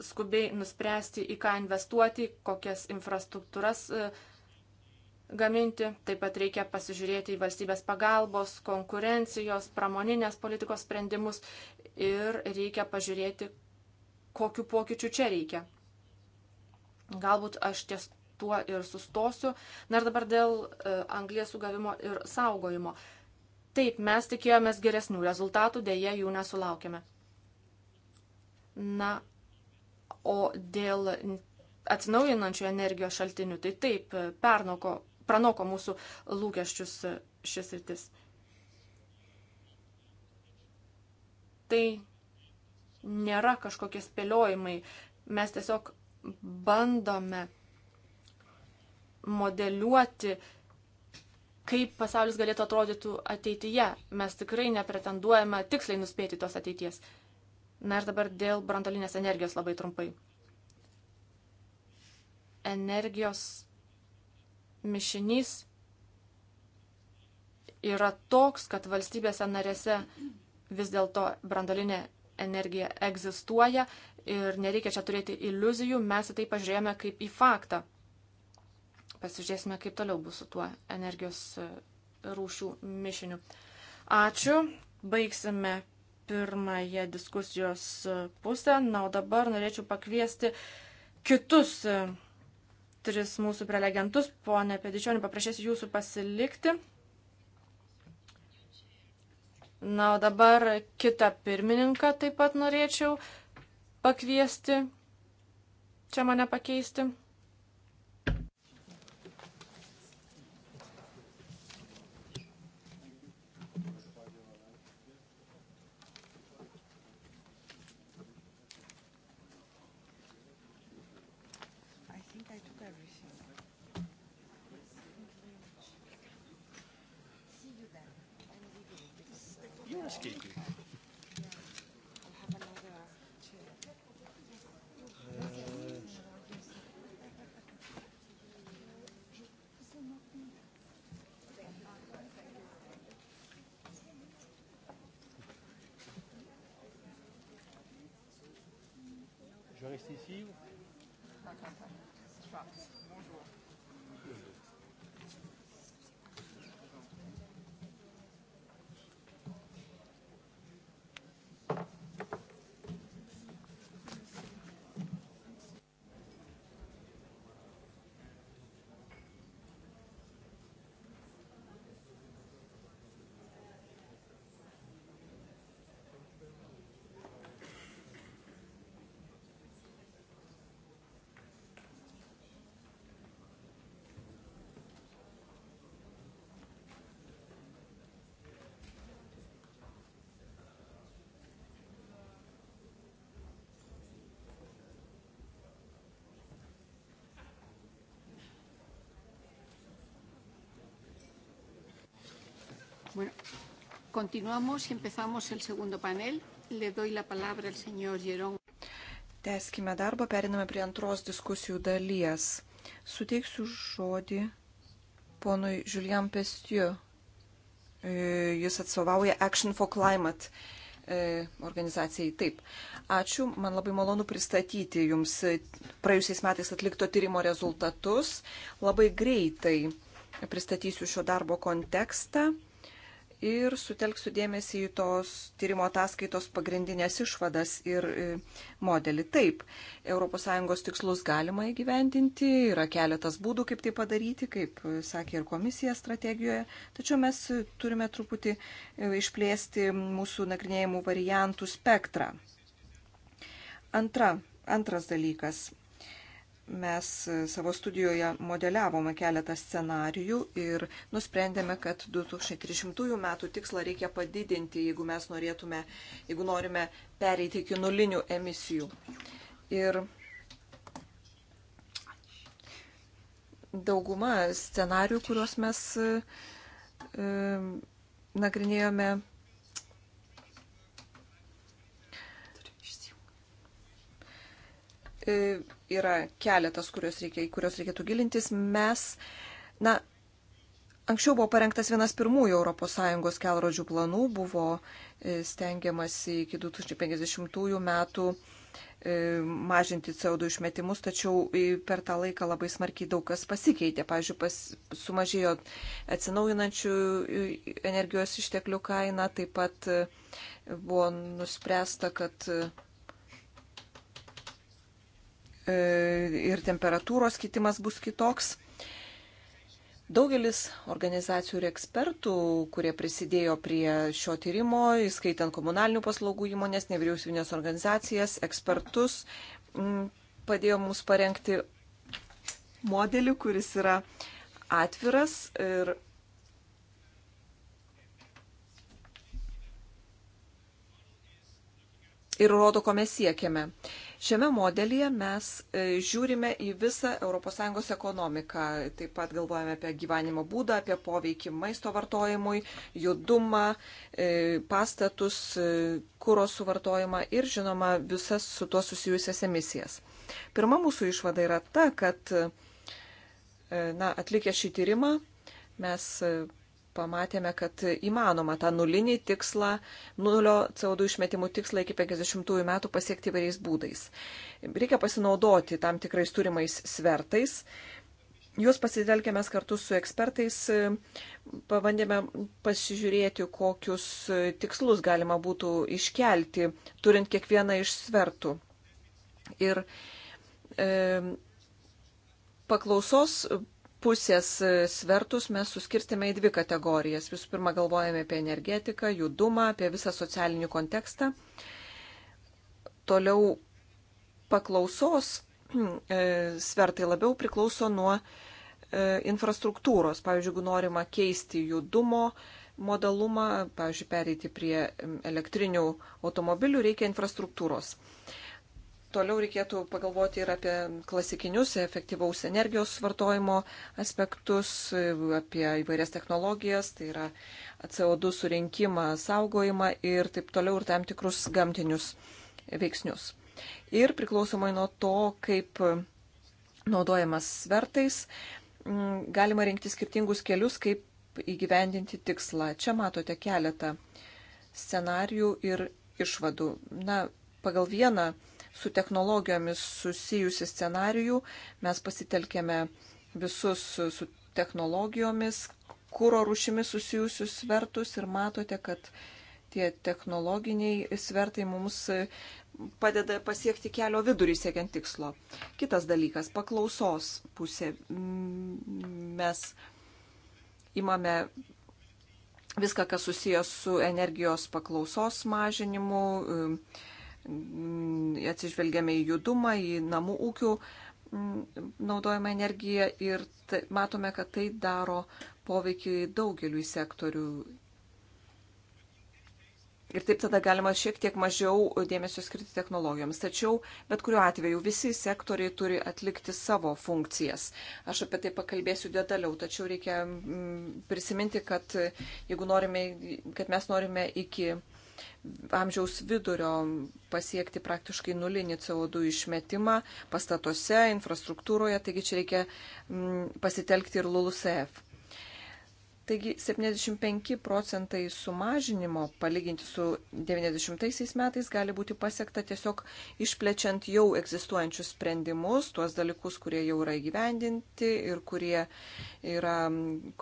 skubiai nuspręsti, į ką investuoti, kokias infrastruktūras investuoti gaminti. Taip pat reikia pasižiūrėti į valstybės pagalbos, konkurencijos, pramoninės politikos sprendimus ir reikia pažiūrėti, kokiu pokyčiu čia reikia. Galbūt aš ties tuo ir sustosiu. Na ir dabar dėl e, anglės sugavimo ir saugojimo. Taip, mes tikėjomės geresnių rezultatų, dėje jų nesulaukėme. Na, o dėl atsinaujinančių energijos šaltinių, tai taip, pernoko pranoko mūsų lūkesčius e, šis rytis. Tai nėra kažkokie spėliojimai, mes tiesiog bandome modeliuoti, kaip pasaulis galėtų atrodyti ateityje. Mes tikrai nepretenduojame tiksliai nuspėti tos ateities. Na ir dabar dėl brandolinės energijos labai trumpai. Energijos mišinys yra toks, kad valstybėse narėse vis dėlto brandolinė energija egzistuoja ir nereikia čia turėti iliuzijų, mes į tai pažiūrėjome kaip į faktą. Pasižiūrėsime, kaip toliau bus su tuo energijos e, rūšių mišiniu. Ačiū, baigsime pirmąją diskusijos e, pusę. Na, o dabar norėčiau pakviesti kitus e, tris mūsų prelegentus. Pone Pedičionį, paprašysiu jūsų pasilikti. Na, o dabar kitą pirmininką taip pat norėčiau pakviesti čia mane pakeisti. Bueno, continuamos y empezamos el segundo panel. Le doy la palabra al señor Jerón. Teskime darbą, periname prie antros diskusijų dalies. Suteiksiu žodį ponui Julian Pestiu. E, jis atstovauja Action for Climate e, organizacijai. Taip. Ačiū, man labai malonu pristatyti Jums praėjusiais metais atlikto tyrimo rezultatus. Labai greitai pristatysiu šio darbo kontekstą ir sutelksiu dėmesį į tos tyrimo ataskaitos pagrindinės išvadas ir e, modelį. Taip, ES tikslus galima įgyvendinti, yra keletas būdų, kaip tai padaryti, kaip e, sakė ir komisija strategijoje, tačiau mes turime truputį e, išplėsti mūsų nagrinėjimų variantų spektrą. Antra, antras dalykas mes e, savo studijoje modeliavome keletą scenarijų ir nusprendėme, kad 2300 metų tikslą reikia padidinti, jeigu mes norėtume, jeigu norime pereiti iki nulinių emisijų. Ir dauguma scenarių, kuriuos mes e, e nagrinėjome, E, yra keletas, kurios reikia, kurios reikėtų gilintis. Mes, na, anksčiau buvo parengtas vienas pirmųjų ES kelrodžių planų, buvo e, stengiamasi iki 2050 metų e, mažinti CO2 išmetimus, tačiau per tą laiką labai smarkiai daug kas pasikeitė. Pavyzdžiui, pas, sumažėjo atsinaujinančių energijos išteklių kaina, taip pat buvo nuspręsta, kad E, ir temperatūros kitimas bus kitoks. Daugelis organizacijų ir ekspertų, kurie prisidėjo prie šio tyrimo, įskaitant komunalinių paslaugų įmonės, nevyriausybinės organizacijas, ekspertus, padėjo mums parengti modelį, kuris yra atviras ir ir rodo, ko mes siekiame. Uh, Šiame modelyje mes e, žiūrime į visą ES ekonomiką, taip pat galvojame apie gyvenimo būdą, apie poveikį maisto vartojimui, judumą, e, pastatus, e, kūro suvartojimą ir, žinoma, visas su tuo susijusias emisijas. Pirma mūsų išvada yra ta, kad na, atlikę šį tyrimą mes pamatėme, kad įmanoma tą nulinį tikslą, nulio CO2 išmetimų tikslą iki 50 metų pasiekti įvairiais būdais. Reikia pasinaudoti tam tikrais turimais svertais. Juos pasitelkėme kartu su ekspertais, pabandėme pasižiūrėti, kokius tikslus galima būtų iškelti, turint kiekvieną iš svertų. Ir e, paklausos pusės e, svertus mes suskirstėme į dvi kategorijas. Visų pirma, galvojame apie energetiką, judumą, apie visą socialinį kontekstą. Toliau paklausos e, svertai labiau priklauso nuo e, infrastruktūros. Pavyzdžiui, jeigu norima keisti judumo modalumą, pavyzdžiui, pereiti prie elektrinių automobilių, reikia infrastruktūros. Toliau reikėtų pagalvoti ir apie klasikinius efektyvaus energijos vartojimo aspektus, apie įvairias technologijas, tai yra CO2 surinkimą, saugojimą ir taip toliau ir tam tikrus gamtinius veiksnius. Ir priklausomai nuo to, kaip naudojamas svertais, galima rinkti skirtingus kelius, kaip įgyvendinti tikslą. Čia matote keletą scenarių ir išvadų. Na, pagal vieną su technologijomis susijusi scenarijų. Mes pasitelkėme visus su technologijomis, kūro rušimis susijusius svertus ir matote, kad tie technologiniai svertai mums padeda pasiekti kelio vidurį siekiant tikslo. Kitas dalykas - paklausos pusė. Mes imame viską, kas susijęs su energijos paklausos mažinimu, Mm, atsižvelgiame į judumą, į namų ūkių mm, naudojama energija ir tai, matome, kad tai daro poveikį daugeliu sektorių. Ir taip tada galima šiek tiek mažiau dėmesio skirti technologijoms. Tačiau, bet kuriuo atveju, visi sektoriai turi atlikti savo funkcijas. Aš apie tai pakalbėsiu detaliau, tačiau reikia mm, prisiminti, kad jeigu norime, kad mes norime iki amžiaus vidurio pasiekti praktiškai nulinį CO2 išmetimą pastatuose, infrastruktūroje, taigi čia reikia mm, pasitelkti ir LULUSF. Taigi 75 procentai sumažinimo palyginti su 90 metais gali būti pasiekta tiesiog išplečiant jau egzistuojančius sprendimus, tuos dalykus, kurie jau yra įgyvendinti ir kurie yra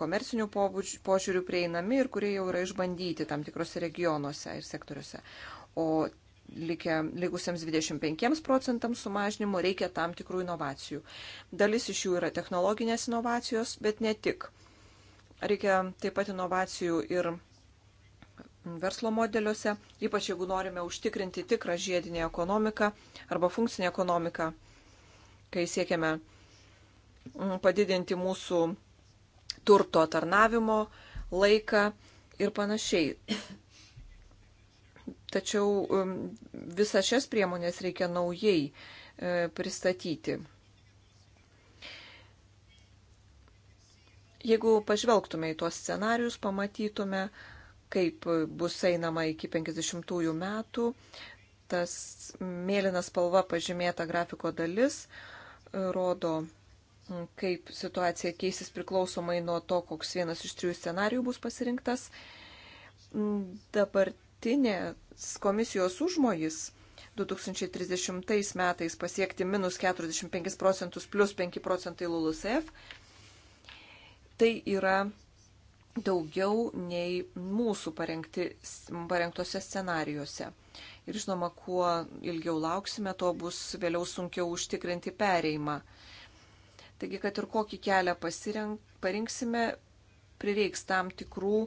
komercinių požiūrių prieinami ir kurie jau yra išbandyti tam tikrose regionuose ir sektoriuose. O likę, likusiems 25 procentams sumažinimo reikia tam tikrų inovacijų. Dalis iš jų yra technologinės inovacijos, bet ne tik. Reikia taip pat inovacijų ir verslo modeliuose, ypač jeigu norime užtikrinti tikrą žiedinę ekonomiką arba funkcinę ekonomiką, kai siekiame mm, padidinti mūsų turto tarnavimo laiką ir panašiai. Tačiau mm, visas šias priemonės reikia naujai e, pristatyti. Jeigu pažvelgtume į tuos scenarius, pamatytume, kaip bus einama iki 50-ųjų metų. Tas mėlynas spalva pažymėta grafiko dalis e, rodo, kaip situacija keisis priklausomai nuo to, koks vienas iš trijų scenarijų bus pasirinktas. Dabartinės komisijos užmojis 2030 metais pasiekti minus 45 procentus plus 5 procentai LULUSF Tai yra daugiau nei mūsų parengti, parengtose scenarijuose. Ir žinoma, kuo ilgiau lauksime, tuo bus vėliau sunkiau užtikrinti pereimą. Taigi, kad ir kokį kelią pasirenk, parinksime, prireiks tam tikrų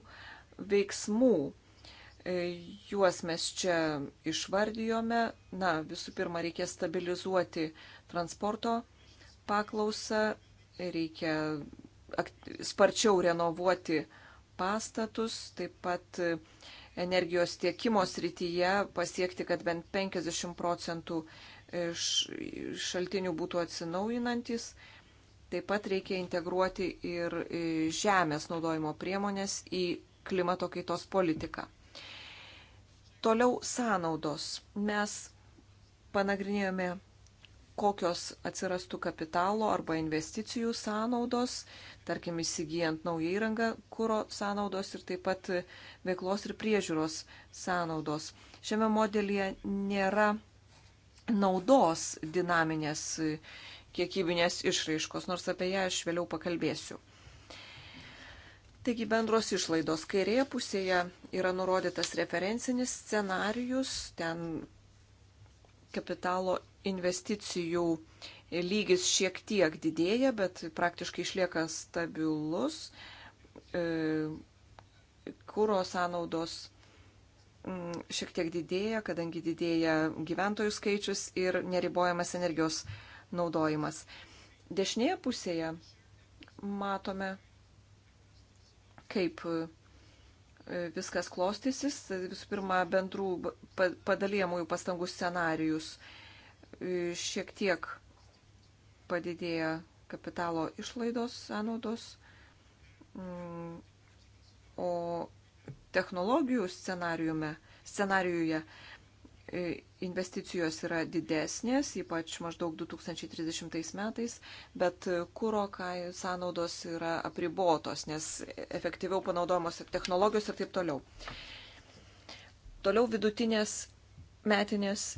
veiksmų. E, juos mes čia išvardijome. Na, visų pirma, reikia stabilizuoti transporto paklausą, reikia sparčiau renovuoti pastatus, taip pat energijos tiekimo srityje pasiekti, kad bent 50 procentų e, šaltinių būtų atsinaujinantis. Taip pat reikia integruoti ir e, žemės naudojimo priemonės į klimato kaitos politiką. Toliau sąnaudos. Mes panagrinėjome kokios atsirastų kapitalo arba investicijų sąnaudos, tarkim, įsigijant naują įrangą, kūro sąnaudos ir taip pat veiklos ir priežiūros sąnaudos. Šiame modelyje nėra naudos dinaminės kiekybinės išraiškos, nors apie ją aš vėliau pakalbėsiu. Taigi bendros išlaidos kairėje pusėje yra nurodytas referencinis scenarijus, ten kapitalo investicijų lygis šiek tiek didėja, bet praktiškai išlieka stabilus. E, kūro sąnaudos mm, šiek tiek didėja, kadangi didėja gyventojų skaičius ir neribojamas energijos naudojimas. Dešinėje pusėje matome, kaip e, viskas klostysis. Visų pirma, bendrų padalyjamųjų pastangų scenarius. Uh, šiek tiek padidėja kapitalo išlaidos, sąnaudos, mm, o technologijų scenarijume, scenarijoje e, investicijos yra didesnės, ypač maždaug 2030 metais, bet kūro sąnaudos yra apribotos, nes efektyviau panaudojamos technologijos ir taip toliau. Toliau vidutinės metinės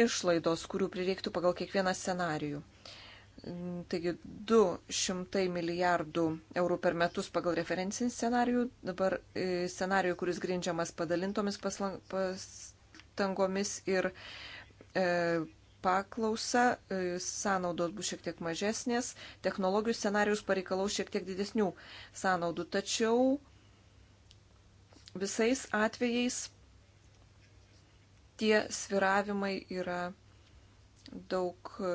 išlaidos, kurių prireiktų pagal kiekvieną scenarijų. Taigi 200 milijardų eurų per metus pagal referencinį scenarijų, dabar e, scenarijų, kuris grindžiamas padalintomis pastangomis ir e, paklausa, e, sąnaudos bus šiek tiek mažesnės, technologijų scenarius pareikalaus šiek tiek didesnių sąnaudų, tačiau visais atvejais tie sviravimai yra daug e,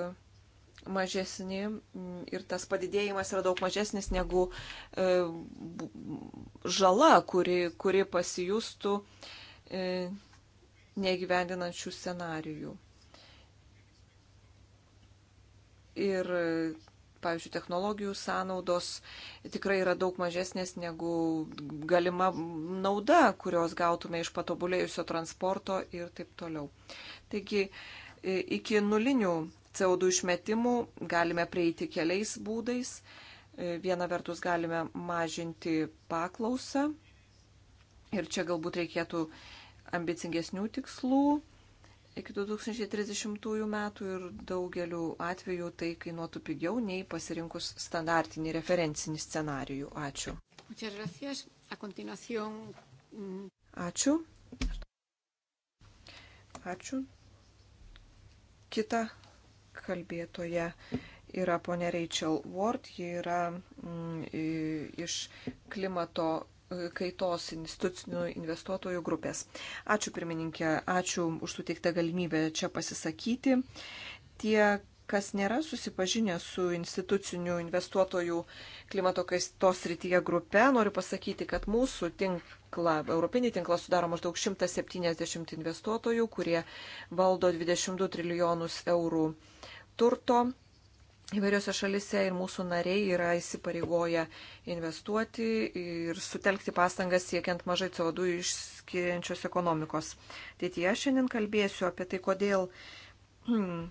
mažesni ir tas padidėjimas yra daug mažesnis negu e, žala, kuri, kuri pasijustų e, negyvendinančių scenarijų. Ir pavyzdžiui, technologijų sąnaudos tikrai yra daug mažesnės negu galima nauda, kurios gautume iš patobulėjusio transporto ir taip toliau. Taigi, iki nulinių CO2 išmetimų galime prieiti keliais būdais. Viena vertus galime mažinti paklausą ir čia galbūt reikėtų ambicingesnių tikslų iki 2030 metų ir daugeliu atveju tai kainuotų pigiau nei pasirinkus standartinį referencinį scenarijų. Ačiū. Mm, Ačiū. Ačiū. Kita kalbėtoja yra ponė Rachel Ward, ji yra mm, iš klimato kaitos institucinių investuotojų grupės. Ačiū pirmininkė, ačiū už suteiktą galimybę čia pasisakyti. Tie, kas nėra susipažinę su institucinių investuotojų klimato kaitos rytyje grupe, noriu pasakyti, kad mūsų tinklą, europinį tinklą sudaro maždaug 170 investuotojų, kurie valdo 22 trilijonus eurų turto įvairiose šalise ir mūsų nariai yra įsipareigoję investuoti ir sutelkti pastangas siekiant mažai CO2 išskiriančios ekonomikos. Ateityje šiandien kalbėsiu apie tai, kodėl, hmm,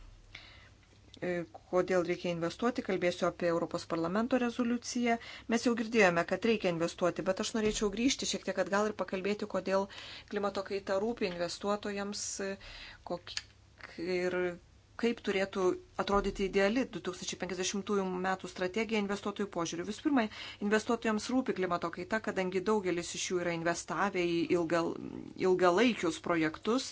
kodėl reikia investuoti, kalbėsiu apie Europos parlamento rezoliuciją. Mes jau girdėjome, kad reikia investuoti, bet aš norėčiau grįžti šiek tiek atgal ir pakalbėti, kodėl klimato kaita rūpi investuotojams, kokie ir kaip turėtų atrodyti ideali 2050 metų strategija investuotojų požiūrių. Visų pirma, investuotojams rūpi klimato kaita, kadangi daugelis iš jų yra investavę į ilgal, ilgalaikius projektus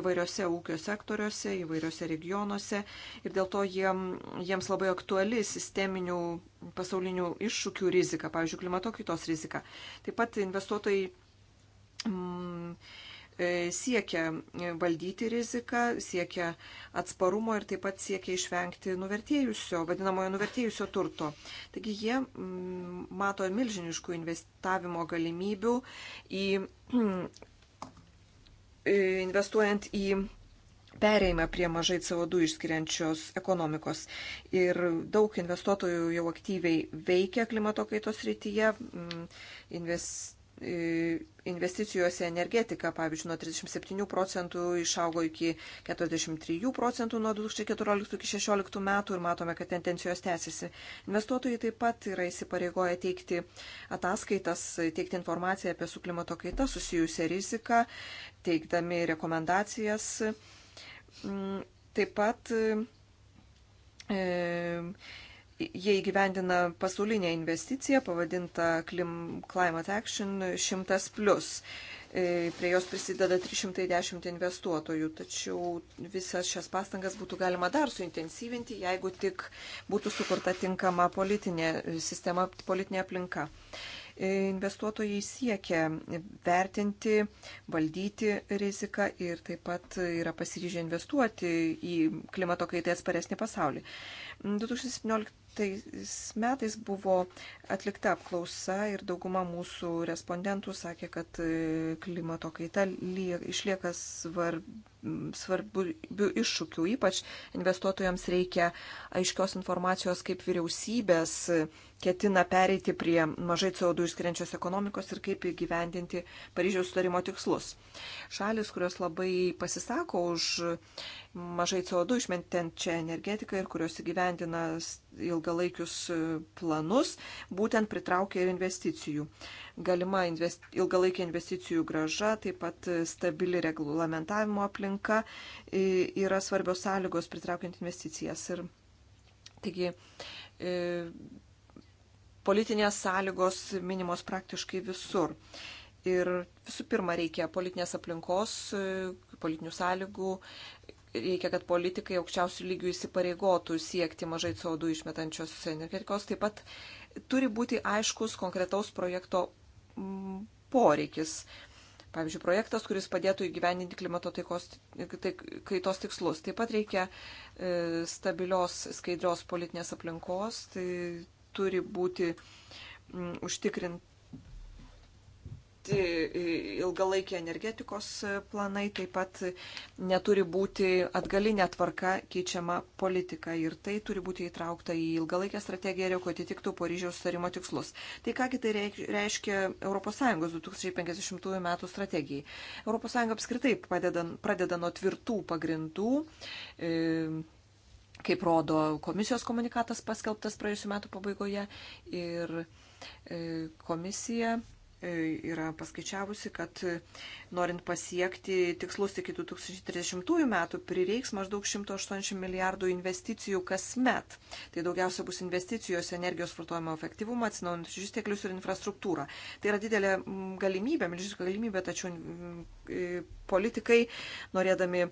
įvairiose ūkio sektoriuose, įvairiose regionuose ir dėl to jiem, jiems labai aktuali sisteminių pasaulinių iššūkių rizika, pavyzdžiui, klimato kaitos rizika. Taip pat investuotojai mm, E, siekia valdyti riziką, siekia atsparumo ir taip pat siekia išvengti nuvertėjusio, vadinamojo nuvertėjusio turto. Taigi jie mm, mato milžiniškų investavimo galimybių į, e, investuojant į pereima prie mažai CO2 išskiriančios ekonomikos. Ir daug investuotojų jau aktyviai veikia klimato kaitos rytyje, mm, invest investicijose energetika, pavyzdžiui, nuo 37 procentų išaugo iki 43 procentų nuo 2014 iki 2016 metų ir matome, kad tendencijos tęsiasi. Investuotojai taip pat yra įsipareigoję teikti ataskaitas, teikti informaciją apie su klimato kaita susijusią riziką, teikdami rekomendacijas. Mm, taip pat e, jie įgyvendina pasaulinę investiciją pavadintą Climate Action 100 plus. E, prie jos prisideda 310 investuotojų, tačiau visas šias pastangas būtų galima dar suintensyvinti, jeigu tik būtų sukurta tinkama politinė e, sistema, politinė aplinka. E, investuotojai siekia vertinti, valdyti riziką ir taip pat yra pasiryžę investuoti į klimato kaitai atsparesnį pasaulį. 2017 mm, 2015 metais buvo atlikta apklausa ir dauguma mūsų respondentų sakė, kad e, klimato kaita išlieka svarb, svarbių iššūkių. Ypač investuotojams reikia aiškios informacijos, kaip vyriausybės ketina pereiti prie mažai CO2 išskiriančios ekonomikos ir kaip įgyvendinti Paryžiaus sutarimo tikslus. Šalis, kurios labai pasisako už mažai CO2 išmentenčią energetiką ir kurios įgyvendina ilgalaikius e, planus, būtent pritraukia ir investicijų. Galima invest, ilgalaikė investicijų graža, taip pat stabili reglamentavimo aplinka yra svarbios sąlygos pritraukiant investicijas. Ir, taigi, politinės sąlygos minimos praktiškai visur. Ir visų pirma, reikia politinės aplinkos, politinių sąlygų, reikia, kad politikai aukščiausių lygių įsipareigotų siekti mažai CO2 išmetančios energetikos, taip pat turi būti aiškus konkretaus projekto mm, poreikis. Pavyzdžiui, projektas, kuris padėtų įgyveninti klimato taikos, taik, kaitos tikslus. Taip pat reikia e, stabilios, skaidrios politinės aplinkos. Tai turi būti m, mm, užtikrint kiti ilgalaikiai energetikos planai taip pat neturi būti atgalinė tvarka keičiama politika ir tai turi būti įtraukta į ilgalaikę strategiją, kad atitiktų Paryžiaus sutarimo tikslus. Tai kągi tai reiškia ES 2050 m. strategijai. ES apskritai padeda, pradeda nuo tvirtų pagrindų. E, kaip rodo komisijos komunikatas paskelbtas praėjusiu metu pabaigoje ir komisija E, yra paskaičiavusi, kad e, norint pasiekti tikslus iki 2030 metų prireiks maždaug 180 milijardų investicijų kasmet. Tai daugiausia bus investicijos energijos vartojimo efektyvumą, atsinaujančius išteklius ir infrastruktūrą. Tai yra didelė galimybė, milžiniška galimybė, tačiau e, politikai norėdami e,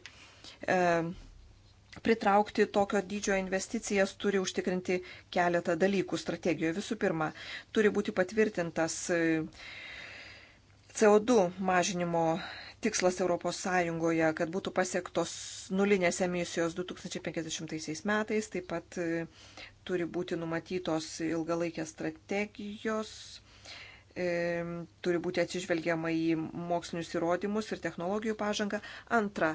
pritraukti tokio dydžio investicijas turi užtikrinti keletą dalykų strategijoje. Visų pirma, turi būti patvirtintas e, CO2 mažinimo tikslas ES, kad būtų pasiektos nulinės emisijos 2050 metais, taip pat e, turi būti numatytos ilgalaikės strategijos E, turi būti atsižvelgiama į mokslinius įrodymus ir technologijų pažangą. Antra,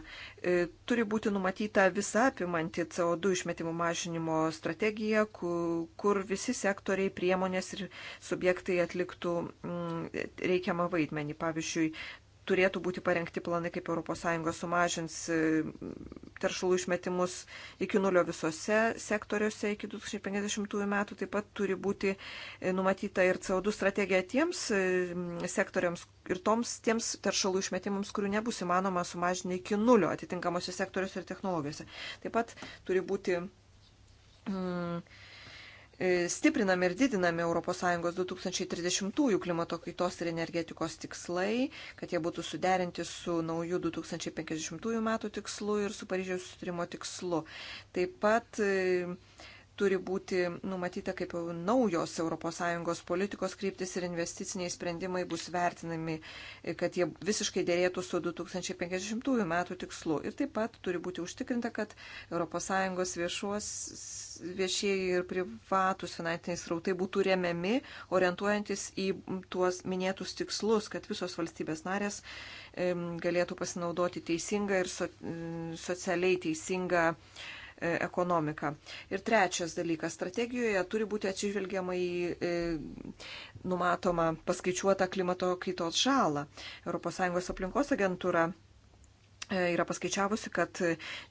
e, turi būti numatyta visa apimanti CO2 išmetimų mažinimo strategija, kur visi sektoriai, priemonės ir subjektai atliktų mm, reikiamą vaidmenį. Pavyzdžiui, turėtų būti parengti planai, kaip ES sumažins e, teršalų išmetimus iki nulio visose sektoriuose iki 2050 metų. Taip pat turi būti e, numatyta ir CO2 strategija tiems e, sektoriams ir toms tiems teršalų išmetimams, kurių nebus įmanoma sumažinti iki nulio atitinkamosios sektoriuose ir technologijose. Taip pat turi būti. Mm, E, stiprinami ir didinami ES 2030-ųjų klimato kaitos ir energetikos tikslai, kad jie būtų suderinti su naujų 2050-ųjų metų tikslu ir su Paryžiaus sutrimo tikslu. Taip pat e, turi būti numatyta kaip naujos ES politikos kryptis ir investiciniai sprendimai bus vertinami, kad jie visiškai dėrėtų su 2050 metų tikslu. Ir taip pat turi būti užtikrinta, kad ES viešos, viešieji ir privatus finansiniai srautai būtų remiami, orientuojantis į tuos minėtus tikslus, kad visos valstybės narės galėtų pasinaudoti teisingą ir so, socialiai teisingą uh, E, ekonomiką. Ir trečias dalykas, strategijoje turi būti atsižvelgiama į e, numatomą paskaičiuotą klimato kaitos žalą. ES aplinkos agentūra e, yra paskaičiavusi, kad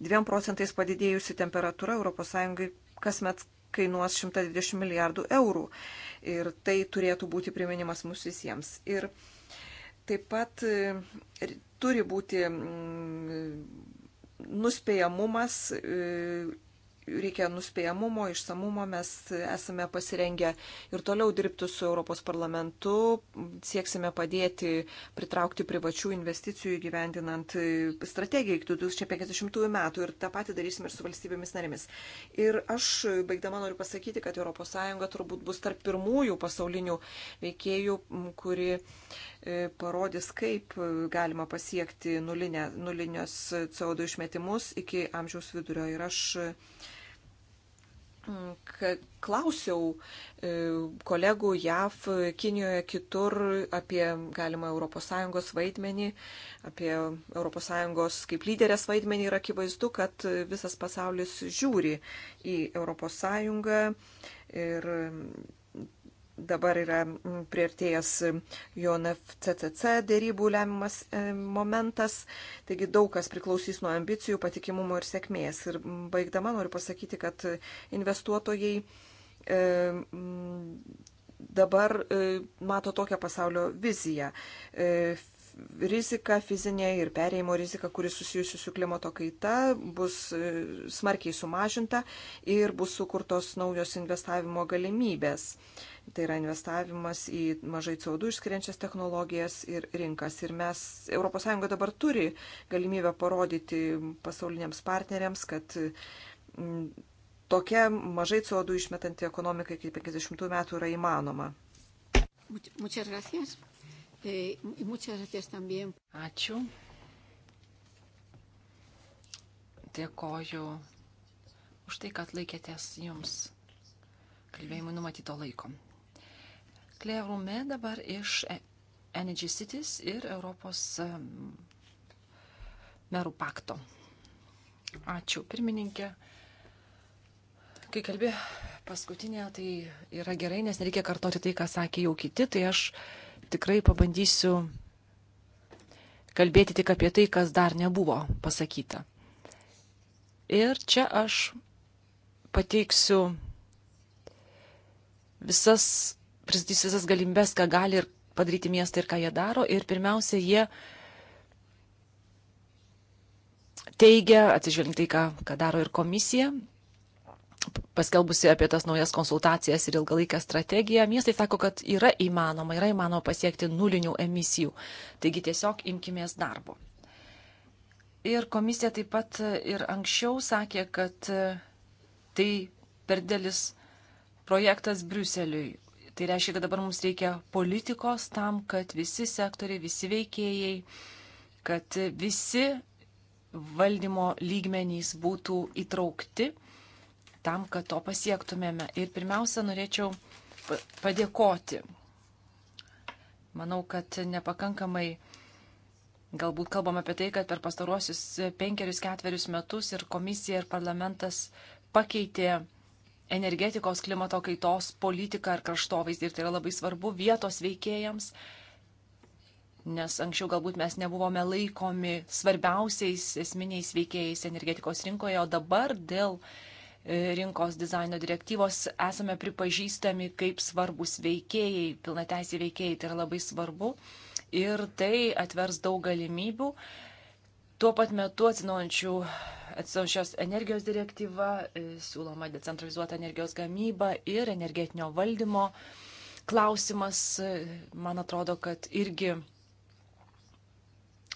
2 procentais padidėjusi temperatūra ES kasmet kainuos 120 milijardų eurų. Ir tai turėtų būti priminimas mums visiems. Ir taip pat turi būti nuspėjamumas, e, reikia nuspėjamumo, išsamumo, mes esame pasirengę ir toliau dirbti su Europos parlamentu, sieksime padėti pritraukti privačių investicijų įgyvendinant e, strategiją iki 2050 metų ir tą patį darysime ir su valstybėmis narėmis. Ir aš baigdama noriu pasakyti, kad ES turbūt bus tarp pirmųjų pasaulinių veikėjų, kuri E, parodys, kaip galima pasiekti nulinę, nulinius CO2 išmetimus iki amžiaus vidurio. Ir aš mm, klausiau e, kolegų JAV, Kinijoje, kitur apie galimą ES vaidmenį, apie ES kaip lyderės vaidmenį ir akivaizdu, kad visas pasaulis žiūri į ES ir dabar yra mm, prieartėjęs mm, JNFCCC dėrybų lemiamas e, momentas, taigi daug kas priklausys nuo ambicijų, patikimumo ir sėkmės. Ir mm, baigdama noriu pasakyti, kad investuotojai e, dabar e, mato tokią pasaulio viziją rizika fizinė ir perėjimo rizika, kuris susijusi su klimato kaita, bus e, smarkiai sumažinta ir bus sukurtos naujos investavimo galimybės. Tai yra investavimas į mažai CO2 išskiriančias technologijas ir rinkas. Ir mes, ES dabar turi galimybę parodyti pasauliniams partneriams, kad tokia mažai CO2 išmetanti ekonomika iki 50 metų yra įmanoma. Muchas gracias. Eh, Ačiū. Dėkoju už tai, kad laikėtės jums kalbėjimui numatyto laiko. Klėrume dabar iš e- Energy Cities ir Europos merų pakto. Ačiū, pirmininkė. Kai kalbė paskutinė, tai yra gerai, nes nereikia kartoti tai, ką sakė jau kiti, tai aš tikrai pabandysiu kalbėti tik apie tai, kas dar nebuvo pasakyta. Ir čia aš pateiksiu visas, pristatysiu visas galimybės, ką gali ir padaryti miestai ir ką jie daro. Ir pirmiausia, jie teigia, atsižvelgiant tai, ką, ką daro ir komisija, paskelbusi apie tas naujas konsultacijas ir ilgalaikę strategiją, miestai sako, kad yra įmanoma, yra įmanoma pasiekti nulinių emisijų. Taigi tiesiog imkimės darbo. Ir komisija taip pat ir anksčiau sakė, kad e, tai per dėlis projektas Briuseliui. Tai reiškia, kad dabar mums reikia politikos tam, kad visi sektoriai, visi veikėjai, kad visi valdymo lygmenys būtų įtraukti tam, kad to pasiektumėme. Ir pirmiausia, norėčiau padėkoti. Manau, kad nepakankamai galbūt kalbam apie tai, kad per pastaruosius penkerius, ketverius metus ir komisija ir parlamentas pakeitė energetikos klimato kaitos politiką ar kraštovaizdį ir tai yra labai svarbu vietos veikėjams, nes anksčiau galbūt mes nebuvome laikomi svarbiausiais esminiais veikėjais energetikos rinkoje, o dabar dėl uh, rinkos dizaino direktyvos esame pripažįstami kaip svarbus veikėjai, pilnateisiai veikėjai, tai yra labai svarbu ir tai atvers daug galimybių. Tuo pat metu atsinaujančių atsinaujinčios energijos direktyva, e, siūloma decentralizuota energijos gamyba ir energetinio valdymo klausimas, e, man atrodo, kad irgi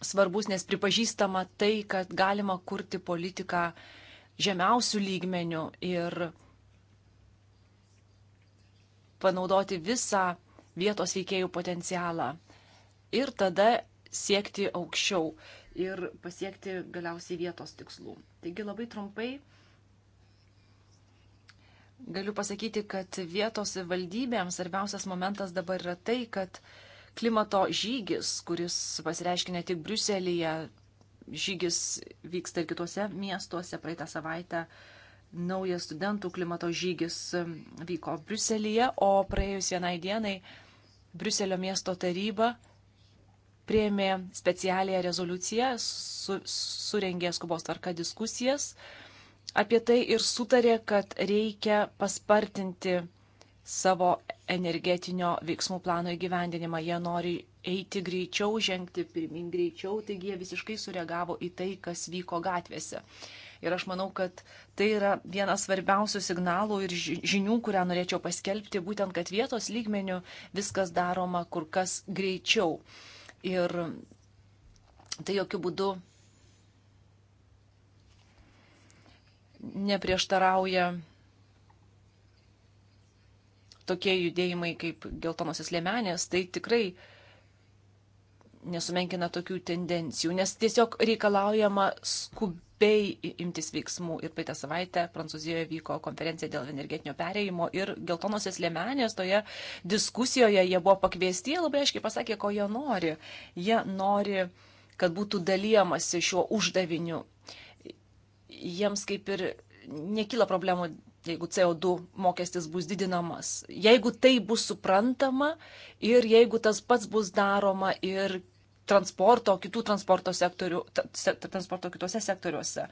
svarbus, nes pripažįstama tai, kad galima kurti politiką, uh, žemiausių lygmenių ir panaudoti visą vietos veikėjų potencialą ir tada siekti aukščiau ir pasiekti galiausiai vietos tikslų. Taigi labai trumpai galiu pasakyti, kad vietos valdybėms svarbiausias momentas dabar yra tai, kad klimato žygis, kuris pasireiškia ne tik Briuselėje, žygis vyksta ir kitose miestuose. Praeitą savaitę naujas studentų klimato žygis um, vyko Bruselėje, o praėjus vienai dienai Bruselio miesto taryba prieimė specialią rezoliuciją, su, surengė skubos tvarka diskusijas apie tai ir sutarė, kad reikia paspartinti savo energetinio veiksmų plano įgyvendinimą. Jie nori eiti greičiau, žengti pirmin greičiau, taigi jie visiškai sureagavo į tai, kas vyko gatvėse. Ir aš manau, kad tai yra vienas svarbiausių signalų ir žinių, kurią norėčiau paskelbti, būtent, kad vietos lygmenių viskas daroma kur kas greičiau. Ir tai jokių būdų neprieštarauja tokie judėjimai kaip geltonosios liemenės, tai tikrai nesumenkina tokių tendencijų, nes tiesiog reikalaujama skubiai imtis veiksmų. Ir praeitą savaitę Prancūzijoje vyko konferencija dėl energetinio perėjimo ir geltonosios liemenės toje diskusijoje jie buvo pakviesti, jie labai aiškiai pasakė, ko jie nori. Jie nori, kad būtų dalyjamasi šiuo uždaviniu. Jiems kaip ir nekyla problemų jeigu CO2 mokestis bus didinamas. Jeigu tai bus suprantama ir jeigu tas pats bus daroma ir transporto, kitų transporto, sektorių, transporto kitose sektoriuose,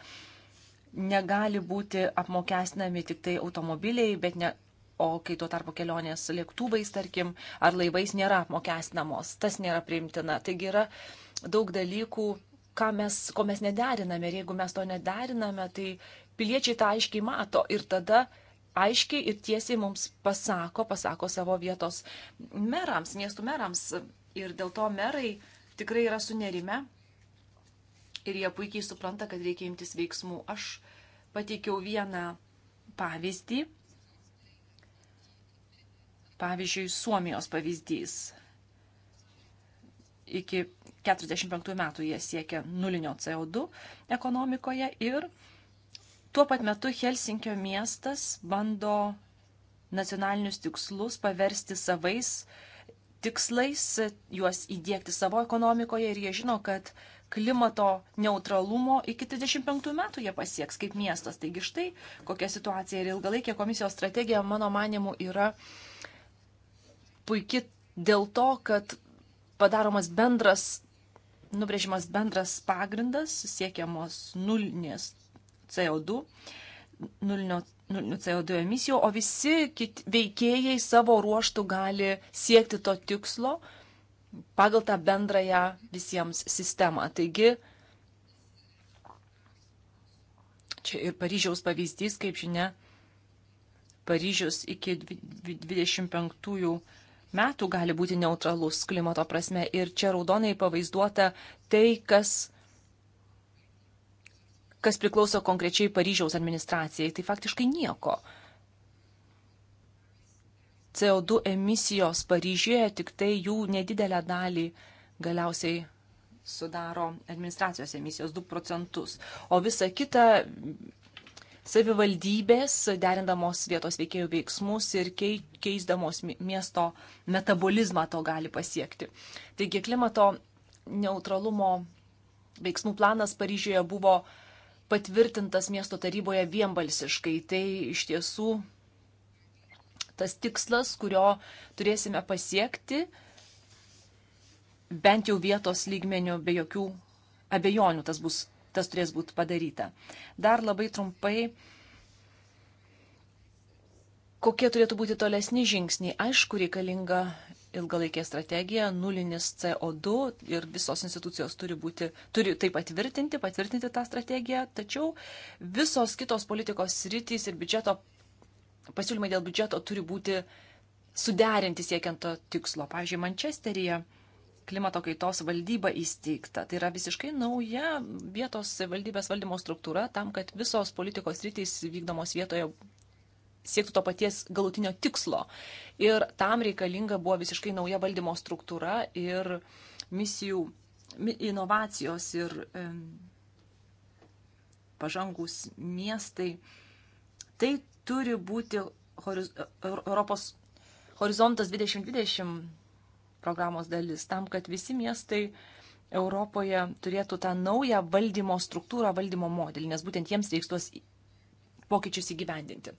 negali būti apmokestinami tik tai automobiliai, bet ne, o kai tuo tarpu kelionės lėktuvais, tarkim, ar laivais nėra apmokestinamos, tas nėra priimtina. Taigi yra daug dalykų, mes, ko mes nederiname ir jeigu mes to nederiname, tai Piliečiai tą aiškiai mato ir tada aiškiai ir tiesiai mums pasako, pasako savo vietos merams, miestų merams. Ir dėl to merai tikrai yra sunerime ir jie puikiai supranta, kad reikia imtis veiksmų. Aš pateikiau vieną pavyzdį. Pavyzdžiui, Suomijos pavyzdys. Iki 45 metų jie siekia nulinio CO2 ekonomikoje ir Tuo pat metu Helsinkio miestas bando nacionalinius tikslus paversti savais tikslais, juos įdėkti savo ekonomikoje ir jie žino, kad klimato neutralumo iki 35 metų jie pasieks kaip miestas. Taigi štai kokia situacija ir ilgalaikė komisijos strategija, mano manimu, yra puikiai dėl to, kad padaromas bendras, nubrėžimas bendras pagrindas, siekiamos nulinės CO2, nulinio, nulinio CO2 emisijų, o visi kit, veikėjai savo ruoštų gali siekti to tikslo pagal tą bendrąją visiems sistemą. Taigi, čia ir Paryžiaus pavyzdys, kaip žinia, Paryžius iki 25 metų gali būti neutralus klimato prasme. Ir čia raudonai pavaizduota tai, kas kas priklauso konkrečiai Paryžiaus administracijai, tai faktiškai nieko. CO2 emisijos Paryžiuje tik tai jų nedidelę dalį galiausiai sudaro administracijos emisijos 2 procentus, o visa kita savivaldybės, derindamos vietos veikėjų veiksmus ir keisdamos miesto metabolizmą to gali pasiekti. Taigi klimato neutralumo veiksmų planas Paryžiuje buvo patvirtintas miesto taryboje vienbalsiškai. Tai iš tiesų tas tikslas, kurio turėsime pasiekti bent jau vietos lygmenių be jokių abejonių tas, bus, tas turės būti padaryta. Dar labai trumpai, kokie turėtų būti tolesni žingsniai. Aišku, reikalinga ilgalaikė strategija, nulinis CO2 ir visos institucijos turi, būti, turi tai patvirtinti, patvirtinti tą strategiją, tačiau visos kitos politikos sritys ir biudžeto, pasiūlymai dėl biudžeto turi būti suderinti siekiant to tikslo. Pavyzdžiui, Mančesteryje klimato kaitos valdyba įsteigta. Tai yra visiškai nauja vietos valdybės valdymo struktūra tam, kad visos politikos rytys vykdomos vietoje siektų to paties galutinio tikslo. Ir tam reikalinga buvo visiškai nauja valdymo struktūra ir misijų inovacijos ir e, pažangus miestai. Tai turi būti horiz e, Europos horizontas 2020 programos dalis, tam, kad visi miestai Europoje turėtų tą naują valdymo struktūrą, valdymo modelį, nes būtent jiems reiks tuos pokyčius įgyvendinti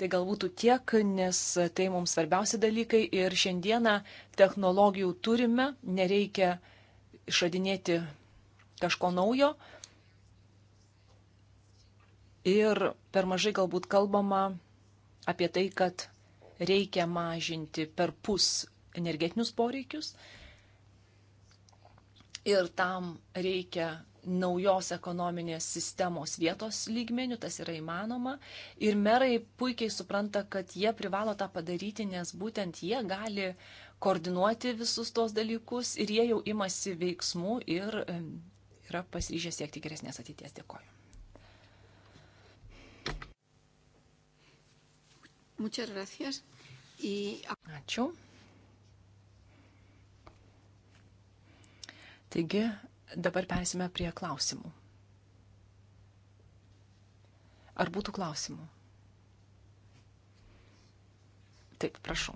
tai gal būtų tiek, nes tai mums svarbiausi dalykai ir šiandieną technologijų turime, nereikia išradinėti kažko naujo. Ir per mažai galbūt kalbama apie tai, kad reikia mažinti per pus energetinius poreikius. Ir tam reikia naujos ekonominės sistemos vietos lygmenių, tas yra įmanoma. Ir merai puikiai supranta, kad jie privalo tą padaryti, nes būtent jie gali koordinuoti visus tos dalykus ir jie jau imasi veiksmų ir yra pasiryžę siekti geresnės ateities. Dėkoju. Ačiū. Taigi, Dabar persime prie klausimų. Ar būtų klausimų? Taip, prašau.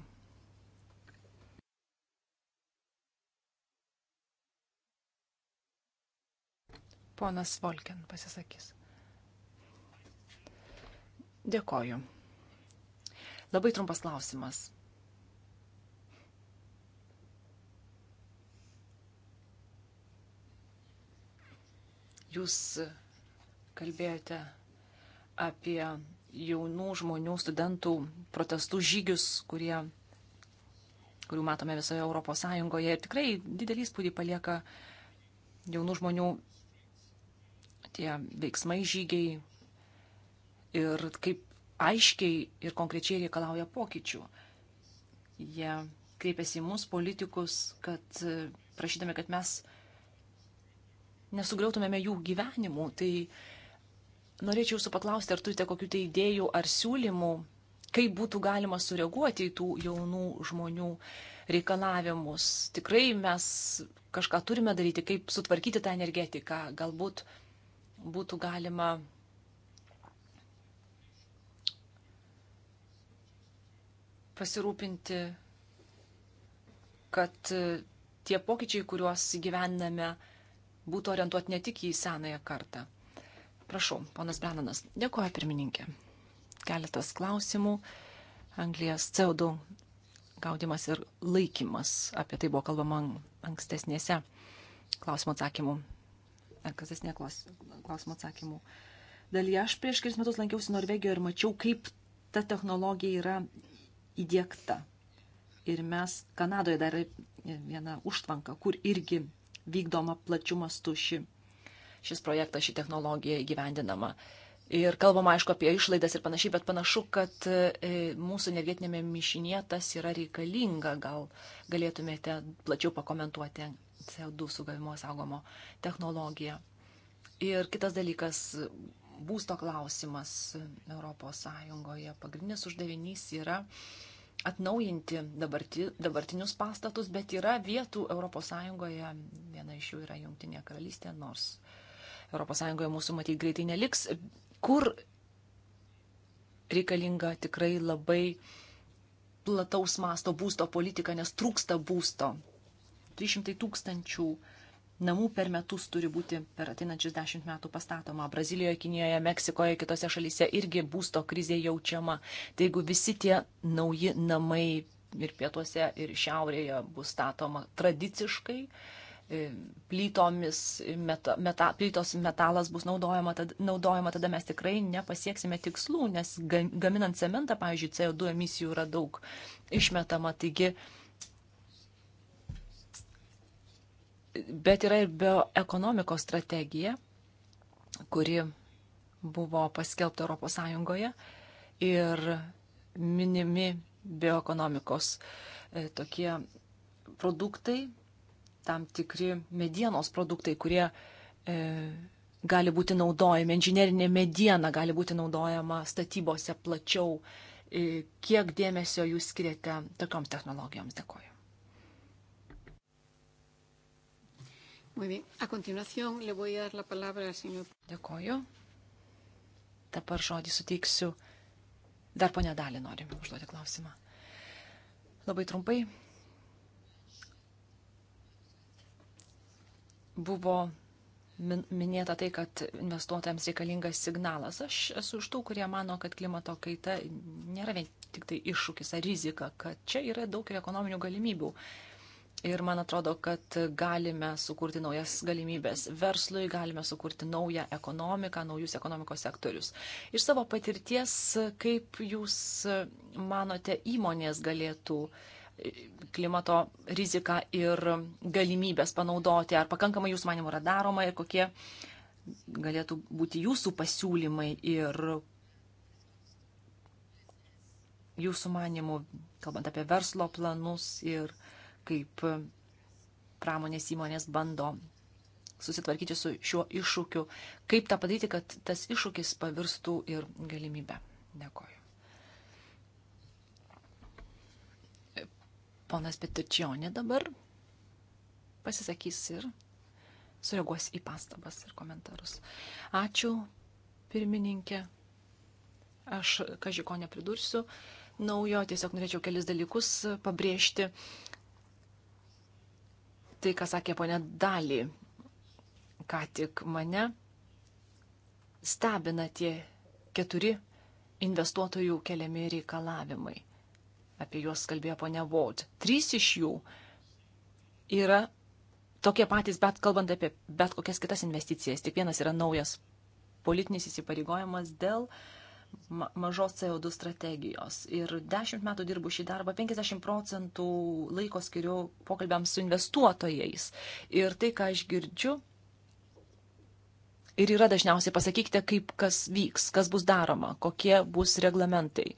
Ponas Volken pasisakys. Dėkoju. Labai trumpas klausimas. Jūs kalbėjote apie jaunų žmonių, studentų protestų žygius, kurie, kurių matome visoje Europos Sąjungoje. Ir tikrai didelį įspūdį palieka jaunų žmonių tie veiksmai, žygiai ir kaip aiškiai ir konkrečiai reikalauja pokyčių. Jie kreipiasi į mus, politikus, kad prašydami, kad mes nesugriautumėme jų gyvenimų. Tai norėčiau jūsų paklausti, ar turite kokių tai idėjų ar siūlymų, kaip būtų galima sureaguoti į tų jaunų žmonių reikalavimus. Tikrai mes kažką turime daryti, kaip sutvarkyti tą energetiką. Galbūt būtų galima pasirūpinti, kad tie pokyčiai, kuriuos gyvename, būtų orientuoti ne tik į senąją kartą. Prašau, ponas Brenanas. Dėkuoju, pirmininkė. Keletas klausimų. Anglijos CO2 gaudimas ir laikymas. Apie tai buvo kalbama ankstesnėse klausimų atsakymų. Ankstesnė klausimų atsakymų dalyje. Aš prieš kelis metus lankiausi Norvegijoje ir mačiau, kaip ta technologija yra įdėkta. Ir mes Kanadoje dar yra viena užtvanka, kur irgi vykdoma plačiu mastu ši, šis projektas, ši technologija įgyvendinama. Ir kalbam, aišku, apie išlaidas ir panašiai, bet panašu, kad e, mūsų energetinėme mišinėje tas yra reikalinga. Gal galėtumėte plačiau pakomentuoti CO2 sugavimo saugomo technologiją. Ir kitas dalykas - būsto klausimas ES. Pagrindinis uždavinys yra uh, atnaujinti dabarti, dabartinius pastatus, bet yra vietų ES, viena iš jų yra Junktinė karalystė, nors ES mūsų matyt greitai neliks, kur reikalinga tikrai labai plataus masto būsto politika, nes trūksta būsto. 300 tūkstančių 000 namų per metus turi būti per ateinančius dešimt metų pastatoma. Brazilijoje, Kinijoje, Meksikoje, kitose šalyse irgi būsto krizė jaučiama. Tai jeigu visi tie nauji namai ir pietuose, ir šiaurėje bus statoma tradiciškai, e, plytomis, meta, meta, plytos metalas bus naudojama, tad, naudojama, tada mes tikrai nepasieksime tikslų, nes gaminant cementą, pavyzdžiui, CO2 emisijų yra daug išmetama. Taigi, uh, bet yra ir bioekonomikos strategija, kuri buvo paskelbta ES ir minimi bioekonomikos e, tokie produktai, tam tikri medienos produktai, kurie e, gali būti naudojami, inžinerinė mediena gali būti naudojama statybose plačiau. E, kiek dėmesio jūs skiriate tokioms technologijoms? Dėkoju. Muy bien. A continuación le voy a dar la palabra al señor. Dėkoju. Dabar žodį suteiksiu. Dar ponia Dalį norim užduoti klausimą. Labai trumpai. Buvo minėta tai, kad investuotojams reikalingas signalas. Aš esu iš tų, kurie mano, kad klimato kaita nėra vien tik tai iššūkis ar rizika, kad čia yra daug ir ekonominių galimybių. Uh, Ir man atrodo, kad galime sukurti naujas galimybės verslui, galime sukurti naują ekonomiką, naujus ekonomikos sektorius. Iš savo patirties, kaip jūs manote, įmonės galėtų e, klimato riziką ir galimybės panaudoti, ar pakankamai jūsų manimų yra daroma ir kokie galėtų būti jūsų pasiūlymai ir jūsų manimų, kalbant apie verslo planus ir uh, kaip pramonės įmonės bando susitvarkyti su šiuo iššūkiu. Kaip tą padaryti, kad tas iššūkis pavirstų ir galimybę. Dėkoju. Ponas Petričionė dabar pasisakys ir sureaguos į pastabas ir komentarus. Ačiū, pirmininkė. Aš kažko nepridursiu naujo, tiesiog norėčiau kelis dalykus pabrėžti tai, ką sakė ponė Dali, ką tik mane stebina tie keturi investuotojų keliami reikalavimai. Apie juos kalbėjo ponia Vod. Trys iš jų yra tokie patys, bet kalbant apie bet kokias kitas investicijas. Tik vienas yra naujas politinis įsipareigojimas dėl uh, mažos CO2 strategijos. Ir dešimt metų dirbu šį darbą, 50 procentų laiko skiriu pokalbiams su investuotojais. Ir tai, ką aš girdžiu, ir yra dažniausiai pasakykite, kaip kas vyks, kas bus daroma, kokie bus reglamentai,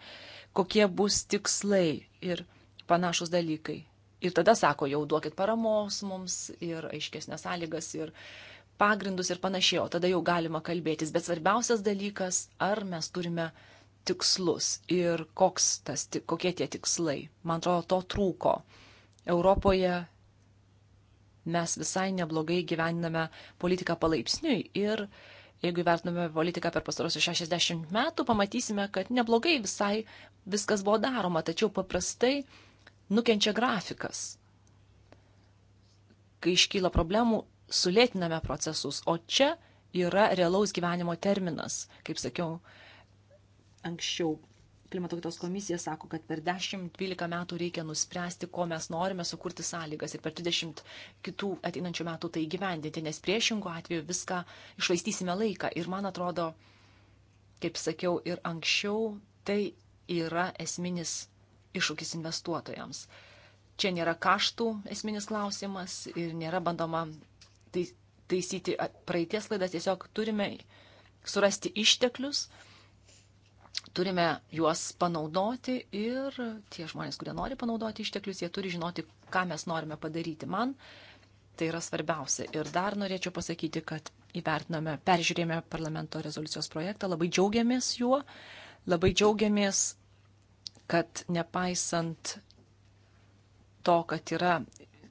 kokie bus tikslai ir panašus dalykai. Ir tada sako, jau duokit paramos mums ir aiškesnės sąlygas ir uh, pagrindus ir panašiai, o tada jau galima kalbėtis. Bet svarbiausias dalykas, ar mes turime tikslus ir tas, kokie tie tikslai. Man atrodo, to trūko. Europoje mes visai neblogai gyveniname politiką palaipsniui ir jeigu vertiname politiką per pastarosius 60 metų, pamatysime, kad neblogai visai viskas buvo daroma, tačiau paprastai nukenčia grafikas. Kai iškyla problemų, sulėtiname procesus, o čia yra realaus gyvenimo terminas. Kaip sakiau anksčiau, klimato kaitos komisija sako, kad per 10-12 metų reikia nuspręsti, ko mes norime sukurti sąlygas ir per 20 kitų ateinančių metų tai gyvendinti, nes priešingų atveju viską išvaistysime laiką. Ir man atrodo, kaip sakiau ir anksčiau, tai yra esminis iššūkis investuotojams. Čia nėra kaštų esminis klausimas ir nėra bandoma Tai, taisyti praeities klaidas, tiesiog turime surasti išteklius, turime juos panaudoti ir tie žmonės, kurie nori panaudoti išteklius, jie turi žinoti, ką mes norime padaryti. Man tai yra svarbiausia. Ir dar norėčiau pasakyti, kad įvertiname, peržiūrėjome parlamento rezoliucijos projektą, labai džiaugiamės juo, labai džiaugiamės, kad nepaisant to, kad yra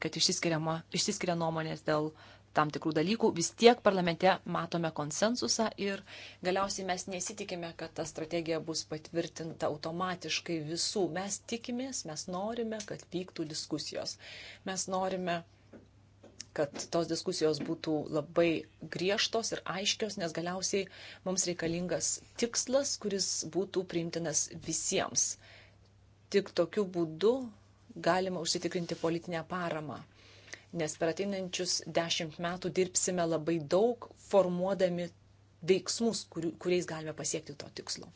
kad išsiskiria nuomonės dėl tam tikrų dalykų, vis tiek parlamente matome konsensusą ir galiausiai mes nesitikime, kad ta strategija bus patvirtinta automatiškai visų. Mes tikimės, mes norime, kad vyktų diskusijos. Mes norime kad tos diskusijos būtų labai griežtos ir aiškios, nes galiausiai mums reikalingas tikslas, kuris būtų priimtinas visiems. Tik tokiu būdu galima užsitikrinti politinę paramą nes per ateinančius dešimt metų dirbsime labai daug, formuodami veiksmus, kur, kuriais galime pasiekti to tikslo.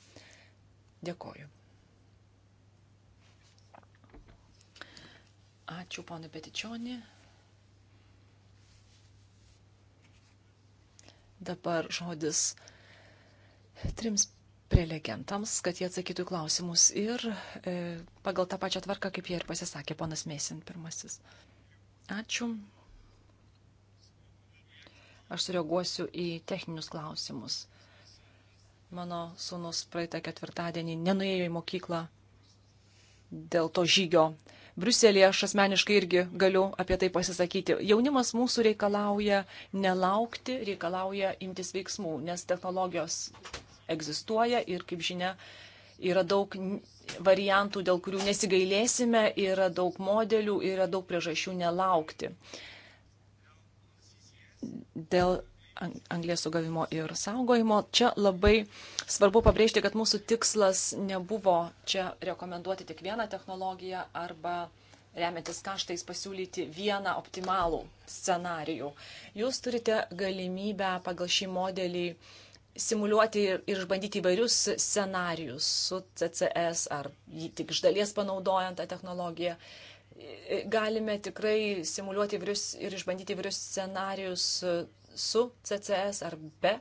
Dėkoju. Ačiū, ponai Petičionė. Dabar žodis trims prelegentams, kad jie atsakytų klausimus ir e, pagal tą pačią tvarką, kaip jie ir pasisakė, ponas Mėsin pirmasis. E, Ačiū. Aš sureaguosiu į techninius klausimus. Mano sūnus praeitą ketvirtadienį nenuėjo į mokyklą dėl to žygio. Briuselėje aš asmeniškai irgi galiu apie tai pasisakyti. Jaunimas mūsų reikalauja nelaukti, reikalauja imtis veiksmų, nes technologijos egzistuoja ir, kaip žinia, Yra daug variantų, dėl kurių nesigailėsime, yra daug modelių, yra daug priežasčių nelaukti. Dėl anglės sugavimo ir saugojimo. Čia labai svarbu pabrėžti, kad mūsų tikslas nebuvo čia rekomenduoti tik vieną technologiją arba remiantis kaštais pasiūlyti vieną optimalų scenarijų. Jūs turite galimybę pagal šį modelį uh, simuliuoti ir išbandyti įvairius scenarius su CCS ar jį tik iš dalies panaudojant tą technologiją. Galime tikrai simuliuoti įvairius ir išbandyti įvairius scenarius su CCS ar be,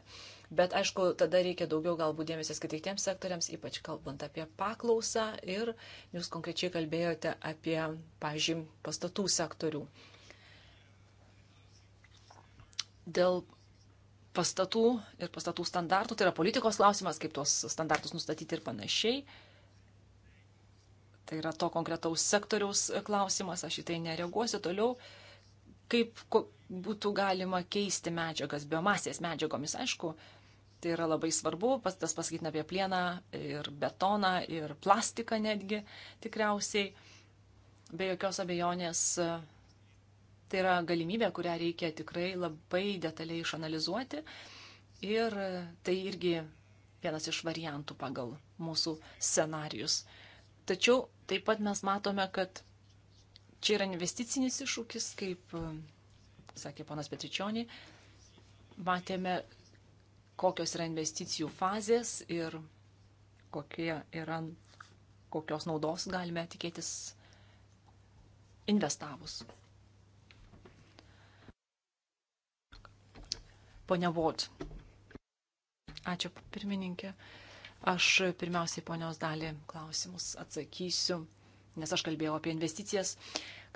bet aišku, tada reikia daugiau galbūt dėmesio skirti tiems sektoriams, ypač kalbant apie paklausą ir jūs konkrečiai kalbėjote apie, pavyzdžiui, pastatų sektorių. Dėl pastatų ir pastatų standartų, tai yra politikos klausimas, kaip tuos standartus nustatyti ir panašiai. Tai yra to konkretaus sektoriaus klausimas, aš į tai nereaguosiu toliau. Kaip būtų galima keisti medžiagas, biomasės medžiagomis, aišku, tai yra labai svarbu, pas, tas pasakytina apie plieną ir betoną ir plastiką netgi tikriausiai. Be jokios abejonės tai yra galimybė, kurią reikia tikrai labai detaliai išanalizuoti. Ir tai irgi vienas iš variantų pagal mūsų scenarius. Tačiau taip pat mes matome, kad čia yra investicinis iššūkis, kaip e, sakė panas Petričionį. Matėme, kokios yra investicijų fazės ir kokie yra, kokios naudos galime tikėtis investavus. Pone Vod. Ačiū, pirmininkė. Aš pirmiausiai ponios dalį klausimus atsakysiu, nes aš kalbėjau apie investicijas.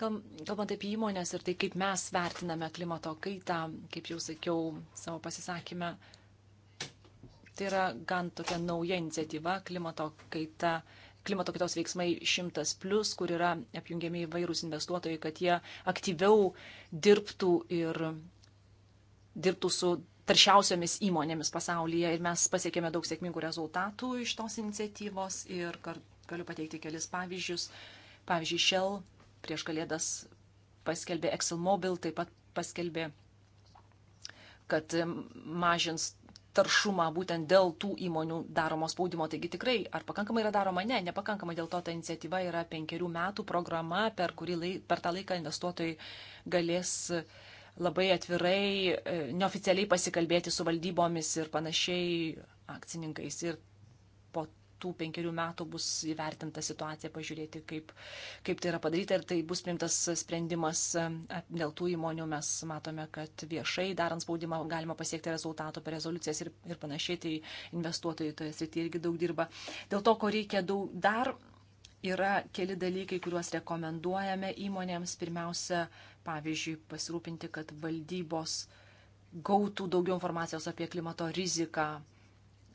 Kalbant apie įmonės ir tai, kaip mes vertiname klimato kaitą, kaip jau sakiau savo pasisakymę, tai yra gan tokia nauja iniciatyva klimato kaita klimato kitos veiksmai 100, plus, kur yra apjungiami įvairūs investuotojai, kad jie aktyviau dirbtų ir dirbtų su taršiausiomis įmonėmis pasaulyje ir mes pasiekėme daug sėkmingų rezultatų iš tos iniciatyvos ir kar, galiu pateikti kelis pavyzdžius. Pavyzdžiui, Shell prieš kalėdas paskelbė ExxonMobil, taip pat paskelbė, kad mažins taršumą būtent dėl tų įmonių daromo spaudimo. Taigi tikrai, ar pakankamai yra daroma? Ne, nepakankamai. Dėl to ta iniciatyva yra penkerių metų programa, per, kurį, laik, per tą laiką investuotojai galės uh, labai atvirai, e, neoficialiai pasikalbėti su valdybomis ir panašiai akcininkais. Ir po tų penkerių metų bus įvertinta situacija, pažiūrėti, kaip, kaip tai yra padaryta ir tai bus priimtas sprendimas e, dėl tų įmonių. Mes matome, kad viešai darant spaudimą galima pasiekti rezultatų per rezoliucijas ir, ir panašiai, tai investuotojai toje srityje irgi daug dirba. Dėl to, ko reikia daug dar. Yra keli dalykai, kuriuos rekomenduojame įmonėms. Pirmiausia, uh, pavyzdžiui, pasirūpinti, kad valdybos gautų daugiau informacijos apie klimato riziką,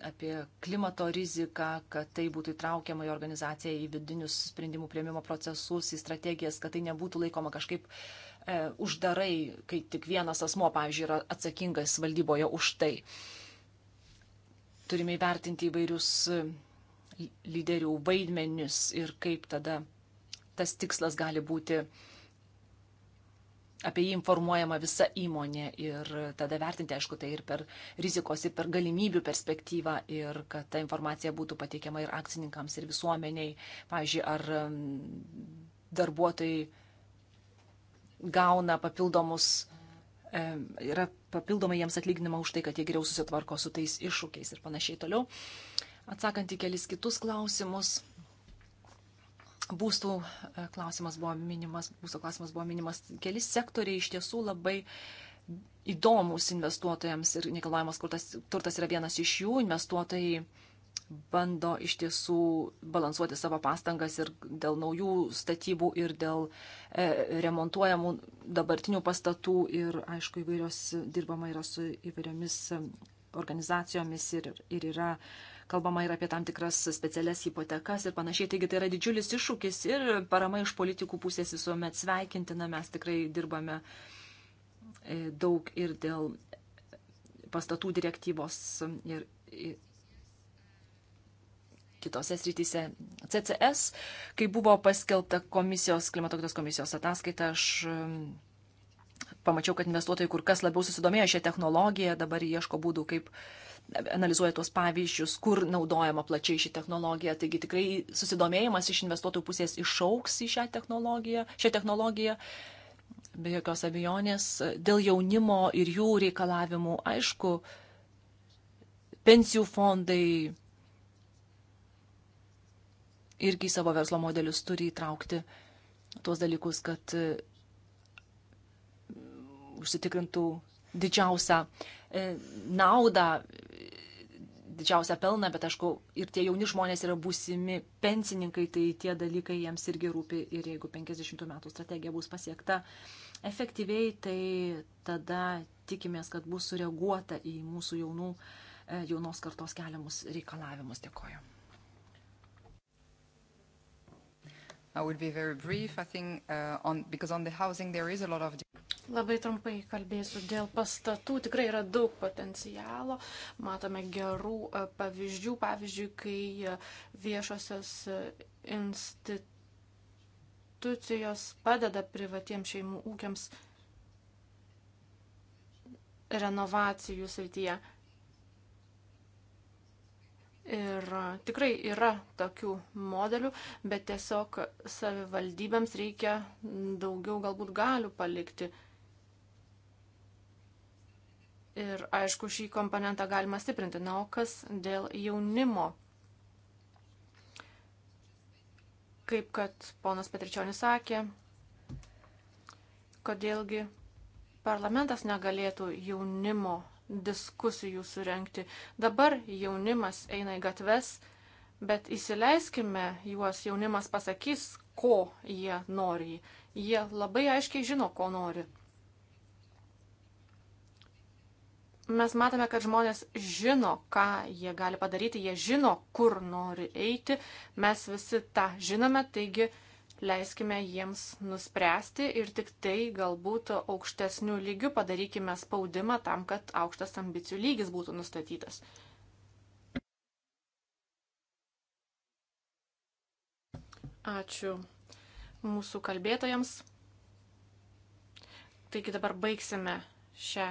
apie klimato riziką, kad tai būtų įtraukiama į organizaciją, į vidinius sprendimų prieimimo procesus, į strategijas, kad tai nebūtų laikoma kažkaip e, uždarai, kai tik vienas asmo, pavyzdžiui, yra atsakingas valdyboje už tai. Turime įvertinti įvairius e, lyderių vaidmenis ir kaip tada tas tikslas gali būti apie jį informuojama visa įmonė ir tada vertinti, aišku, tai ir per rizikos, ir per galimybių perspektyvą ir kad ta informacija būtų pateikiama ir akcininkams, ir visuomeniai. Pavyzdžiui, ar darbuotojai gauna papildomus, e, yra papildomai jiems atlyginama už tai, kad jie geriau susitvarko su tais iššūkiais ir panašiai toliau. Atsakant į kelis kitus klausimus Būstų e, klausimas buvo minimas, būsto klausimas buvo minimas. Keli sektoriai iš tiesų labai įdomus investuotojams ir nekilnojamas turtas yra vienas iš jų. Investuotojai bando iš tiesų balansuoti savo pastangas ir dėl naujų statybų, ir dėl e, remontuojamų dabartinių pastatų, ir aišku, įvairios dirbama yra su įvairiomis e, organizacijomis ir, ir yra kalbama ir apie tam tikras specialias hipotekas ir panašiai. Taigi tai yra didžiulis iššūkis ir parama iš politikų pusės visuomet sveikintina. Mes tikrai dirbame e, daug ir dėl pastatų direktyvos ir, ir kitose srityse. CCS, kai buvo paskelbta komisijos, klimatoktos komisijos ataskaita, aš pamačiau, kad investuotojai kur kas labiau susidomėjo šią technologiją, dabar ieško būdų, kaip analizuoja tuos pavyzdžius, kur naudojama plačiai ši technologija. Taigi tikrai susidomėjimas iš investuotojų pusės išauks į šią technologiją. Šią technologiją be jokios abejonės, dėl jaunimo ir jų reikalavimų, aišku, pensijų fondai irgi savo verslo modelius turi įtraukti tuos dalykus, kad užsitikrintų didžiausią e, naudą, didžiausią pelną, bet aišku, ir tie jauni žmonės yra būsimi pensininkai, tai tie dalykai jiems irgi rūpi ir jeigu 50 metų strategija bus pasiekta efektyviai, tai tada tikimės, kad bus sureaguota į mūsų jaunų, e, jaunos kartos keliamus reikalavimus. Dėkoju. I will be very brief, I think, uh, on, because on the housing there is a lot of... Labai trumpai kalbėsiu dėl pastatų. Tikrai yra daug potencialo. Matome gerų uh, pavyzdžių. Pavyzdžiui, kai uh, viešosios uh, institucijos padeda privatiems šeimų ūkiams renovacijų srityje. Tai Ir e, tikrai yra tokių modelių, bet tiesiog savivaldybėms reikia daugiau galbūt galių palikti. Ir aišku, šį komponentą galima stiprinti. Na, o kas dėl jaunimo? Kaip kad ponas Petričionis sakė, kodėlgi parlamentas negalėtų jaunimo diskusijų surenkti. Dabar jaunimas eina į gatves, bet įsileiskime juos, jaunimas pasakys, ko jie nori. Jie labai aiškiai žino, ko nori. Mes matome, kad žmonės žino, ką jie gali padaryti, jie žino, kur nori eiti. Mes visi tą žinome, taigi uh, leiskime jiems nuspręsti ir tik tai galbūt aukštesnių lygių padarykime spaudimą tam, kad aukštas ambicijų lygis būtų nustatytas. Ačiū mūsų kalbėtojams. Taigi dabar baigsime šią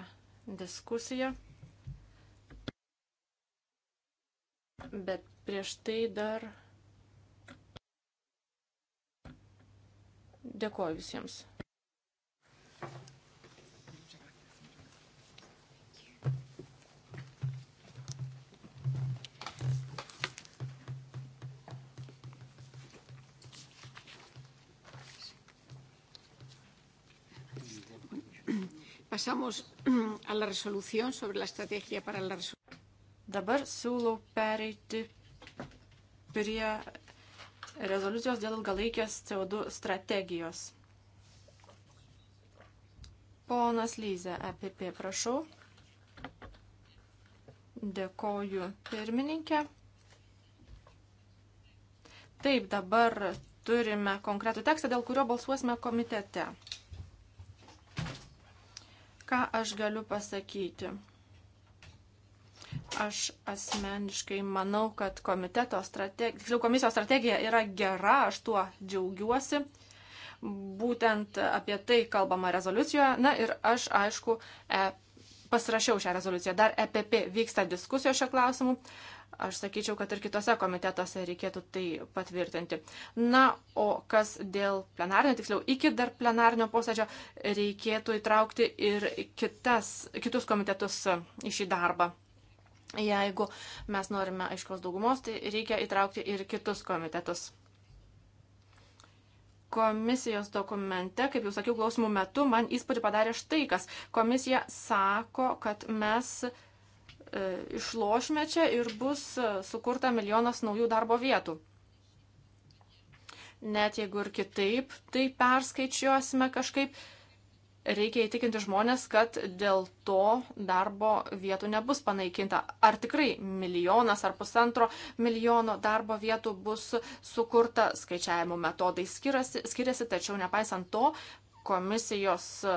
diskusiją. Bet prieš tai dar Dėkuoju visiems. Pasamos a la resolución sobre la estrategia para la resolución. Dabar siūlau pereiti prie rezoliucijos dėl ilgalaikės CO2 strategijos. Ponas Lyze, EPP, prašau. Dėkoju pirmininkė. Taip, dabar turime konkretų tekstą, dėl kurio balsuosime komitete. Ką aš galiu pasakyti? Aš asmeniškai manau, kad komiteto strategija, tiksliau komisijos strategija yra gera, aš tuo džiaugiuosi. Būtent apie tai kalbama rezoliucijoje. Na ir aš, aišku, e, pasirašiau šią rezoliuciją. Dar EPP vyksta diskusijos šio klausimu. Aš sakyčiau, kad ir kitose komitetuose reikėtų tai patvirtinti. Na, o kas dėl plenarnio, tiksliau, iki dar plenarnio posėdžio reikėtų įtraukti ir kitas, kitus komitetus į šį darbą. Jeigu mes norime aiškos daugumos, tai reikia įtraukti ir kitus komitetus. Komisijos dokumente, kaip jau sakiau, klausimų metu man įspūdį padarė štai kas. Komisija sako, kad mes e, išlošime čia ir bus e, sukurta milijonas naujų darbo vietų net jeigu ir kitaip, tai perskaičiuosime kažkaip, reikia įtikinti žmonės, kad dėl to darbo vietų nebus panaikinta. Ar tikrai milijonas ar pusantro milijono darbo vietų bus sukurta, skaičiavimo metodai skiriasi, skiriasi tačiau nepaisant to, komisijos e,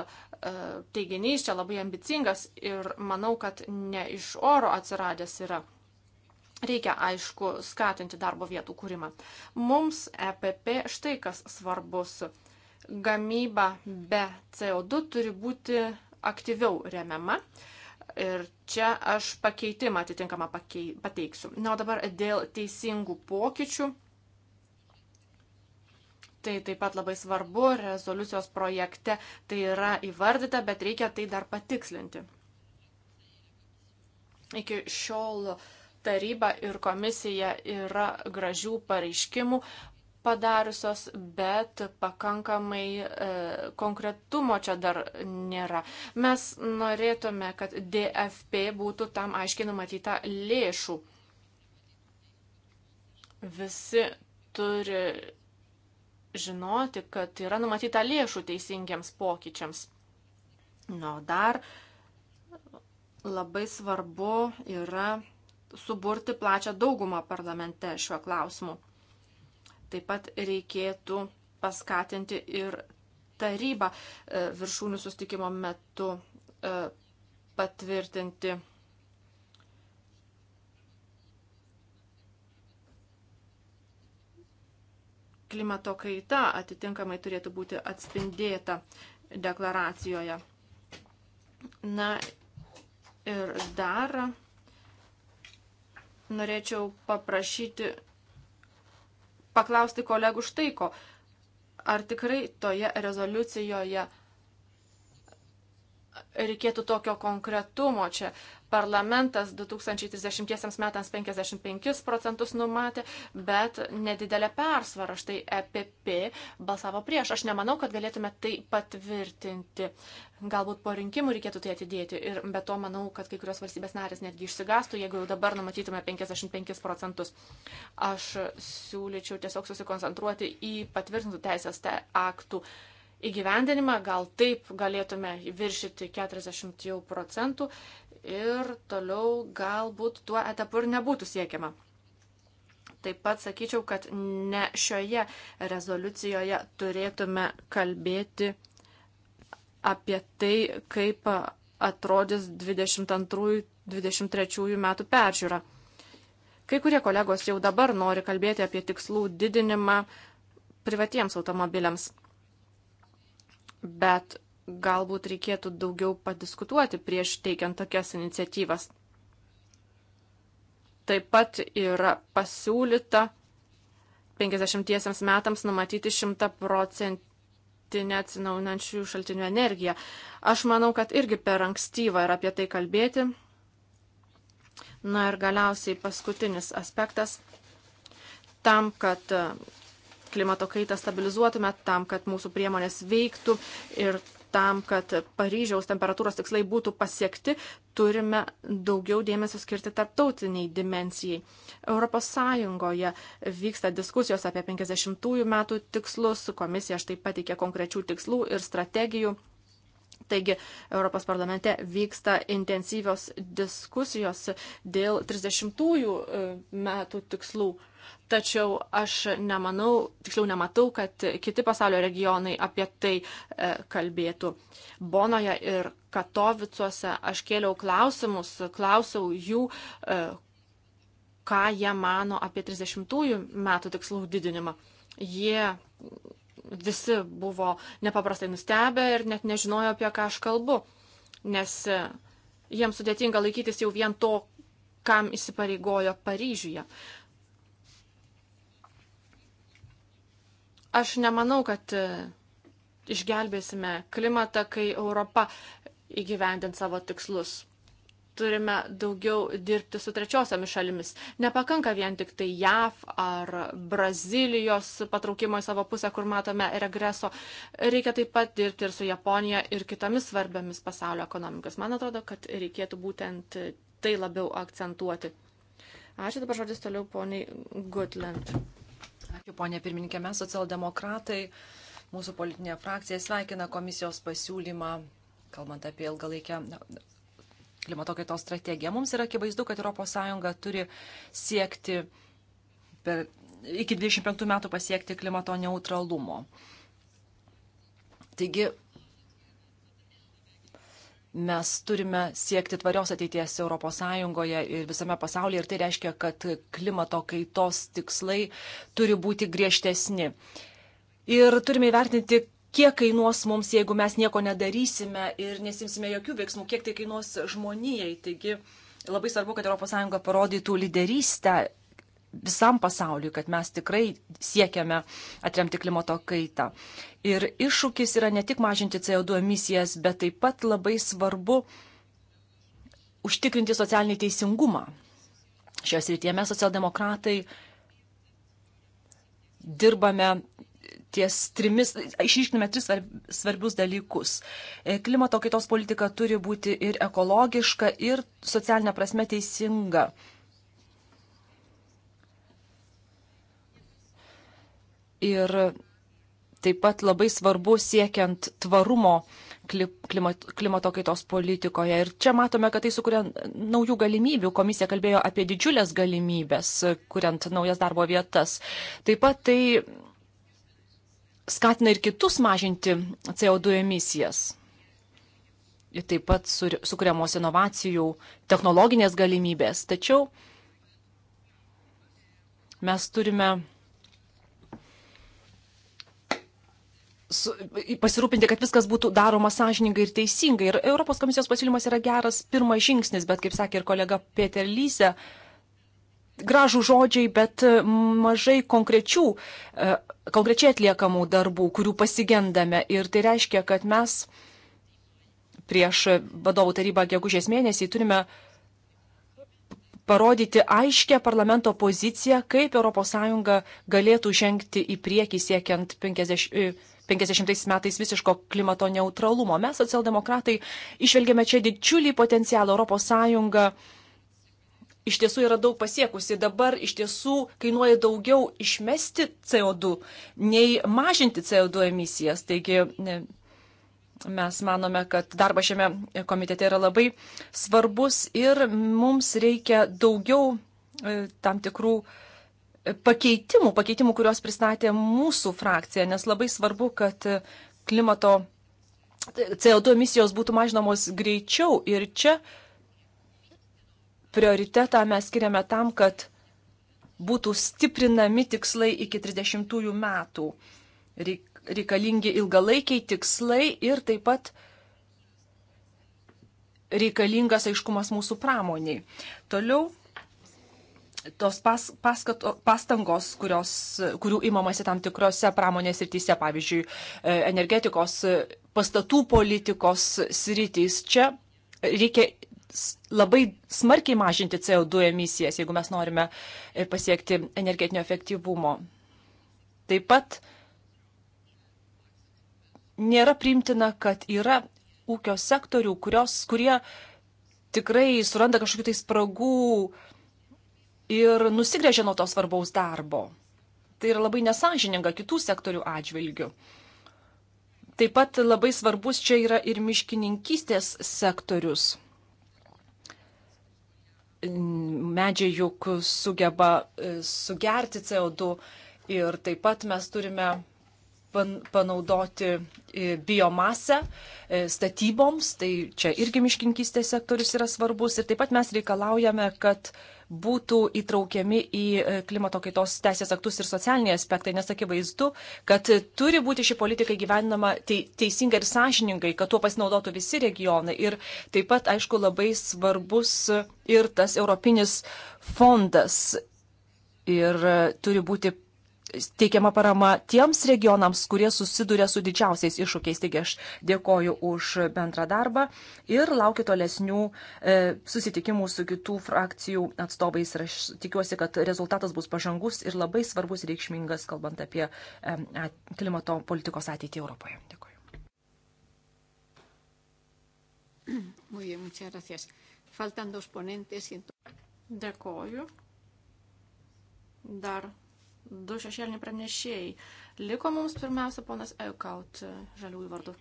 teiginys čia labai ambicingas ir manau, kad ne iš oro atsiradęs yra. Reikia, aišku, skatinti darbo vietų kūrimą. Mums EPP štai kas svarbus gamyba be CO2 turi būti aktyviau remiama. Ir čia aš pakeitimą atitinkamą pakei, pateiksiu. Na, o dabar dėl teisingų pokyčių. Tai taip pat labai svarbu, rezoliucijos projekte tai yra įvardyta, bet reikia tai dar patikslinti. Iki šiol taryba ir komisija yra gražių pareiškimų padariusios, bet pakankamai e, konkretumo čia dar nėra. Mes norėtume, kad DFP būtų tam aiškiai numatyta lėšų. Visi turi žinoti, kad yra numatyta lėšų teisingiams pokyčiams. Nu, dar labai svarbu yra suburti plačią daugumą parlamente šiuo klausimu. Taip pat reikėtų paskatinti ir tarybą e, viršūnių sustikimo metu e, patvirtinti. Klimato kaita atitinkamai turėtų būti atspindėta deklaracijoje. Na ir dar norėčiau paprašyti paklausti kolegų štai ko. Ar tikrai toje rezoliucijoje reikėtų tokio konkretumo čia. Parlamentas 2030 metams 55 procentus numatė, bet nedidelė persvara. Štai EPP balsavo prieš. Aš nemanau, kad galėtume tai patvirtinti. Galbūt po rinkimų reikėtų tai atidėti. Ir be to manau, kad kai kurios valstybės narės netgi išsigastų, jeigu jau dabar numatytume 55 procentus. Aš siūlyčiau tiesiog susikoncentruoti į patvirtintų teisės te aktų įgyvendinimą, gal taip galėtume viršyti 40 jau procentų ir toliau galbūt tuo etapu ir nebūtų siekiama. Taip pat sakyčiau, kad ne šioje rezoliucijoje turėtume kalbėti apie tai, kaip atrodys 22-23 metų peržiūra. Kai kurie kolegos jau dabar nori kalbėti apie tikslų didinimą privatiems automobiliams bet galbūt reikėtų daugiau padiskutuoti prieš teikiant tokias iniciatyvas. Taip pat yra pasiūlyta 50 metams numatyti 100 procentinę atsinaunančių šaltinių energiją. Aš manau, kad irgi per ankstyva yra apie tai kalbėti. Na ir galiausiai paskutinis aspektas. Tam, kad klimato kaitą stabilizuotume, tam, kad mūsų priemonės veiktų ir tam, kad Paryžiaus temperatūros tikslai būtų pasiekti, turime daugiau dėmesio skirti tarptautiniai dimensijai. ES vyksta diskusijos apie 50-ųjų metų tikslus, komisija štai pateikė konkrečių tikslų ir strategijų. Taigi Europos parlamente vyksta intensyvios diskusijos dėl 30-ųjų e, metų tikslų. Tačiau aš nemanau, tiksliau nematau, kad kiti pasaulio regionai apie tai e, kalbėtų. Bonoje ir Katovicuose aš kėliau klausimus, klausiau jų, e, ką jie mano apie 30-ųjų metų tikslų didinimą. Jie visi buvo nepaprastai nustebę ir net nežinojo, apie ką aš kalbu, nes e, jiems sudėtinga laikytis jau vien to, kam įsipareigojo Paryžiuje. Aš nemanau, kad e, išgelbėsime klimatą, kai Europa įgyvendint savo tikslus turime daugiau dirbti su trečiosiomis šalimis. Nepakanka vien tik tai JAV ar Brazilijos patraukimo į savo pusę, kur matome regreso. Reikia taip pat dirbti ir su Japonija ir kitomis svarbiamis pasaulio ekonomikas. Man atrodo, kad reikėtų būtent tai labiau akcentuoti. Ačiū dabar žodis toliau poniai Gutland. Ačiū ponė pirmininkė, mes socialdemokratai, mūsų politinė frakcija sveikina komisijos pasiūlymą kalbant apie ilgalaikę klimato kaitos strategiją. Mums yra akivaizdu, kad ES turi siekti per, iki 25 metų pasiekti klimato neutralumo. Taigi mes turime siekti tvarios ateities ES ir visame pasaulyje ir tai reiškia, kad klimato kaitos tikslai turi būti griežtesni. Ir turime įvertinti, kiek kainuos mums, jeigu mes nieko nedarysime ir nesimsime jokių veiksmų, kiek tai kainuos žmonijai. Taigi labai svarbu, kad ES parodytų lyderystę visam pasauliu, kad mes tikrai siekiame atremti klimato kaitą. Ir iššūkis yra ne tik mažinti CO2 emisijas, bet taip pat labai svarbu užtikrinti socialinį teisingumą. Šios rytie mes socialdemokratai dirbame ties trimis, išryškiname tris svarbius dalykus. E, klimato kaitos politika turi būti ir ekologiška, ir socialinė prasme teisinga. Ir taip pat labai svarbu siekiant tvarumo klimato kaitos politikoje. Ir čia matome, kad tai sukuria naujų galimybių. Komisija kalbėjo apie didžiulės galimybės, kuriant naujas darbo vietas. Taip pat tai skatina ir kitus mažinti CO2 emisijas. Ir taip pat sukuriamos inovacijų, technologinės galimybės. Tačiau mes turime su, pasirūpinti, kad viskas būtų daroma sąžiningai ir teisingai. Ir Europos komisijos pasiūlymas yra geras pirmas žingsnis, bet kaip sakė ir kolega Peter Lyse, uh, gražų žodžiai, bet e, mažai konkrečių, e, konkrečiai atliekamų darbų, kurių pasigendame. Ir tai reiškia, kad mes prieš vadovų tarybą gegužės mėnesį turime parodyti aiškę parlamento poziciją, kaip ES galėtų žengti į priekį siekiant 50. 50 e, metais visiško klimato neutralumo. Mes, socialdemokratai, išvelgėme čia didžiulį potencialą. ES iš tiesų yra daug pasiekusi. Dabar iš tiesų kainuoja daugiau išmesti CO2, nei mažinti CO2 emisijas. Taigi ne, mes manome, kad darbas šiame komitete yra labai svarbus ir mums reikia daugiau e, tam tikrų e, pakeitimų, pakeitimų, kuriuos pristatė mūsų frakcija, nes labai svarbu, kad e, klimato CO2 emisijos būtų mažinamos greičiau ir čia uh, prioritetą mes skiriame tam, kad būtų stiprinami tikslai iki 30 metų. Reikalingi ilgalaikiai tikslai ir taip pat reikalingas aiškumas mūsų pramoniai. Toliau tos pas, paskato, pastangos, kurios, kurių imamasi tam tikrose pramonės rytise, pavyzdžiui, e, energetikos, pastatų politikos sritys, čia reikia labai smarkiai mažinti CO2 emisijas, jeigu mes norime e, pasiekti energetinio efektyvumo. Taip pat nėra priimtina, kad yra ūkio sektorių, kurios, kurie tikrai suranda kažkokių tai spragų ir nusigrėžia nuo to svarbaus darbo. Tai yra labai nesažininga kitų sektorių atžvilgių. Taip pat labai svarbus čia yra ir miškininkystės sektorius medžiai juk sugeba e, sugerti CO2 ir taip pat mes turime panaudoti e, biomasę e, statyboms, tai čia irgi miškinkystės sektorius yra svarbus. Ir taip pat mes reikalaujame, kad būtų įtraukiami į e, klimato kaitos teisės aktus ir socialiniai aspektai, nes akivaizdu, kad turi būti ši politika gyvenama teisingai ir sąžiningai, kad tuo pasinaudotų visi regionai. Ir taip pat, aišku, labai svarbus ir tas Europinis fondas. Ir turi būti teikiama parama tiems regionams, kurie susiduria su didžiausiais iššūkiais. Taigi aš dėkoju už bendrą darbą ir laukiu tolesnių e, susitikimų su kitų frakcijų atstovais. Ir aš tikiuosi, kad rezultatas bus pažangus ir labai svarbus reikšmingas, kalbant apie e, klimato politikos ateitį Europoje. Dėkoju. Muy bien, muchas gracias. Faltan dos ponentes. Y entonces... Dėkoju. Dar du šešėliniai pranešėjai. Liko mums pirmiausia ponas Eukaut e, žaliųjų vardu.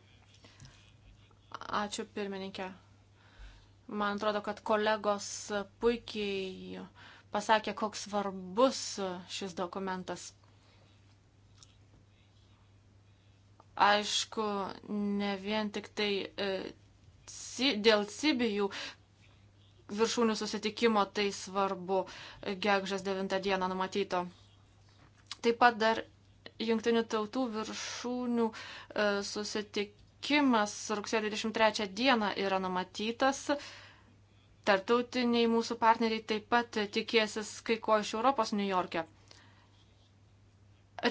Ačiū pirmininkė. Man atrodo, kad kolegos puikiai pasakė, koks svarbus šis dokumentas. Aišku, ne vien tik tai e, dėl Sibijų, viršūnių susitikimo tai svarbu gegužės 9 dieną numatyto Taip pat dar jungtinių tautų viršūnių e, susitikimas rugsėjo 23 dieną yra numatytas. Tartautiniai mūsų partneriai taip pat tikėsis kai ko iš Europos New York'e.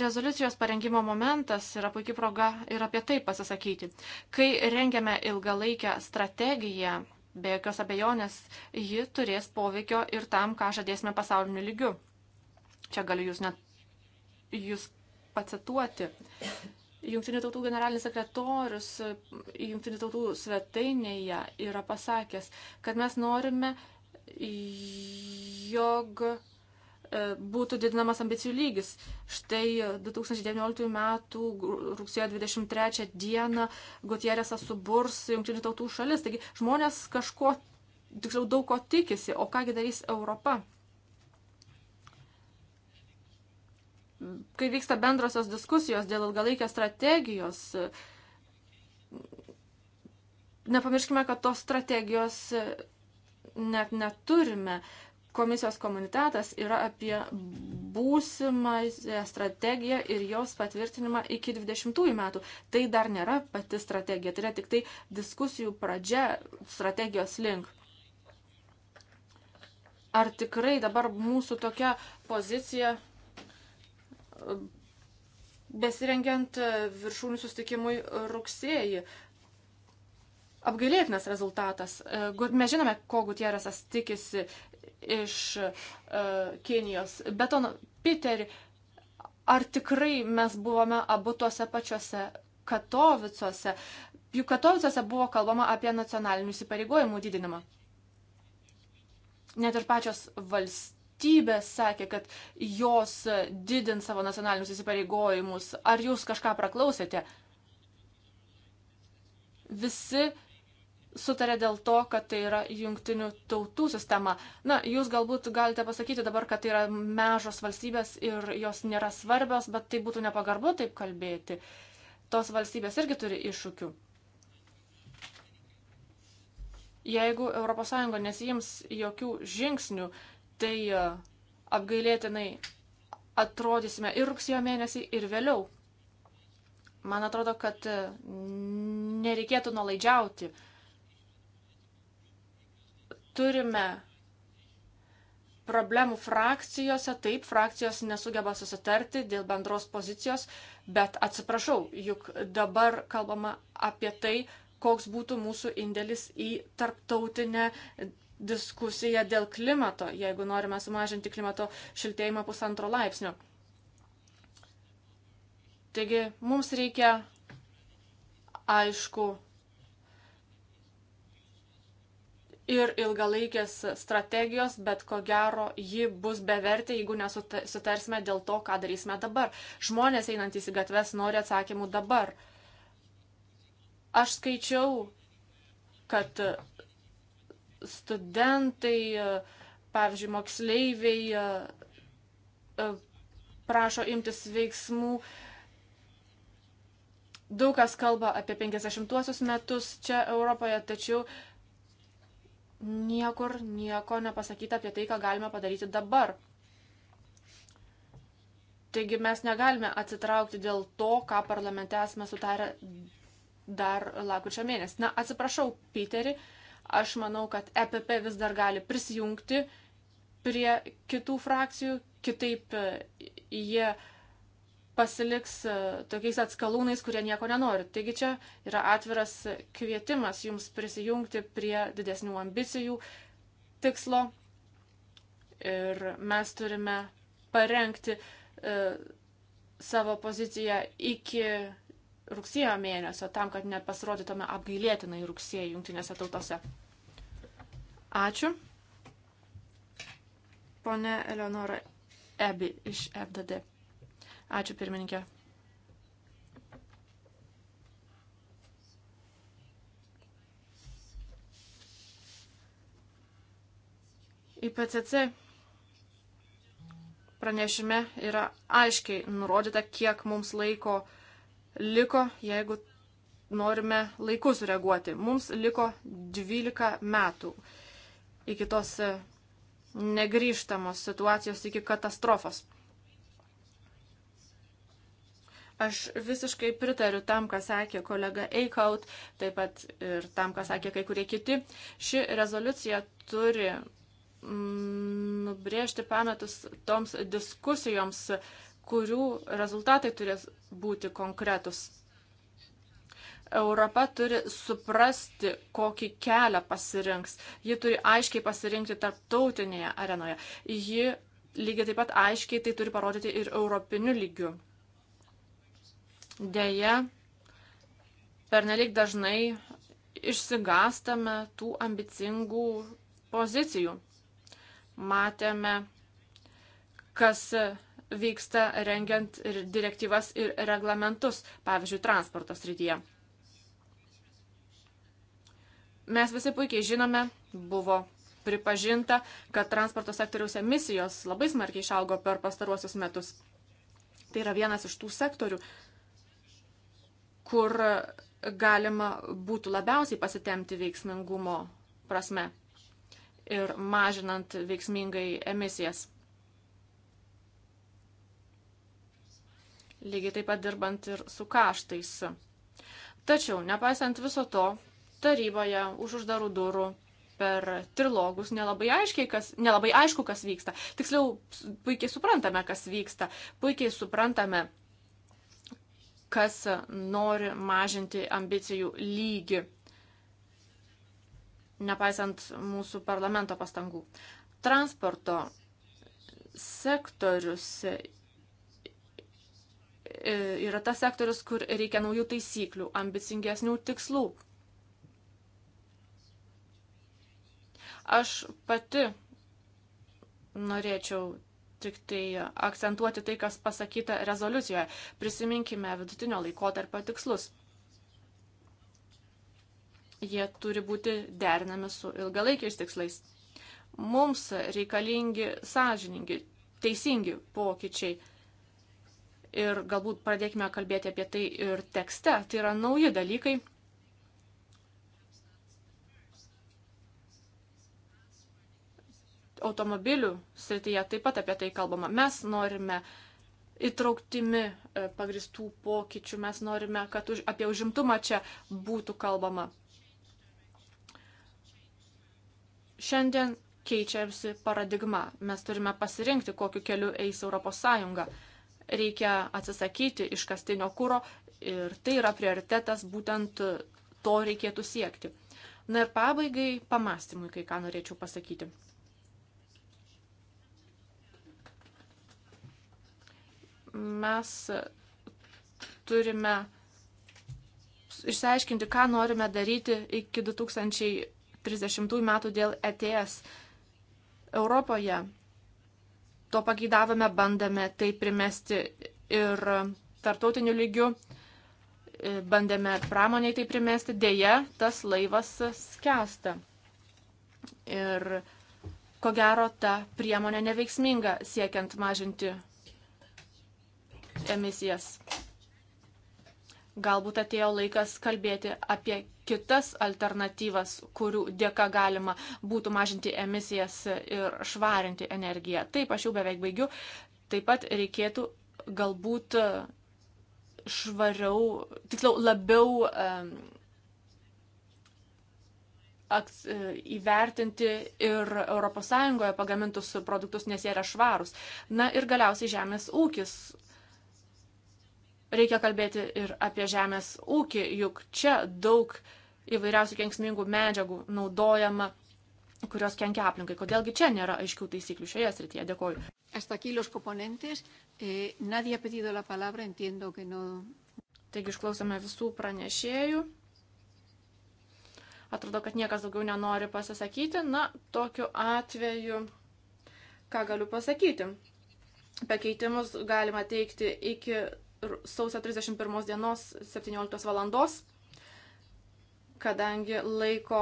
Rezoliucijos parengimo momentas yra puikia proga ir apie tai pasisakyti. Kai rengiame ilgalaikę strategiją, be jokios abejonės, ji turės poveikio ir tam, ką žadėsime pasauliniu lygiu. Čia galiu jūs net jūs pacituoti. Junktinių tautų generalinis sekretorius e, Junktinių tautų svetainėje yra pasakęs, kad mes norime, jog e, būtų didinamas ambicijų lygis. Štai 2019 m. rugsėjo 23 d. Gutieresas suburs Junktinių tautų šalis. Taigi žmonės kažko, tiksliau daug ko tikisi, o kągi darys Europa. kai vyksta bendrosios diskusijos dėl ilgalaikės strategijos, nepamirškime, kad tos strategijos net neturime. Komisijos komunitetas yra apie būsimą strategiją ir jos patvirtinimą iki 20 metų. Tai dar nėra pati strategija, tai yra tik tai diskusijų pradžia strategijos link ar tikrai dabar mūsų tokia pozicija besirengiant e, viršūnių sustikimui rugsėjį. Apgailėtinas rezultatas. E, mes žinome, ko Gutierrezas tikisi iš uh, Kinijos. Betono, Piteri, ar tikrai mes buvome abu tuose pačiuose Katovicuose? Juk Katovicuose buvo kalbama apie nacionalinių įsipareigojimų didinimą. Net ir pačios valstybės valstybės sakė, kad jos didins savo nacionalinius įsipareigojimus. Ar jūs kažką praklausėte? Visi sutarė dėl to, kad tai yra jungtinių tautų sistema. Na, jūs galbūt galite pasakyti dabar, kad tai yra mežos valstybės ir jos nėra svarbios, bet tai būtų nepagarbu taip kalbėti. Tos valstybės irgi turi iššūkių. Jeigu ES nesijims jokių žingsnių, tai e, apgailėtinai atrodysime ir rugsėjo mėnesį, ir vėliau. Man atrodo, kad e, nereikėtų nolaidžiauti. Turime problemų frakcijose, taip, frakcijos nesugeba susitarti dėl bendros pozicijos, bet atsiprašau, juk dabar kalbama apie tai, koks būtų mūsų indėlis į tarptautinę diskusiją dėl klimato, jeigu norime sumažinti klimato šiltėjimą pusantro laipsnio. Taigi mums reikia aišku ir ilgalaikės strategijos, bet ko gero ji bus bevertė, jeigu nesutarsime dėl to, ką darysime dabar. Žmonės einantys į gatves nori atsakymų dabar. Aš skaičiau, kad studentai, pavyzdžiui, moksleiviai e, prašo imtis veiksmų. Daug kas kalba apie 50-uosius metus čia Europoje, tačiau niekur nieko nepasakyta apie tai, ką galime padaryti dabar. Taigi mes negalime atsitraukti dėl to, ką parlamente esame sutarę dar lakučio mėnesį. Na, atsiprašau, Piterį, uh, Aš manau, kad EPP vis dar gali prisijungti prie kitų frakcijų, kitaip e, jie pasiliks e, tokiais atskalūnais, kurie nieko nenori. Taigi čia yra atviras kvietimas jums prisijungti prie didesnių ambicijų tikslo ir mes turime parengti e, savo poziciją iki rugsėjo mėnesio, tam, kad nepasirodytume apgailėtinai rugsėjai jungtinėse tautose. Ačiū. Pone Eleonora Ebi iš FDD. Ačiū pirmininkė. IPCC pranešime yra aiškiai nurodyta, kiek mums laiko uh, liko, jeigu norime laiku sureaguoti. Mums liko 12 metų iki tos e, negrįžtamos situacijos, iki katastrofos. Aš visiškai pritariu tam, ką sakė kolega Eikaut, taip pat ir tam, ką sakė kai kurie kiti. Ši rezoliucija turi mm, nubrėžti pamatus toms diskusijoms, kurių rezultatai turės būti konkretus. Europa turi suprasti, kokį kelią pasirinks. Ji turi aiškiai pasirinkti tarptautinėje arenoje. Ji lygiai taip pat aiškiai tai turi parodyti ir europiniu lygiu. Deja, pernelik dažnai išsigastame tų ambicingų pozicijų. Matėme, kas vyksta rengiant ir direktyvas ir reglamentus, pavyzdžiui, transporto srityje. Mes visi puikiai žinome, buvo pripažinta, kad transporto sektoriaus emisijos labai smarkiai išaugo per pastaruosius metus. Tai yra vienas iš tų sektorių, kur galima būtų labiausiai pasitemti veiksmingumo prasme ir mažinant veiksmingai emisijas. lygiai taip pat dirbant ir su kaštais. Tačiau, nepaisant viso to, taryboje už uždarų durų per trilogus nelabai, aiškiai, kas, nelabai aišku, kas vyksta. Tiksliau, puikiai suprantame, kas vyksta. Puikiai suprantame, kas nori mažinti ambicijų lygį, nepaisant mūsų parlamento pastangų. Transporto sektorius E, yra tas sektorius, kur reikia naujų taisyklių, ambicingesnių tikslų. Aš pati norėčiau tik tai akcentuoti tai, kas pasakyta rezoliucijoje. Prisiminkime vidutinio laikotarpio tikslus. Jie turi būti derinami su ilgalaikiais tikslais. Mums reikalingi sąžiningi, teisingi pokyčiai ir galbūt pradėkime kalbėti apie tai ir tekste. Tai yra nauji dalykai. Automobilių srityje taip pat apie tai kalbama. Mes norime įtrauktimi e, pagristų pokyčių, mes norime, kad už, apie užimtumą čia būtų kalbama. Šiandien keičiasi paradigma. Mes turime pasirinkti, kokiu keliu eis Europos Sąjunga reikia atsisakyti iškastinio kūro ir tai yra prioritetas, būtent to reikėtų siekti. Na ir pabaigai pamastymui, kai ką norėčiau pasakyti. Mes turime išsiaiškinti, ką norime daryti iki 2030 metų dėl ETS. Europoje to pageidavome, bandėme tai primesti ir tartautiniu lygiu, e, bandėme pramoniai tai primesti, dėja tas laivas skęsta. Ir ko gero ta priemonė neveiksminga siekiant mažinti emisijas. Galbūt atėjo laikas kalbėti apie kitas alternatyvas, kurių dėka galima būtų mažinti emisijas ir švarinti energiją. Taip, aš jau beveik baigiu. Taip pat reikėtų galbūt švariau, tiksliau labiau um, aks, e, įvertinti ir ES pagamintus produktus, nes jie yra švarūs. Na ir galiausiai žemės ūkis Reikia kalbėti ir apie žemės ūkį, juk čia daug įvairiausių kenksmingų medžiagų naudojama, kurios kenkia aplinkai. Kodėlgi čia nėra aiškių taisyklių šioje srityje? Dėkoju. Hasta aquí los componentes. Eh, nadie ha pedido la palabra, entiendo que no. Taigi išklausome visų pranešėjų. Atrodo, kad niekas daugiau nenori pasisakyti. Na, tokiu atveju, ką galiu pasakyti? Pakeitimus galima teikti iki sausio 31 dienos 17 valandos, kadangi laiko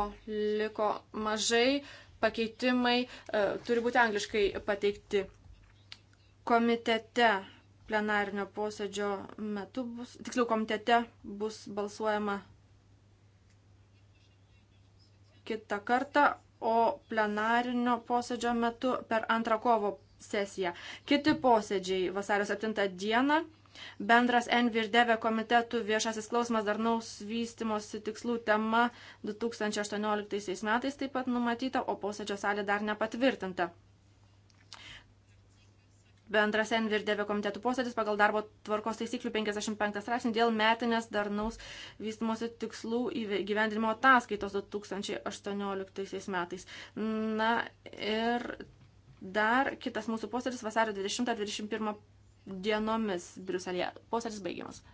liko mažai, pakeitimai e, turi būti angliškai pateikti. Komitete plenarinio posėdžio metu bus, tiksliau komitete bus balsuojama kitą kartą, o plenarinio posėdžio metu per antrą kovo sesiją. Kiti posėdžiai vasario 7 dieną Bendras Envi ir Deve komitetų viešasis klausimas darnaus vystimosi tikslų tema 2018 metais taip pat numatyta, o posėdžio salė dar nepatvirtinta. Bendras Envi ir Deve komitetų posėdis pagal darbo tvarkos taisyklių 55 straipsnį dėl metinės darnaus vystimosi tikslų gyvendinimo ataskaitos 2018 metais. Na ir Dar kitas mūsų posėdis vasario 20-21 dienomis Briuselėje. Posėdis baigiamas.